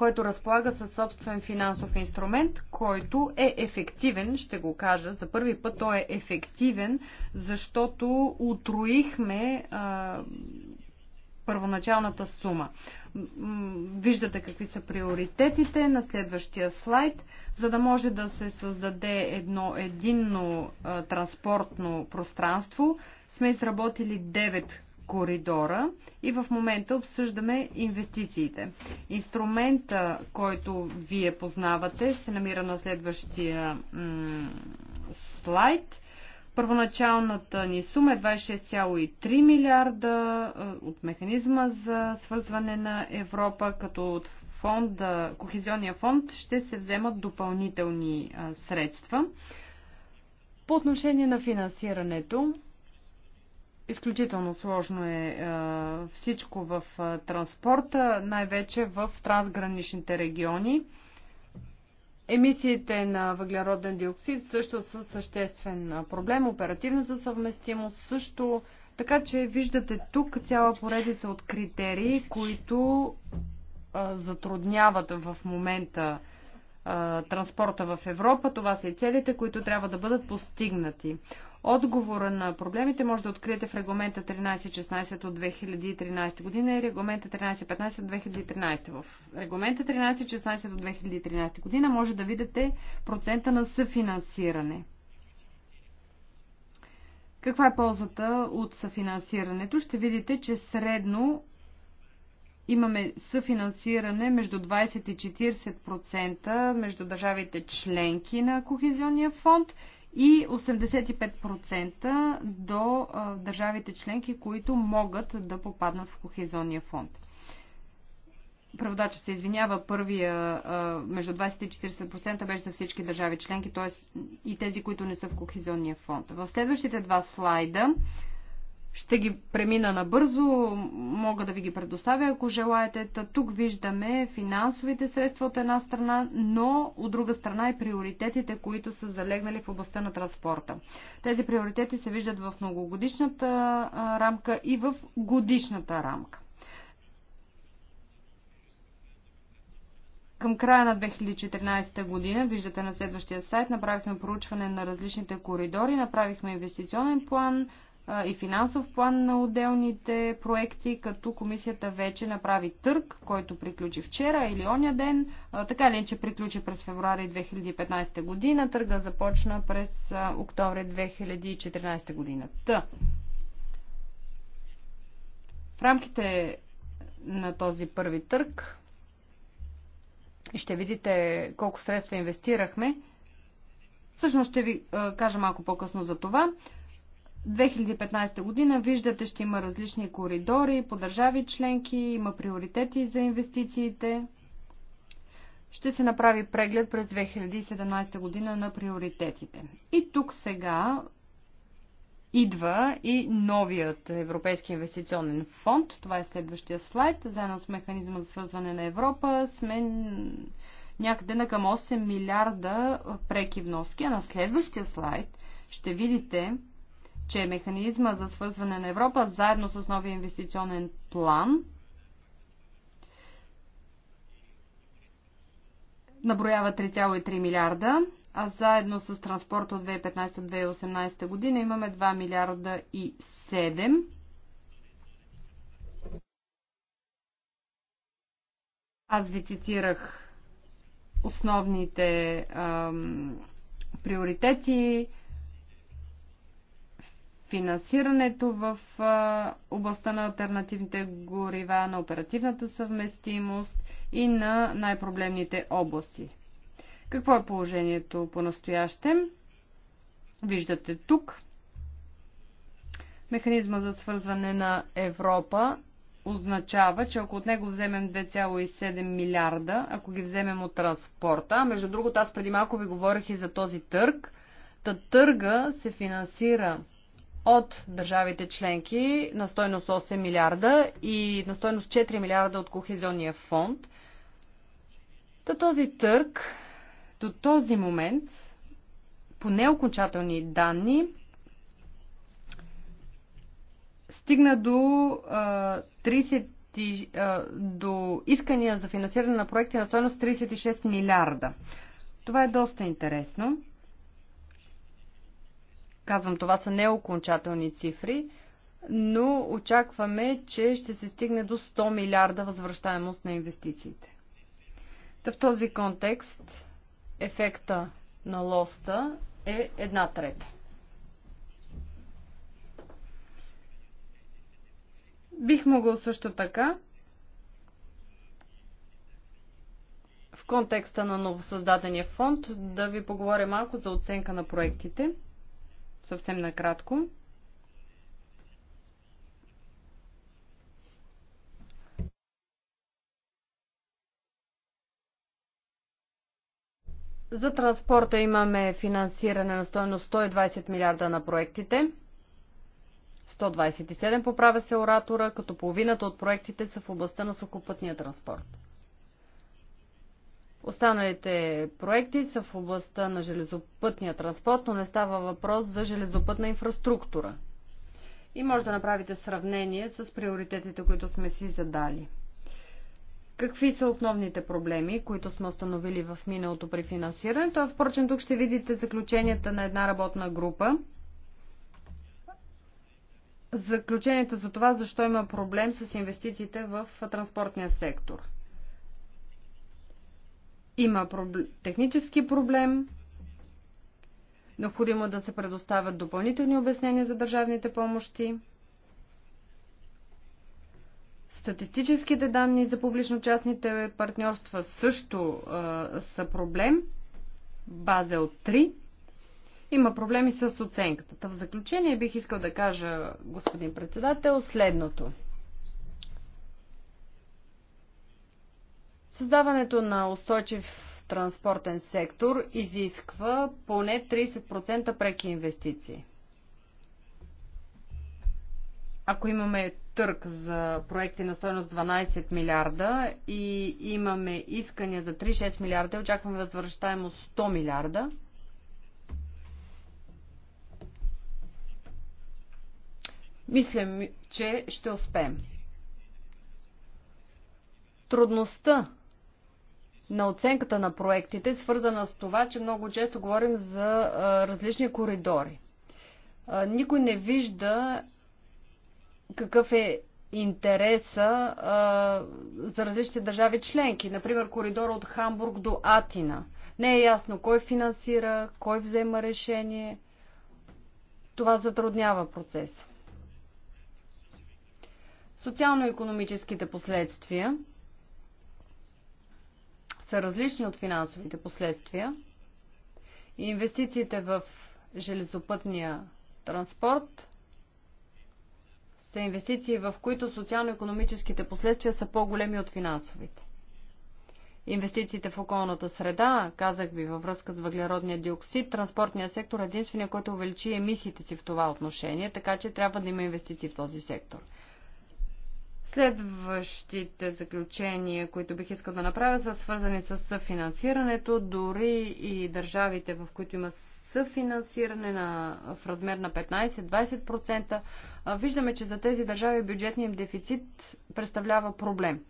който разполага със собствен финансов инструмент, който е ефективен, ще го кажа. За първи път той е ефективен, защото утроихме а, първоначалната сума. Виждате какви са приоритетите на следващия слайд, за да може да се създаде едно единно а, транспортно пространство. Сме изработили 9 коридора и в момента обсъждаме инвестициите. Инструмента, който вие познавате, се намира на следващия слайд. Първоначалната ни сума е 26,3 милиарда е, от механизма за свързване на Европа, като от фонда, Кохезионния фонд ще се вземат допълнителни средства. По отношение на финансирането, Изключително сложно е, е всичко в е, транспорта, най-вече в трансграничните региони. Емисиите на въглероден диоксид също са съществен е, проблем. Оперативната съвместимост също. Така че виждате тук цяла поредица от критерии, които затрудняват в момента транспорта в Европа. Това са и целите, които трябва да бъдат постигнати. Отговора на проблемите може да откриете в регламента 1316 от 2013 година и регламента 1315 от 2013. В регламента 1316 от 2013 година може да видите процента на съфинансиране. Каква е ползата от съфинансирането? Ще видите, че средно имаме съфинансиране между 20 и 40% между държавите членки на Кохезионния фонд – и 85% до държавите членки, които могат да попаднат в кохезонния фонд. Преводача се извинява, първия между 20 и 40% беше за всички държави членки, т.е. и тези, които не са в кохезионния фонд. В следващите два слайда ще ги премина набързо, мога да ви ги предоставя, ако желаете. Та тук виждаме финансовите средства от една страна, но от друга страна и приоритетите, които са залегнали в областта на транспорта. Тези приоритети се виждат в многогодишната рамка и в годишната рамка. Към края на 2014 година, виждате на следващия сайт, направихме проучване на различните коридори, направихме инвестиционен план, и финансов план на отделните проекти, като комисията вече направи търг, който приключи вчера или оня ден. Така ли, че приключи през февруари 2015 година, търга започна през октомври 2014 година. Та. В рамките на този първи търг ще видите колко средства инвестирахме. Всъщност ще ви кажа малко по-късно за това. 2015 година виждате, ще има различни коридори по държави членки, има приоритети за инвестициите. Ще се направи преглед през 2017 година на приоритетите. И тук сега идва и новият Европейски инвестиционен фонд. Това е следващия слайд. Заедно с механизма за свързване на Европа сме някъде на към 8 милиарда преки вноски. А на следващия слайд ще видите, че механизма за свързване на Европа заедно с новия инвестиционен план наброява 3,3 милиарда, а заедно с транспорта от 2015-2018 година имаме 2 милиарда и 7. Аз ви цитирах основните ам, приоритети финансирането в областта на альтернативните горива, на оперативната съвместимост и на най-проблемните области. Какво е положението по-настоящем? Виждате тук. Механизма за свързване на Европа означава, че ако от него вземем 2,7 милиарда, ако ги вземем от транспорта, а между другото аз преди малко ви говорих и за този търг, та търга се финансира от държавите членки на стойност 8 милиарда и на стойност 4 милиарда от Кохезионния фонд. Та този търг до този момент по неокончателни данни стигна до, 30, до искания за финансиране на проекти на стоеност 36 милиарда. Това е доста интересно. Казвам, това са неокончателни цифри, но очакваме, че ще се стигне до 100 милиарда възвръщаемост на инвестициите. Та в този контекст ефекта на лоста е една трета. Бих могъл също така в контекста на новосъздадения фонд да ви поговоря малко за оценка на проектите – съвсем накратко. За транспорта имаме финансиране на стоеност 120 милиарда на проектите. 127 поправя се оратора, като половината от проектите са в областта на сухопътния транспорт. Останалите проекти са в областта на железопътния транспорт, но не става въпрос за железопътна инфраструктура. И може да направите сравнение с приоритетите, които сме си задали. Какви са основните проблеми, които сме установили в миналото при финансирането? А впрочем, тук ще видите заключенията на една работна група. Заключенията за това, защо има проблем с инвестициите в транспортния сектор – има проблем, технически проблем. Необходимо е да се предоставят допълнителни обяснения за държавните помощи. Статистическите данни за публично-частните партньорства също а, са проблем. база от 3. Има проблеми с оценката. В заключение бих искал да кажа, господин председател, следното. Създаването на устойчив транспортен сектор изисква поне 30% преки инвестиции. Ако имаме търк за проекти на стоеност 12 милиарда и имаме искания за 3-6 милиарда, очакваме възвръщаемо 100 милиарда. Мисля, че ще успеем. Трудността на оценката на проектите, свързана с това, че много често говорим за различни коридори. Никой не вижда какъв е интереса за различните държави членки. Например, коридора от Хамбург до Атина. Не е ясно кой финансира, кой взема решение. Това затруднява процеса. Социално-економическите последствия – са различни от финансовите последствия. И инвестициите в железопътния транспорт са инвестиции, в които социално-економическите последствия са по-големи от финансовите. Инвестициите в околната среда, казах ви във връзка с въглеродния диоксид, транспортният сектор е единствения, който увеличи емисиите си в това отношение, така че трябва да има инвестиции в този сектор. Следващите заключения, които бих искал да направя, са свързани с съфинансирането. Дори и държавите, в които има съфинансиране на, в размер на 15-20%, виждаме, че за тези държави бюджетният дефицит представлява проблем.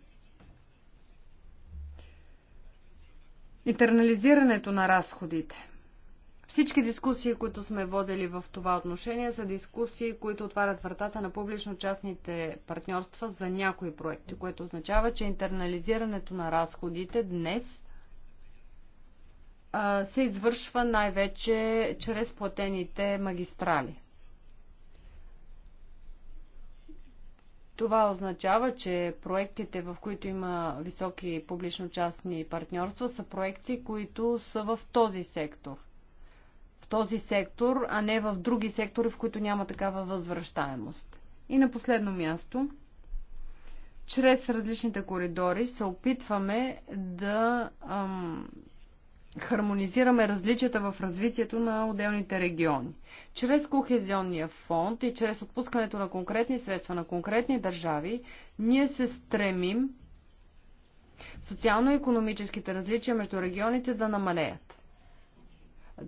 Интернализирането на разходите. Всички дискусии, които сме водили в това отношение, са дискусии, които отварят вратата на публично-частните партньорства за някои проекти, което означава, че интернализирането на разходите днес се извършва най-вече чрез платените магистрали. Това означава, че проектите, в които има високи публично-частни партньорства, са проекти, които са в този сектор – този сектор, а не в други сектори, в които няма такава възвръщаемост. И на последно място, чрез различните коридори се опитваме да ам, хармонизираме различията в развитието на отделните региони. Чрез Кохезионния фонд и чрез отпускането на конкретни средства на конкретни държави, ние се стремим социално-економическите различия между регионите да намалеят.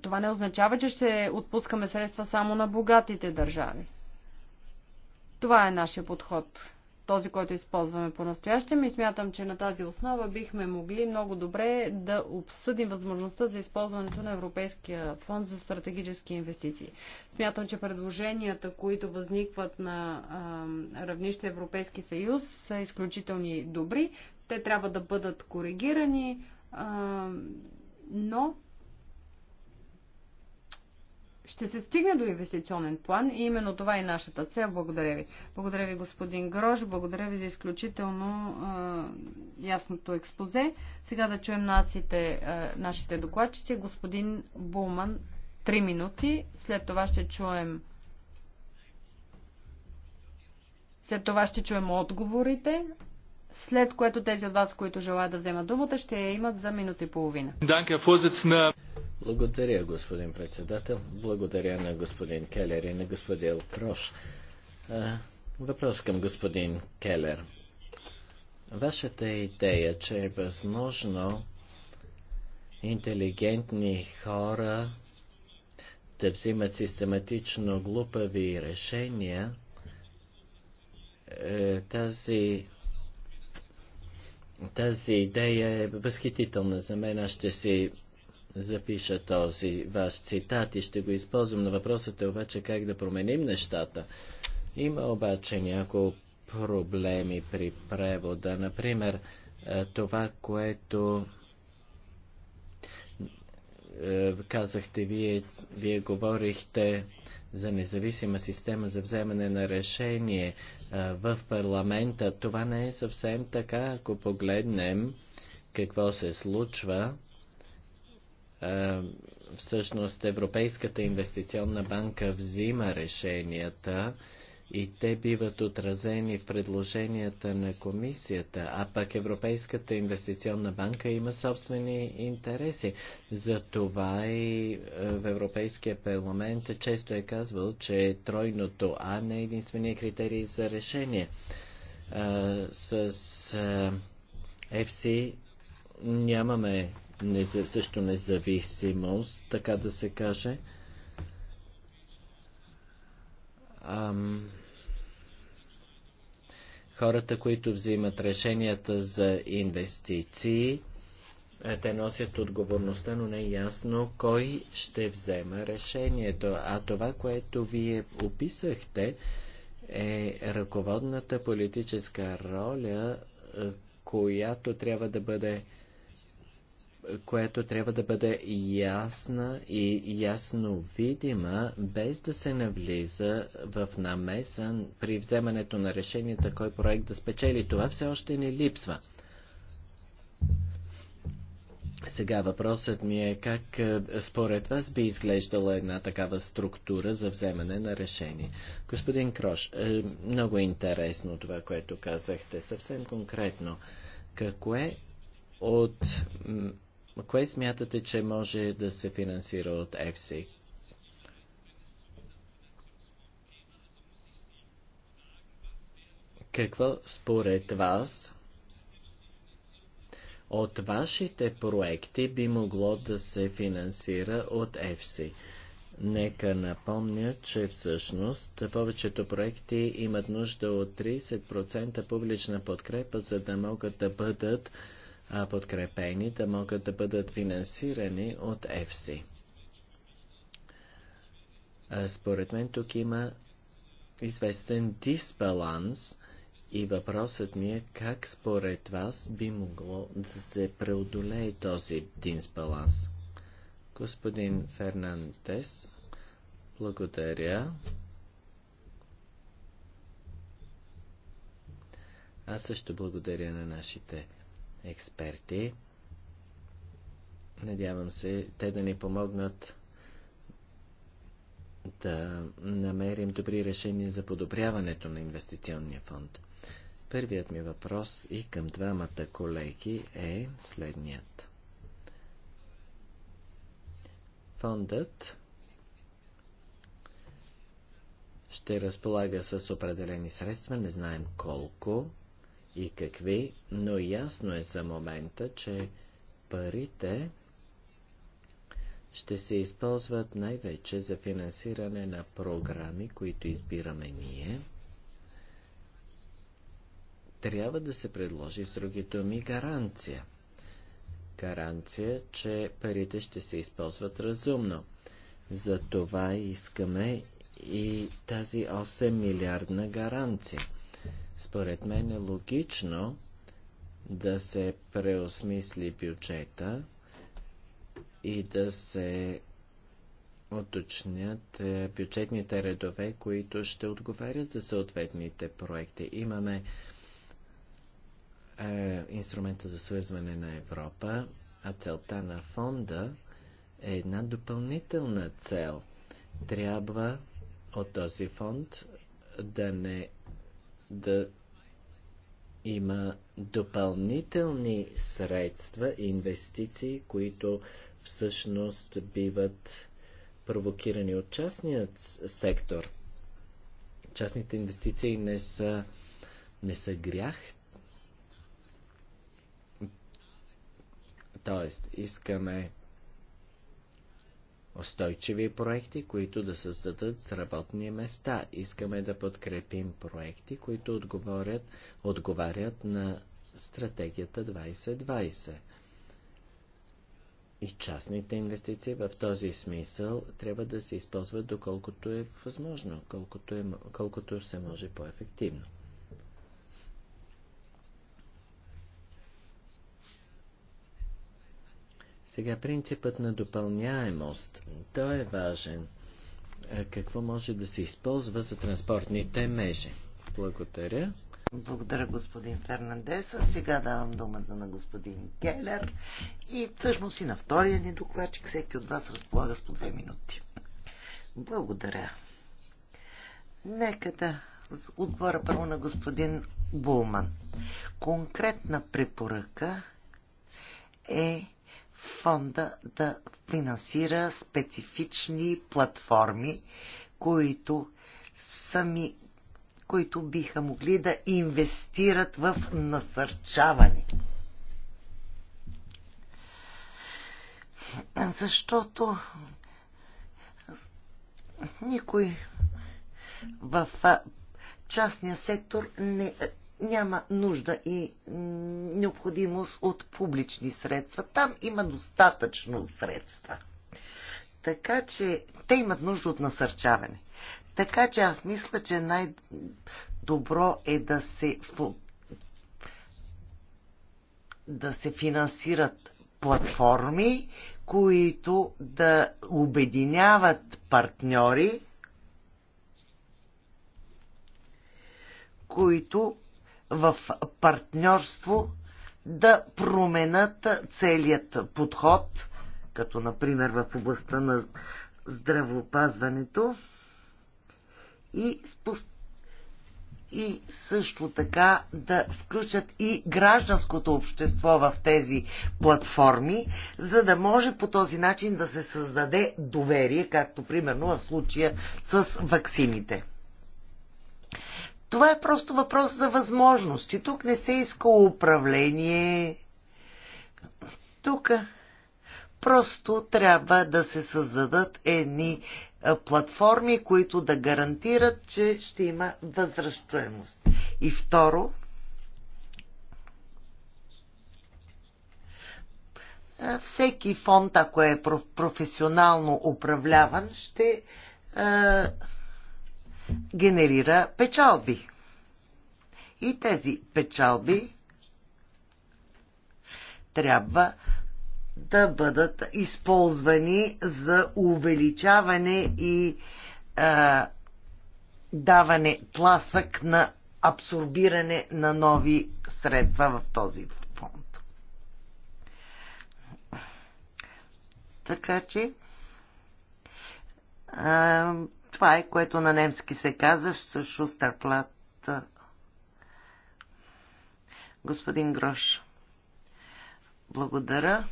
Това не означава, че ще отпускаме средства само на богатите държави. Това е нашия подход, този, който използваме по-настоящем и смятам, че на тази основа бихме могли много добре да обсъдим възможността за използването на Европейския фонд за стратегически инвестиции. Смятам, че предложенията, които възникват на а, равнище Европейски съюз, са изключителни добри. Те трябва да бъдат коригирани, а, но ще се стигне до инвестиционен план и именно това е нашата цел. Благодаря ви. Благодаря ви, господин Грош. Благодаря ви за изключително е, ясното експозе. Сега да чуем насите, е, нашите докладчици. Господин Булман, 3 минути. След това ще чуем след това ще чуем отговорите, след което тези от вас, които желаят да вземат думата, ще я имат за минута и половина. Благодаря, господин председател. Благодаря на господин Келер и на господин Крош. Въпрос към господин Келер. Вашата идея, че е възможно интелигентни хора да взимат систематично глупави решения, е, тази тази идея е възхитителна за мен. Аз ще си запиша този ваш цитат и ще го използвам. На въпросът е обаче как да променим нещата. Има обаче няколко проблеми при превода. Например, е, това, което е, казахте, вие, вие говорихте за независима система за вземане на решение в парламента. Това не е съвсем така, ако погледнем какво се случва. Всъщност Европейската инвестиционна банка взима решенията и те биват отразени в предложенията на комисията, а пък Европейската инвестиционна банка има собствени интереси. За това и е, в Европейския парламент често е казвал, че тройното А не е единствения критерий за решение. Е, с FC е, нямаме също независимост, така да се каже. Um хората, които взимат решенията за инвестиции, е, те носят отговорността, но не е ясно кой ще взема решението. А това, което вие описахте, е ръководната политическа роля, е, която трябва да бъде което трябва да бъде ясна и ясно видима, без да се навлиза в намеса при вземането на решенията, кой проект да спечели. Това все още не липсва. Сега въпросът ми е как е, според вас би изглеждала една такава структура за вземане на решение. Господин Крош, е, много е интересно това, което казахте. Съвсем конкретно, какво е от Кое смятате, че може да се финансира от ЕФСИ? Какво според вас от вашите проекти би могло да се финансира от ЕФСИ? Нека напомня, че всъщност повечето проекти имат нужда от 30% публична подкрепа, за да могат да бъдат подкрепени, да могат да бъдат финансирани от ЕФСИ. Според мен тук има известен дисбаланс и въпросът ми е как според вас би могло да се преодолее този дисбаланс. Господин Фернандес, благодаря. Аз също благодаря на нашите експерти. Надявам се те да ни помогнат да намерим добри решения за подобряването на инвестиционния фонд. Първият ми въпрос и към двамата колеги е следният. Фондът ще разполага с определени средства, не знаем колко, и какви, но ясно е за момента, че парите ще се използват най-вече за финансиране на програми, които избираме ние. Трябва да се предложи с други думи гаранция. Гаранция, че парите ще се използват разумно. За това искаме и тази 8 милиардна гаранция. Според мен е логично да се преосмисли бюджета и да се уточнят е, бюджетните редове, които ще отговарят за съответните проекти. Имаме е, инструмента за свързване на Европа, а целта на фонда е една допълнителна цел. Трябва от този фонд да не да има допълнителни средства, инвестиции, които всъщност биват провокирани от частният сектор. Частните инвестиции не са, не са грях. Тоест, искаме устойчиви проекти, които да създадат работни места. Искаме да подкрепим проекти, които отговорят, отговарят на стратегията 2020. И частните инвестиции в този смисъл трябва да се използват доколкото е възможно, колкото, е, колкото се може по-ефективно. Сега принципът на допълняемост, той е важен. Какво може да се използва за транспортните межи. Благодаря. Благодаря, господин Фернандес. Сега давам думата на господин Келер. И всъщност и на втория ни докладчик всеки от вас разполага с по две минути. Благодаря. Нека да отговоря първо на господин Булман. Конкретна препоръка е фонда да финансира специфични платформи, които сами които биха могли да инвестират в насърчаване. Защото никой в частния сектор не няма нужда и необходимост от публични средства. Там има достатъчно средства. Така че те имат нужда от насърчаване. Така че аз мисля, че най-добро е да се, да се финансират платформи, които да обединяват партньори, които в партньорство да променят целият подход, като например в областта на здравеопазването и, и също така да включат и гражданското общество в тези платформи, за да може по този начин да се създаде доверие, както примерно в случая с ваксините. Това е просто въпрос за възможности. Тук не се иска управление. Тук просто трябва да се създадат едни платформи, които да гарантират, че ще има възвръщаемост. И второ, всеки фонд, ако е професионално управляван, ще генерира печалби. И тези печалби трябва да бъдат използвани за увеличаване и а, даване тласък на абсорбиране на нови средства в този фонд. Така че а, това е, което на немски се казва Шустерплат. Господин Грош, благодаря.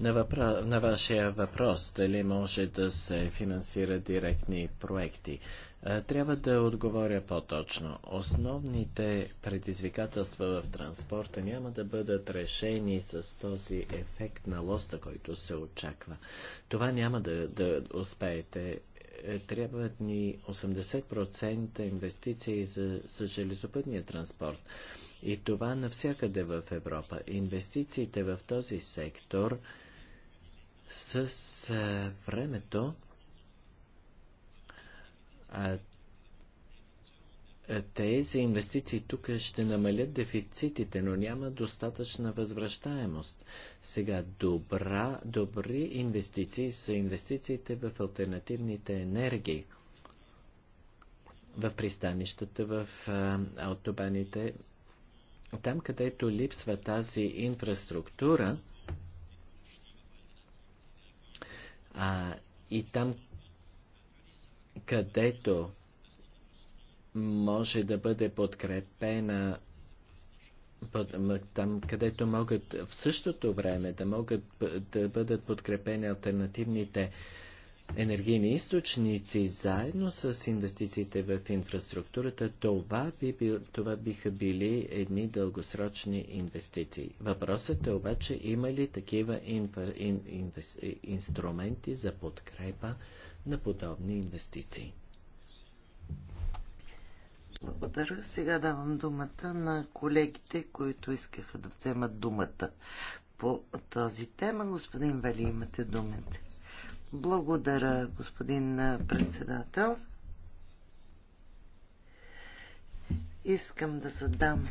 На, въпро... на вашия въпрос, дали може да се финансира директни проекти. Е, трябва да отговоря по-точно. Основните предизвикателства в транспорта няма да бъдат решени с този ефект на лоста, който се очаква. Това няма да, да успеете. Е, трябват ни 80% инвестиции за, за железопътния транспорт. И това навсякъде в Европа. Инвестициите в този сектор с е, времето тези инвестиции тук ще намалят дефицитите, но няма достатъчна възвръщаемост. Сега добра, добри инвестиции са инвестициите в альтернативните енергии, в пристанищата, в автобаните. Там, където липсва тази инфраструктура, а, и там, където може да бъде подкрепена там, където могат в същото време да могат да бъдат подкрепени альтернативните енергийни източници заедно с инвестициите в инфраструктурата, това, би, това биха били едни дългосрочни инвестиции. Въпросът е обаче има ли такива инфа, ин, инвес, инструменти за подкрепа на подобни инвестиции. Благодаря. Сега давам думата на колегите, които искаха да вземат думата по този тема. Господин Вали, имате думата. Благодаря, господин председател. Искам да задам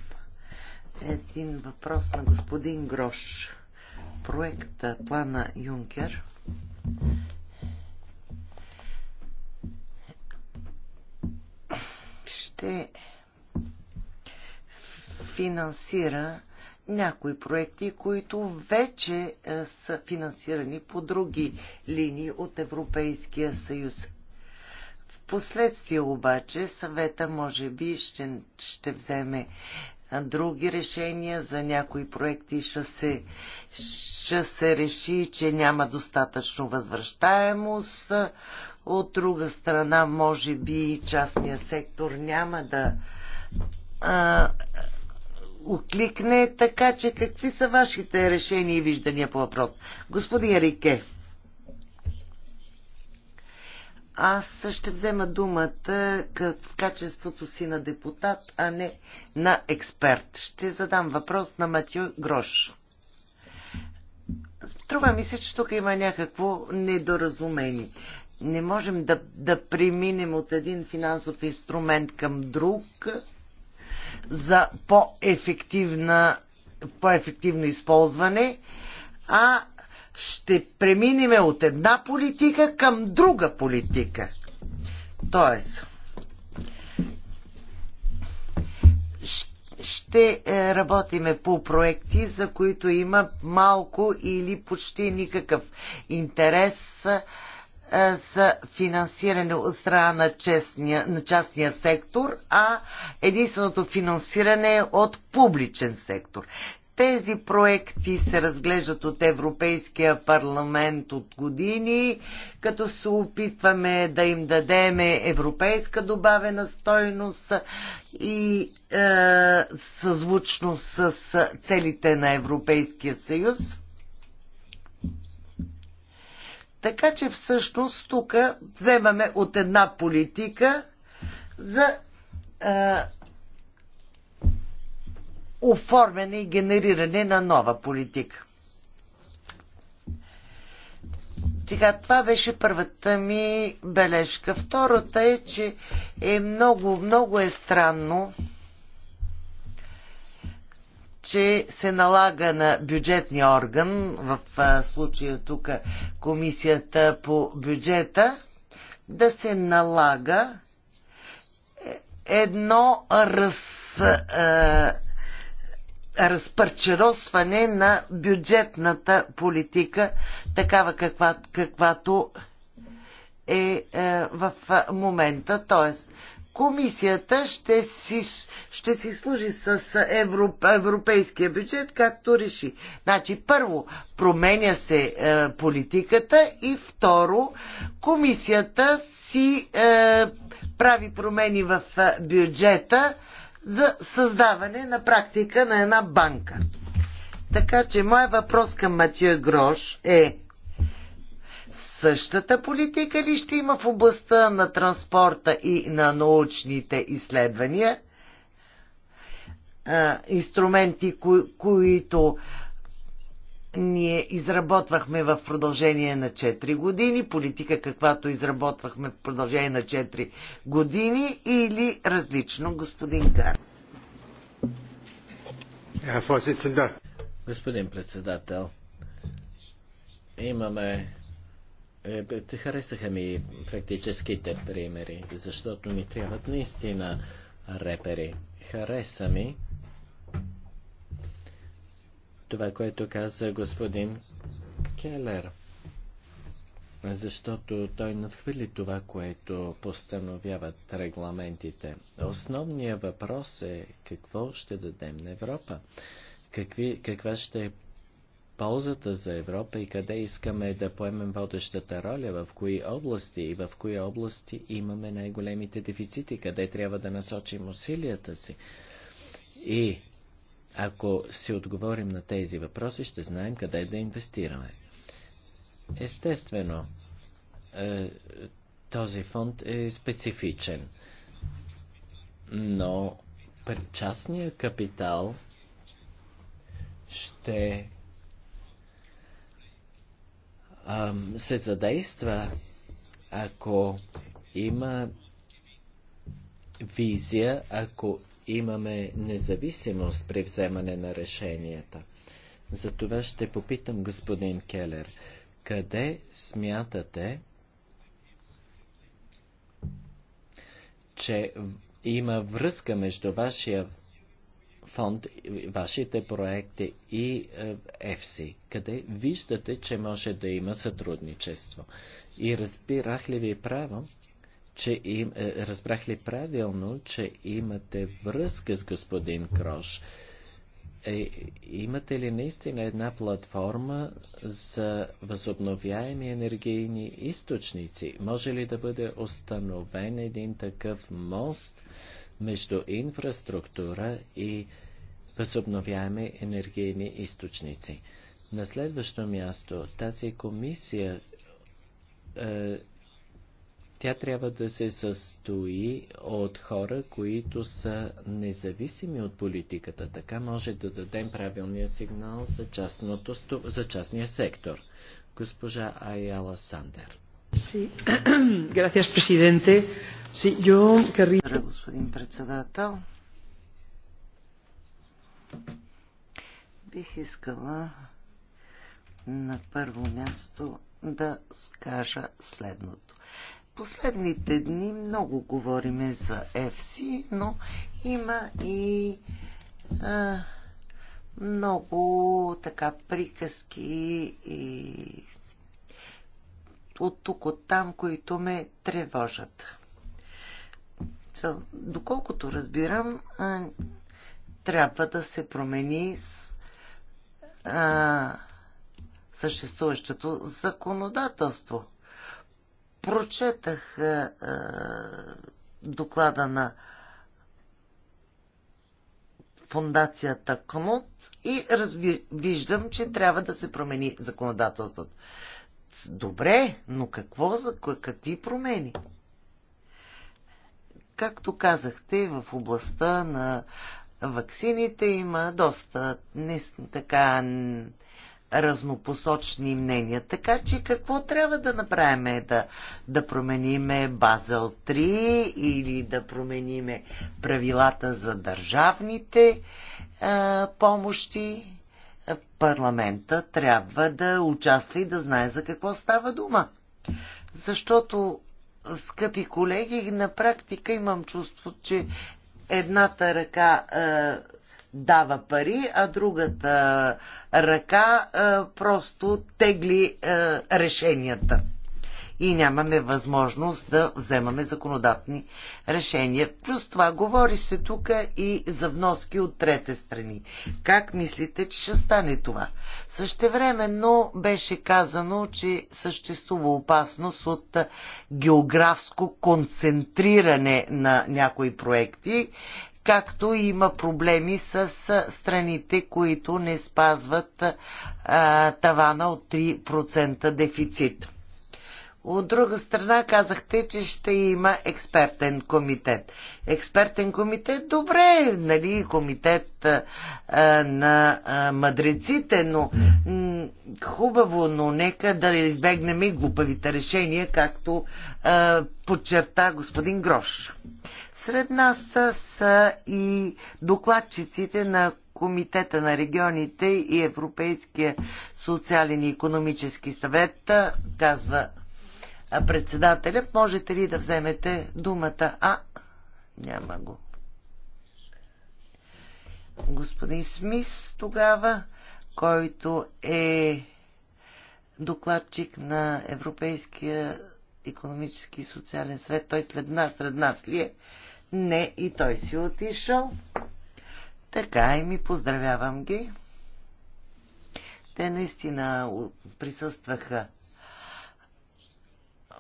един въпрос на господин Грош. Проекта плана Юнкер ще финансира някои проекти, които вече е, са финансирани по други линии от Европейския съюз. Впоследствие обаче съвета може би ще, ще вземе други решения, за някои проекти ще се, ще се реши, че няма достатъчно възвръщаемост. От друга страна, може би частния сектор няма да а, укликне. така че какви са вашите решения и виждания по въпрос? Господин Рике. Аз ще взема думата в качеството си на депутат, а не на експерт. Ще задам въпрос на Матю Грош. Струва ми се, че тук има някакво недоразумение. Не можем да, да преминем от един финансов инструмент към друг за по по-ефективно използване, а ще преминеме от една политика към друга политика. Тоест, ще е, работиме по проекти, за които има малко или почти никакъв интерес е, за финансиране от страна на, честния, на частния сектор, а единственото финансиране е от публичен сектор. Тези проекти се разглеждат от Европейския парламент от години, като се опитваме да им дадеме европейска добавена стойност и е, съзвучно с целите на Европейския съюз. Така че всъщност тук вземаме от една политика за е, оформяне и генериране на нова политика. Сега, това беше първата ми бележка. Втората е, че е много, много е странно, че се налага на бюджетния орган, в случая тук комисията по бюджета, да се налага е, едно раз, разпърчеросване на бюджетната политика, такава каква, каквато е, е в момента. Тоест, комисията ще си, ще си служи с европ, европейския бюджет, както реши. Значи, първо, променя се е, политиката и второ, комисията си е, прави промени в е, бюджета, за създаване на практика на една банка. Така че моят въпрос към Матио Грош е същата политика ли ще има в областта на транспорта и на научните изследвания? инструменти, кои, които ние изработвахме в продължение на 4 години, политика каквато изработвахме в продължение на 4 години или различно, господин Кар. Господин председател, имаме те харесаха ми практическите примери, защото ми трябват наистина репери. Хареса ми това, което каза господин Келер. Защото той надхвърли това, което постановяват регламентите. Основният въпрос е какво ще дадем на Европа. Какви, каква ще е ползата за Европа и къде искаме да поемем водещата роля, в кои области и в кои области имаме най-големите дефицити, къде трябва да насочим усилията си. И ако си отговорим на тези въпроси, ще знаем къде да инвестираме. Естествено, е, този фонд е специфичен, но частният капитал ще се задейства, ако има визия, ако имаме независимост при вземане на решенията. За това ще попитам господин Келер, къде смятате, че има връзка между вашия фонд, вашите проекти и е, ЕФСИ, къде виждате, че може да има сътрудничество. И разбирах ли ви право, че им, е, разбрах ли правилно, че имате връзка с господин Крош? Е, имате ли наистина една платформа за възобновяеми енергийни източници? Може ли да бъде установен един такъв мост между инфраструктура и възобновяеми енергийни източници? На следващо място, тази комисия е, тя трябва да се състои от хора, които са независими от политиката. Така може да дадем правилния сигнал за, частното, за частния сектор. Госпожа Айала Сандер. Благодаря, господин председател. Бих искала на първо място да скажа следното последните дни много говориме за FC, но има и а, много така приказки и от тук, от там, които ме тревожат. доколкото разбирам, а, трябва да се промени с, а, съществуващото законодателство – прочетах е, е, доклада на фундацията КНУТ и разви, виждам, че трябва да се промени законодателството. Добре, но какво за какви промени? Както казахте, в областта на ваксините има доста не, така разнопосочни мнения. Така че какво трябва да направим? Е да, да промениме Базел 3 или да промениме правилата за държавните е, помощи? Парламента трябва да участва и да знае за какво става дума. Защото, скъпи колеги, на практика имам чувство, че едната ръка е, дава пари, а другата ръка е, просто тегли е, решенията. И нямаме възможност да вземаме законодатни решения. Плюс това, говори се тук и за вноски от трете страни. Как мислите, че ще стане това? Същевременно беше казано, че съществува опасност от географско концентриране на някои проекти както има проблеми с страните, които не спазват а, тавана от 3% дефицит. От друга страна казахте, че ще има експертен комитет. Експертен комитет, добре, нали, комитет а, на а, мъдреците, но хубаво, но нека да избегнем и глупавите решения, както а, подчерта господин Грош. Сред нас са, са и докладчиците на Комитета на регионите и Европейския социален и економически съвет, казва председателя. Можете ли да вземете думата? А, няма го. Господин Смис тогава, който е докладчик на Европейския економически и социален свет. Той след нас, сред нас ли е? Не, и той си отишъл. Така и ми поздравявам ги. Те наистина присъстваха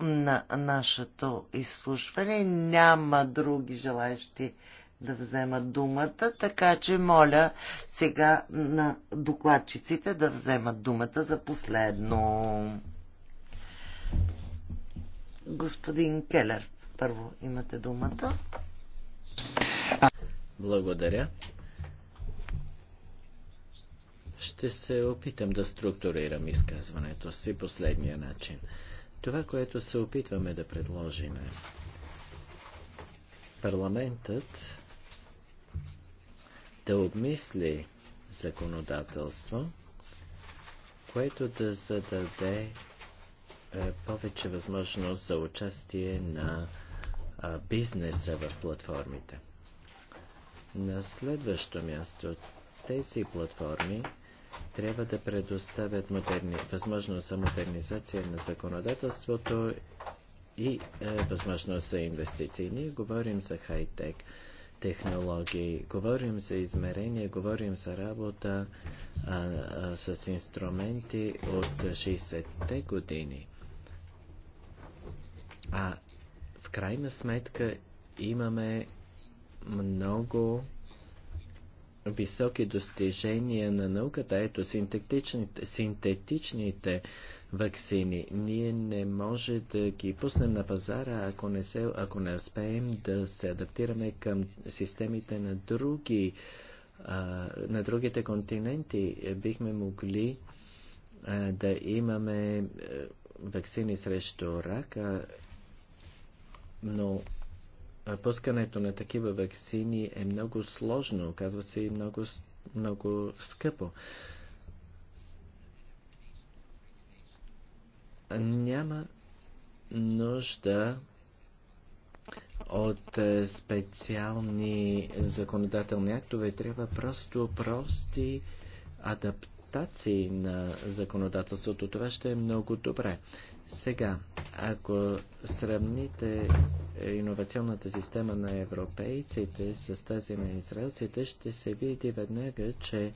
на нашето изслушване. Няма други желаящи да вземат думата, така че моля сега на докладчиците да вземат думата за последно. Господин Келер, първо имате думата. Благодаря. Ще се опитам да структурирам изказването си последния начин. Това, което се опитваме да предложим е парламентът да обмисли законодателство, което да зададе е, повече възможност за участие на бизнеса в платформите. На следващо място тези платформи трябва да предоставят модерни, възможност за модернизация на законодателството и е, възможност за инвестиции. Ние говорим за хай-тек технологии, говорим за измерения, говорим за работа а, а, с инструменти от 60-те години. А в крайна сметка имаме много високи достижения на науката. Ето, синтетичните, синтетичните вакцини. Ние не може да ги пуснем на пазара, ако не, се, ако не успеем да се адаптираме към системите на други а, на другите континенти бихме могли а, да имаме а, вакцини срещу рака, но пускането на такива вакцини е много сложно, оказва се и много, много скъпо. Няма нужда от е, специални законодателни актове. Трябва просто прости, адаптации адаптации на законодателството. Това ще е много добре. Сега, ако сравните иновационната система на европейците с тази на израелците, ще се види веднага, че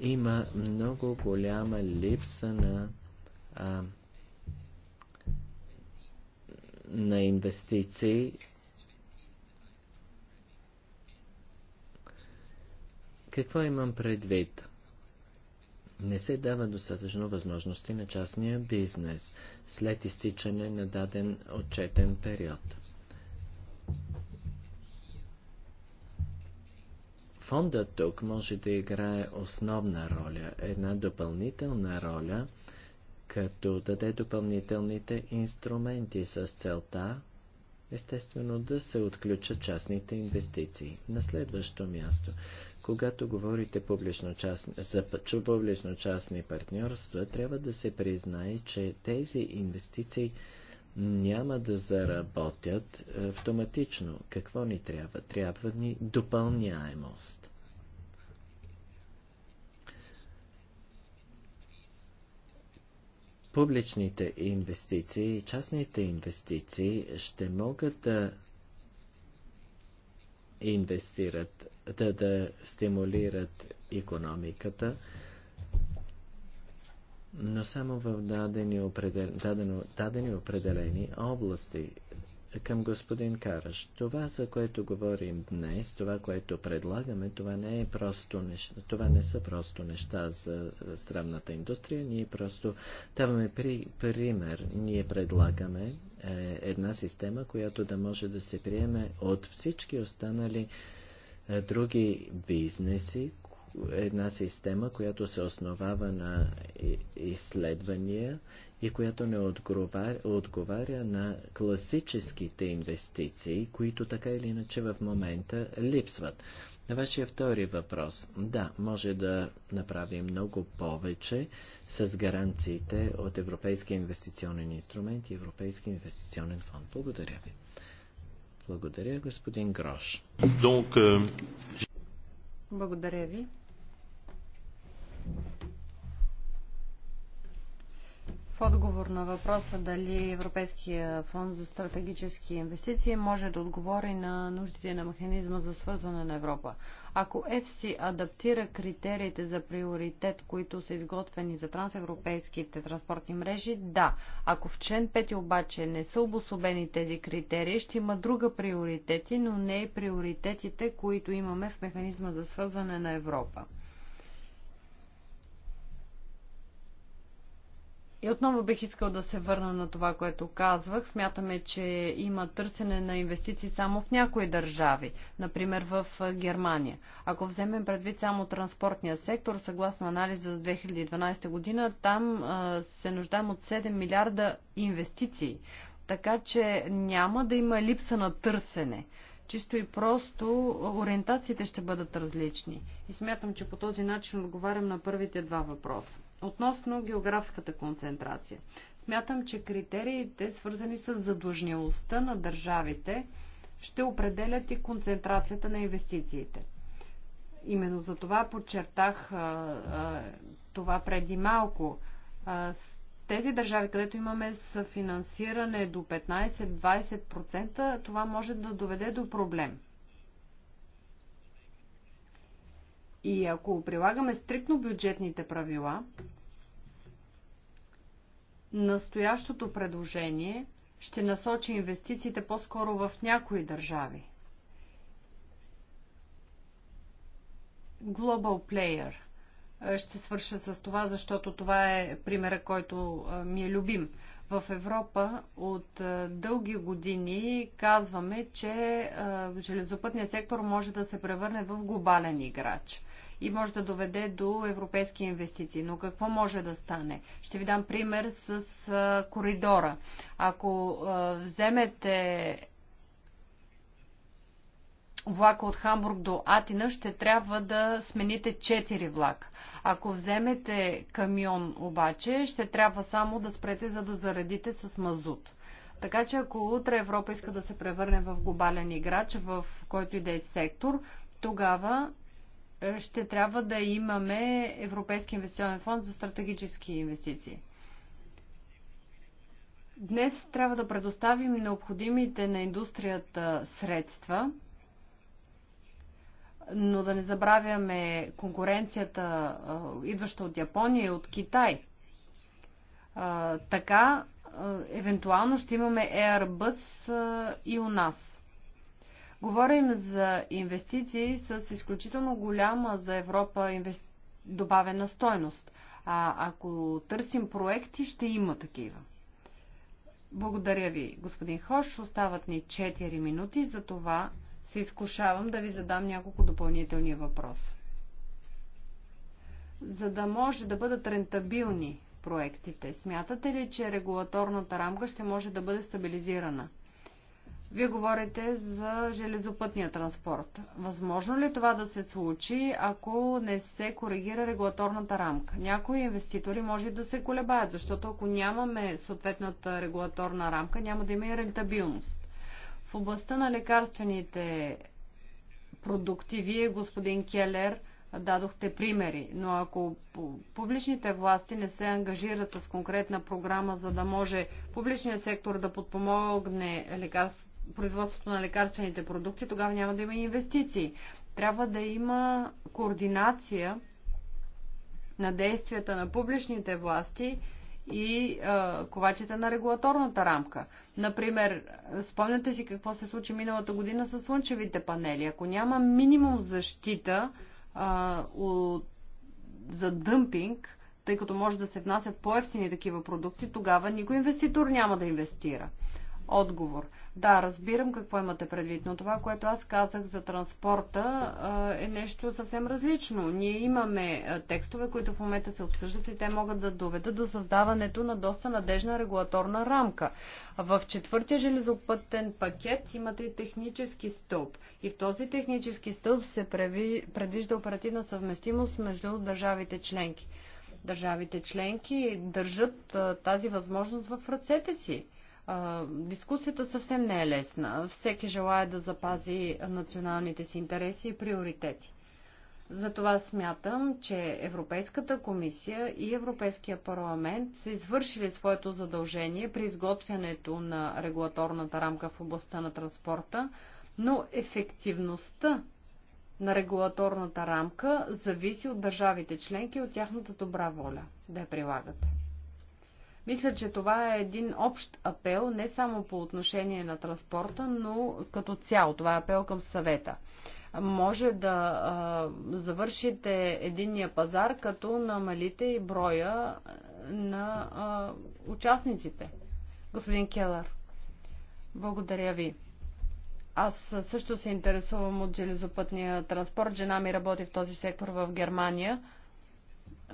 има много голяма липса на, а, на инвестиции Какво имам предвид? не се дава достатъчно възможности на частния бизнес след изтичане на даден отчетен период. Фондът тук може да играе основна роля, една допълнителна роля, като даде допълнителните инструменти с целта, естествено да се отключат частните инвестиции. На следващо място, когато говорите публично частни, за публично-частни партньорства, трябва да се признае, че тези инвестиции няма да заработят е, автоматично. Какво ни трябва? Трябва ни допълняемост. Публичните инвестиции и частните инвестиции ще могат да инвестират да, да стимулират економиката, но само в дадени, определ... дадено... дадени определени области. Към господин Караш, това, за което говорим днес, това, което предлагаме, това не, е просто неща, това не са просто неща за здравната индустрия. Ние просто даваме при... пример. Ние предлагаме е, една система, която да може да се приеме от всички останали е, е, други бизнеси, една система, която се основава на изследвания и която не отговаря, отговаря на класическите инвестиции, които така или иначе в момента липсват. На вашия втори въпрос. Да, може да направим много повече с гаранциите от Европейския инвестиционен инструмент и Европейския инвестиционен фонд. Благодаря ви. Благодаря, господин Грош. Euh, Благодаря ви. В отговор на въпроса дали Европейския фонд за стратегически инвестиции може да отговори на нуждите на механизма за свързване на Европа. Ако ЕФСИ адаптира критериите за приоритет, които са изготвени за трансевропейските транспортни мрежи, да. Ако в член 5 обаче не са обособени тези критерии, ще има друга приоритети, но не и приоритетите, които имаме в механизма за свързване на Европа. И отново бих искал да се върна на това, което казвах. Смятаме, че има търсене на инвестиции само в някои държави, например в Германия. Ако вземем предвид само транспортния сектор, съгласно анализа за 2012 година, там се нуждаем от 7 милиарда инвестиции. Така че няма да има липса на търсене чисто и просто ориентациите ще бъдат различни. И смятам, че по този начин отговарям на първите два въпроса. Относно географската концентрация. Смятам, че критериите, свързани с задлъжнялостта на държавите, ще определят и концентрацията на инвестициите. Именно за това подчертах а, а, това преди малко. А, тези държави, където имаме съфинансиране до 15-20%, това може да доведе до проблем. И ако прилагаме стриктно бюджетните правила, настоящото предложение ще насочи инвестициите по-скоро в някои държави. Global Player. Е, ще свърша с това, защото това е примера, който е, ми е любим. В Европа от е, дълги години казваме, че е, железопътният сектор може да се превърне в глобален играч и може да доведе до европейски инвестиции. Но какво може да стане? Ще ви дам пример с е, коридора. Ако вземете влака от Хамбург до Атина, ще трябва да смените 4 влака. Ако вземете камион обаче, ще трябва само да спрете, за да заредите с мазут. Така че ако утре Европа иска да се превърне в глобален играч, в който и да е сектор, тогава е, ще трябва да имаме Европейски инвестиционен фонд за стратегически инвестиции. Днес трябва да предоставим необходимите на индустрията средства – но да не забравяме конкуренцията, идваща от Япония и от Китай. Така, евентуално ще имаме Airbus и у нас. Говорим за инвестиции с изключително голяма за Европа добавена стойност. А ако търсим проекти, ще има такива. Благодаря ви, господин Хош. Остават ни 4 минути, за това се изкушавам да ви задам няколко допълнителни въпроса. За да може да бъдат рентабилни проектите, смятате ли, че регулаторната рамка ще може да бъде стабилизирана? Вие говорите за железопътния транспорт. Възможно ли това да се случи, ако не се коригира регулаторната рамка? Някои инвеститори може да се колебаят, защото ако нямаме съответната регулаторна рамка, няма да има и рентабилност. В областта на лекарствените продукти, вие, господин Келер, дадохте примери, но ако публичните власти не се ангажират с конкретна програма, за да може публичният сектор да подпомогне лекарството, производството на лекарствените продукти, тогава няма да има инвестиции. Трябва да има координация на действията на публичните власти и а, ковачите на регулаторната рамка. Например, спомняте си какво се случи миналата година с слънчевите панели. Ако няма минимум защита а, у, за дъмпинг, тъй като може да се внасят по-ефтини такива продукти, тогава никой инвеститор няма да инвестира. Отговор. Да, разбирам какво имате предвид, но това, което аз казах за транспорта е нещо съвсем различно. Ние имаме текстове, които в момента се обсъждат и те могат да доведат до създаването на доста надежна регулаторна рамка. В четвъртия железопътен пакет имате и технически стълб. И в този технически стълб се предвижда оперативна съвместимост между държавите членки. Държавите членки държат тази възможност в ръцете си Дискусията съвсем не е лесна. Всеки желая да запази националните си интереси и приоритети. Затова смятам, че Европейската комисия и Европейския парламент са извършили своето задължение при изготвянето на регулаторната рамка в областта на транспорта, но ефективността на регулаторната рамка зависи от държавите членки и от тяхната добра воля да я прилагат. Мисля, че това е един общ апел, не само по отношение на транспорта, но като цяло. Това е апел към съвета може да а, завършите единния пазар, като намалите и броя на а, участниците. Господин Келър, благодаря ви. Аз също се интересувам от железопътния транспорт. Жена ми работи в този сектор в Германия.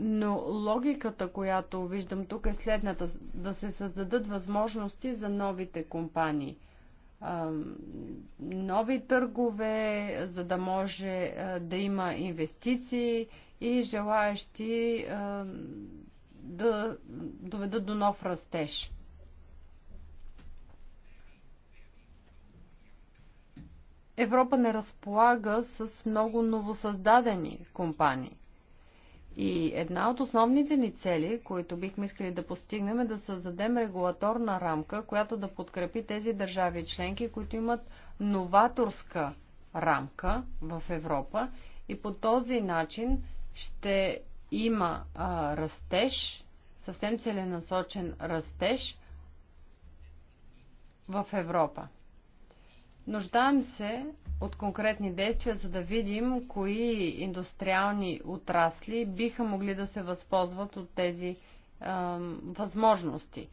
Но логиката, която виждам тук е следната. Да се създадат възможности за новите компании. Нови търгове, за да може да има инвестиции и желаящи да доведат до нов растеж. Европа не разполага с много новосъздадени компании. И една от основните ни цели, които бихме искали да постигнем, е да създадем регулаторна рамка, която да подкрепи тези държави членки, които имат новаторска рамка в Европа и по този начин ще има а, растеж, съвсем целенасочен растеж в Европа. Нуждаем се от конкретни действия, за да видим кои индустриални отрасли биха могли да се възползват от тези е, възможности.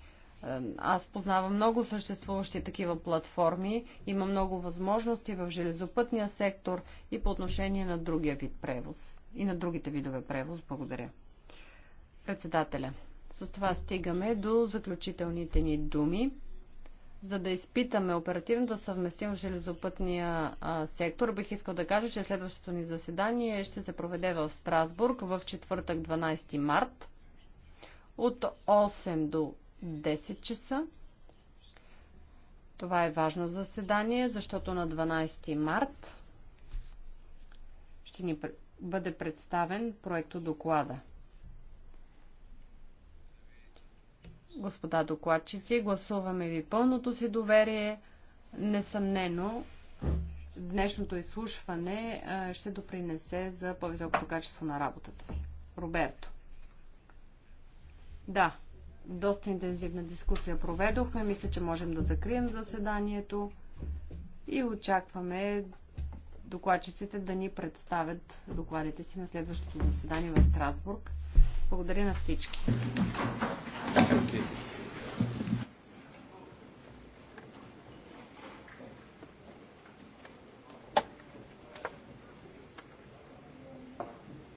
Аз познавам много съществуващи такива платформи, има много възможности в железопътния сектор и по отношение на другия вид превоз и на другите видове превоз. Благодаря. Председателя. С това стигаме до заключителните ни думи за да изпитаме оперативната съвместимост в железопътния а, сектор, бих искал да кажа, че следващото ни заседание ще се проведе в Страсбург в четвъртък 12 март от 8 до 10 часа. Това е важно заседание, защото на 12 март ще ни бъде представен проекто доклада. господа докладчици. Гласуваме ви пълното си доверие. Несъмнено, днешното изслушване ще допринесе за по-високото качество на работата ви. Роберто. Да, доста интензивна дискусия проведохме. Мисля, че можем да закрием заседанието и очакваме докладчиците да ни представят докладите си на следващото заседание в Страсбург. Благодаря на всички. Okay.